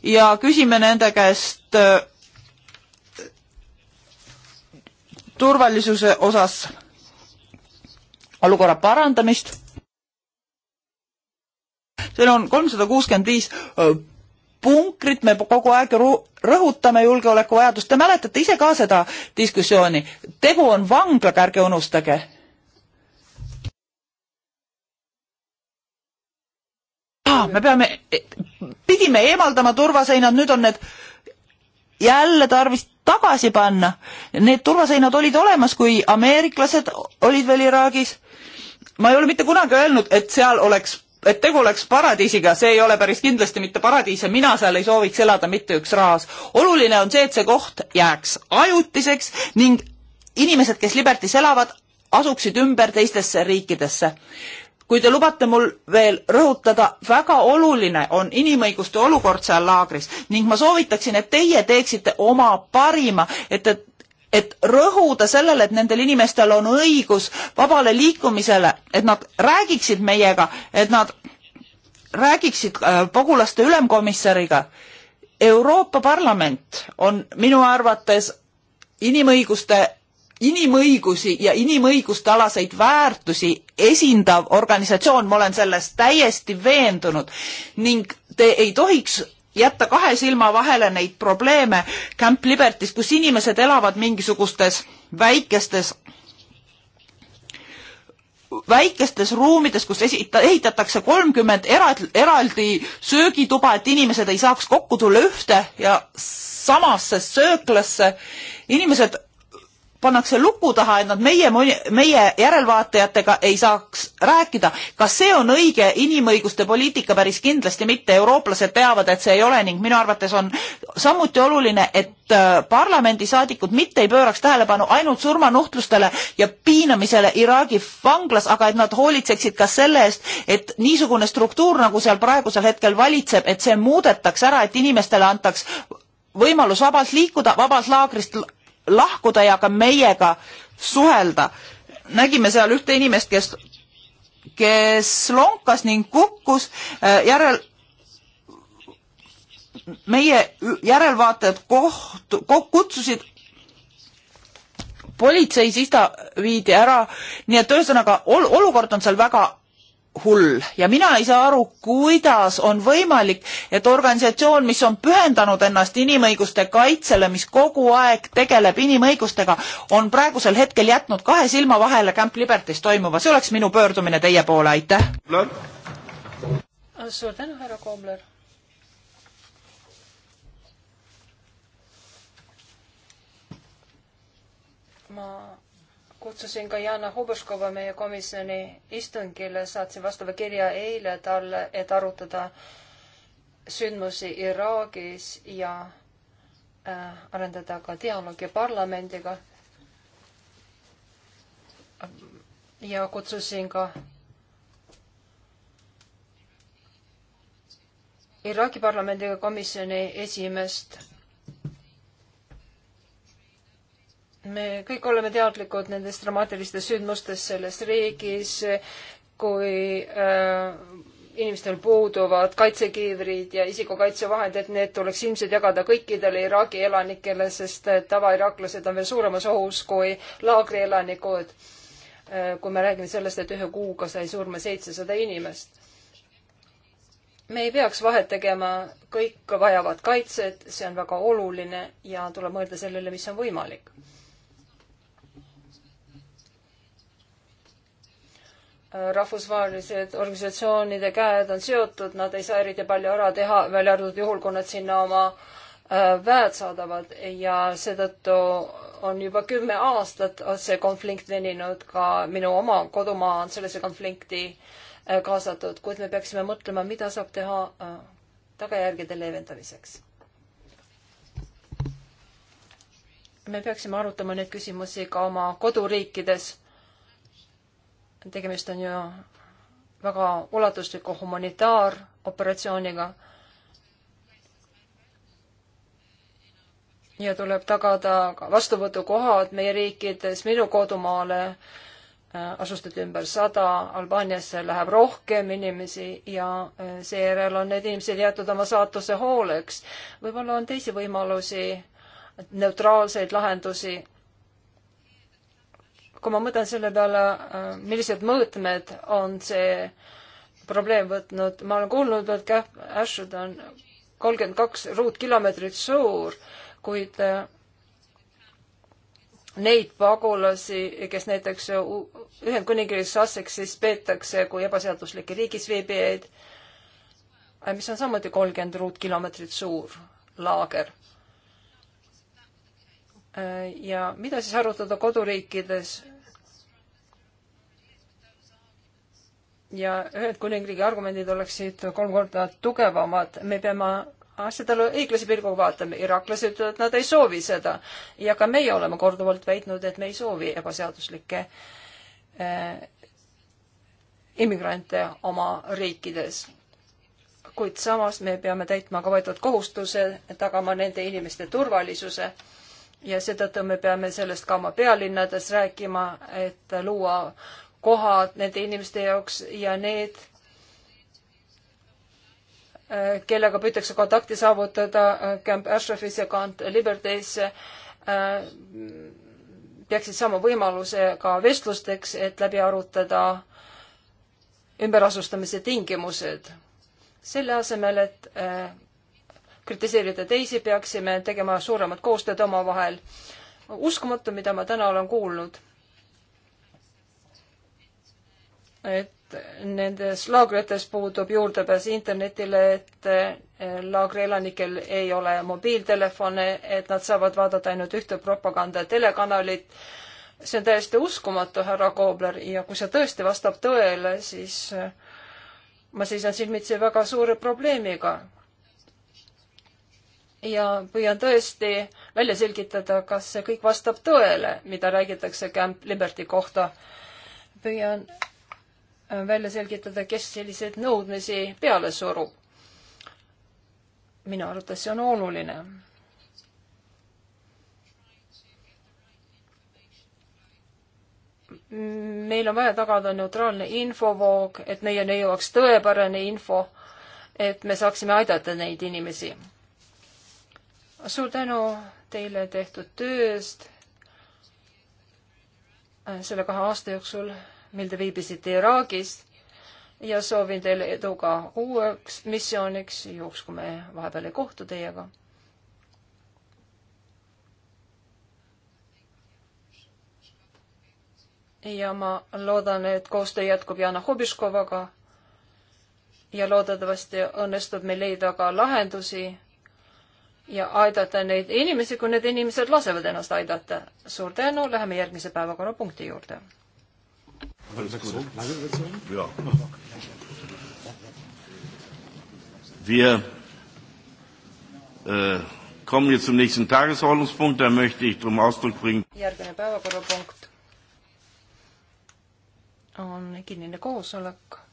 ja küsime nende käest äh, turvalisuse osas olukorra parandamist. seal on kolmsada kuuskümmend viis äh, punkrit, me kogu aeg rõhutame julgeolekuvajadust, te mäletate ise ka seda diskussiooni, tegu on vanglaga, ärge unustage. Ah, me peame, pidime eemaldama turvaseinad, nüüd on need jälle tarvis tagasi panna. Need turvaseinad olid olemas, kui ameeriklased olid veel Iraagis. ma ei ole mitte kunagi öelnud, et seal oleks et tegu oleks paradiisiga, see ei ole päris kindlasti mitte paradiis ja mina seal ei sooviks elada mitte üks rahas. oluline on see, et see koht jääks ajutiseks ning inimesed, kes Libertis elavad, asuksid ümber teistesse riikidesse. kui te lubate mul veel rõhutada, väga oluline on inimõiguste olukord seal laagris ning ma soovitaksin, et teie teeksite oma parima, et te et rõhuda sellele, et nendel inimestel on õigus vabale liikumisele, et nad räägiksid meiega, et nad räägiksid äh, pagulaste ülemkomissariga. Euroopa Parlament on minu arvates inimõiguste, inimõigusi ja inimõiguste alaseid väärtusi esindav organisatsioon, ma olen selles täiesti veendunud ning te ei tohiks jätta kahe silma vahele neid probleeme Camp Libertis, kus inimesed elavad mingisugustes väikestes väikestes ruumides, kus esita-, ehitatakse kolmkümmend erad-, eraldi söögituba, et inimesed ei saaks kokku tulla ühte ja samasse sööklasse. inimesed pannakse luku taha, et nad meie, meie järelvaatajatega ei saaks rääkida. kas see on õige inimõiguste poliitika? päris kindlasti mitte. eurooplased teavad, et see ei ole ning minu arvates on samuti oluline, et äh, parlamendisaadikud mitte ei pööraks tähelepanu ainult surmanuhtlustele ja piinamisele Iraagi vanglas, aga et nad hoolitseksid ka selle eest, et niisugune struktuur, nagu seal praegusel hetkel valitseb, et see muudetaks ära, et inimestele antaks võimalus vabalt liikuda, vabalt laagrist lahkuda ja ka meiega suhelda. nägime seal ühte inimest, kes, kes lonkas ning kukkus äh, järel, meie järelvaatajad koht-, kutsusid politsei, siis ta viidi ära, nii et ühesõnaga ol-, olukord on seal väga hull ja mina ei saa aru, kuidas on võimalik, et organisatsioon, mis on pühendanud ennast inimõiguste kaitsele, mis kogu aeg tegeleb inimõigustega, on praegusel hetkel jätnud kahe silma vahele Camp Libertis toimuva. see oleks minu pöördumine teie poole, aitäh. suur tänu, härra Koobler kutsusin ka Jana Hubaškova meie komisjoni istungile, saatsin vastava kirja eile talle, et arutada sündmusi Iraagis ja äh, arendada ka dialoogi parlamendiga. ja kutsusin ka Iraagi parlamendi komisjoni esimeest me kõik oleme teadlikud nendest dramaatilistest sündmustest selles riigis, kui äh, inimestel puuduvad kaitsekiivrid ja isikukaitsevahendid, need tuleks ilmselt jagada kõikidele Iraagi elanikele, sest äh, tavairaaklased on veel suuremas ohus kui laagrielanikud äh,. kui me räägime sellest, et ühe kuuga sai surma seitsesada inimest. me ei peaks vahet tegema, kõik vajavad kaitset, see on väga oluline ja tuleb mõelda sellele, mis on võimalik rahvusvahelised organisatsioonide käed on seotud, nad ei saa eriti palju ära teha, välja arvatud juhul, kui nad sinna oma äh, väed saadavad ja seetõttu on juba kümme aastat see konflikt veninud, ka minu oma kodumaa on sellesse konflikti äh, kaasatud, kuid me peaksime mõtlema, mida saab teha äh, tagajärgede leevendamiseks. me peaksime arutama neid küsimusi ka oma koduriikides tegemist on ju väga ulatusliku humanitaaroperatsiooniga ja tuleb tagada ka vastuvõtukohad meie riikides, minu kodumaale äh, asustati ümber sada, Albaaniasse läheb rohkem inimesi ja äh, seejärel on need inimesed jäetud oma saatuse hooleks. võib-olla on teisi võimalusi, neutraalseid lahendusi kui ma mõtlen selle peale, äh, millised mõõtmed on see probleem võtnud, ma olen kuulnud, et Kähp Ashford on kolmkümmend kaks ruutkilomeetrit suur, kuid äh, neid pagulasi, kes näiteks Ühendkuningriigis Sussexis peetakse kui ebaseaduslikke riigisviibijaid, äh, mis on samuti kolmkümmend ruutkilomeetrit suur laager. Äh, ja mida siis arutada koduriikides? ja Ühendkuningriigi argumendid oleksid kolm korda tugevamad, me peame asjadele õiglase pilguga vaatame, iraaklased ütlevad, et nad ei soovi seda ja ka meie oleme korduvalt väitnud, et me ei soovi ebaseaduslikke äh, immigrante oma riikides kuid samas me peame täitma ka võetud kohustuse, tagama nende inimeste turvalisuse äh, ja seetõttu me peame sellest ka oma pealinnades rääkima, et luua kohad nende inimeste jaoks ja need, äh, kellega püütakse kontakti saavutada äh, Camp Ashrafis ja Camp Liberties, äh, peaksid saama võimaluse ka vestlusteks, et läbi arutada ümberasustamise tingimused. selle asemel, et kritiseerida teisi, peaksime tegema suuremat koostööd omavahel. uskumatu, mida ma täna olen kuulnud. et nendes laagrites puudub juurdepääs internetile, et eh, laagri elanikel ei ole mobiiltelefone, et nad saavad vaadata ainult ühte propagandatelekanalit see on täiesti uskumatu, härra Koobler, ja kui see tõesti vastab tõele, siis eh, ma seisan silmitsi väga suure probleemiga ja püüan tõesti välja selgitada, kas see kõik vastab tõele, mida räägitakse Camp Liberty kohta. püüan äh, välja selgitada, kes selliseid nõudmisi peale surub. minu arvates see on oluline. meil on vaja tagada neutraalne infovoog, et meieni jõuaks tõepärane info, et me saaksime aidata neid inimesi suur tänu teile tehtud töö eest selle kahe aasta jooksul, mil te viibisite Iraagis ja soovin teile edu ka uueks missiooniks, juhuks kui me vahepeal ei kohtu teiega. ja ma loodan, et koostöö jätkub Jana Hobiškovaga ja loodetavasti õnnestub meil leida ka lahendusi ja aidata neid inimesi, kui need inimesed lasevad ennast aidata. suur tänu, läheme järgmise päevakorrapunkti juurde. Wir äh, kommen jetzt zum nächsten Tagesordnungspunkt. Da möchte ich zum Ausdruck bringen. Järgmine päevakorrapunkt on kinnine koosolek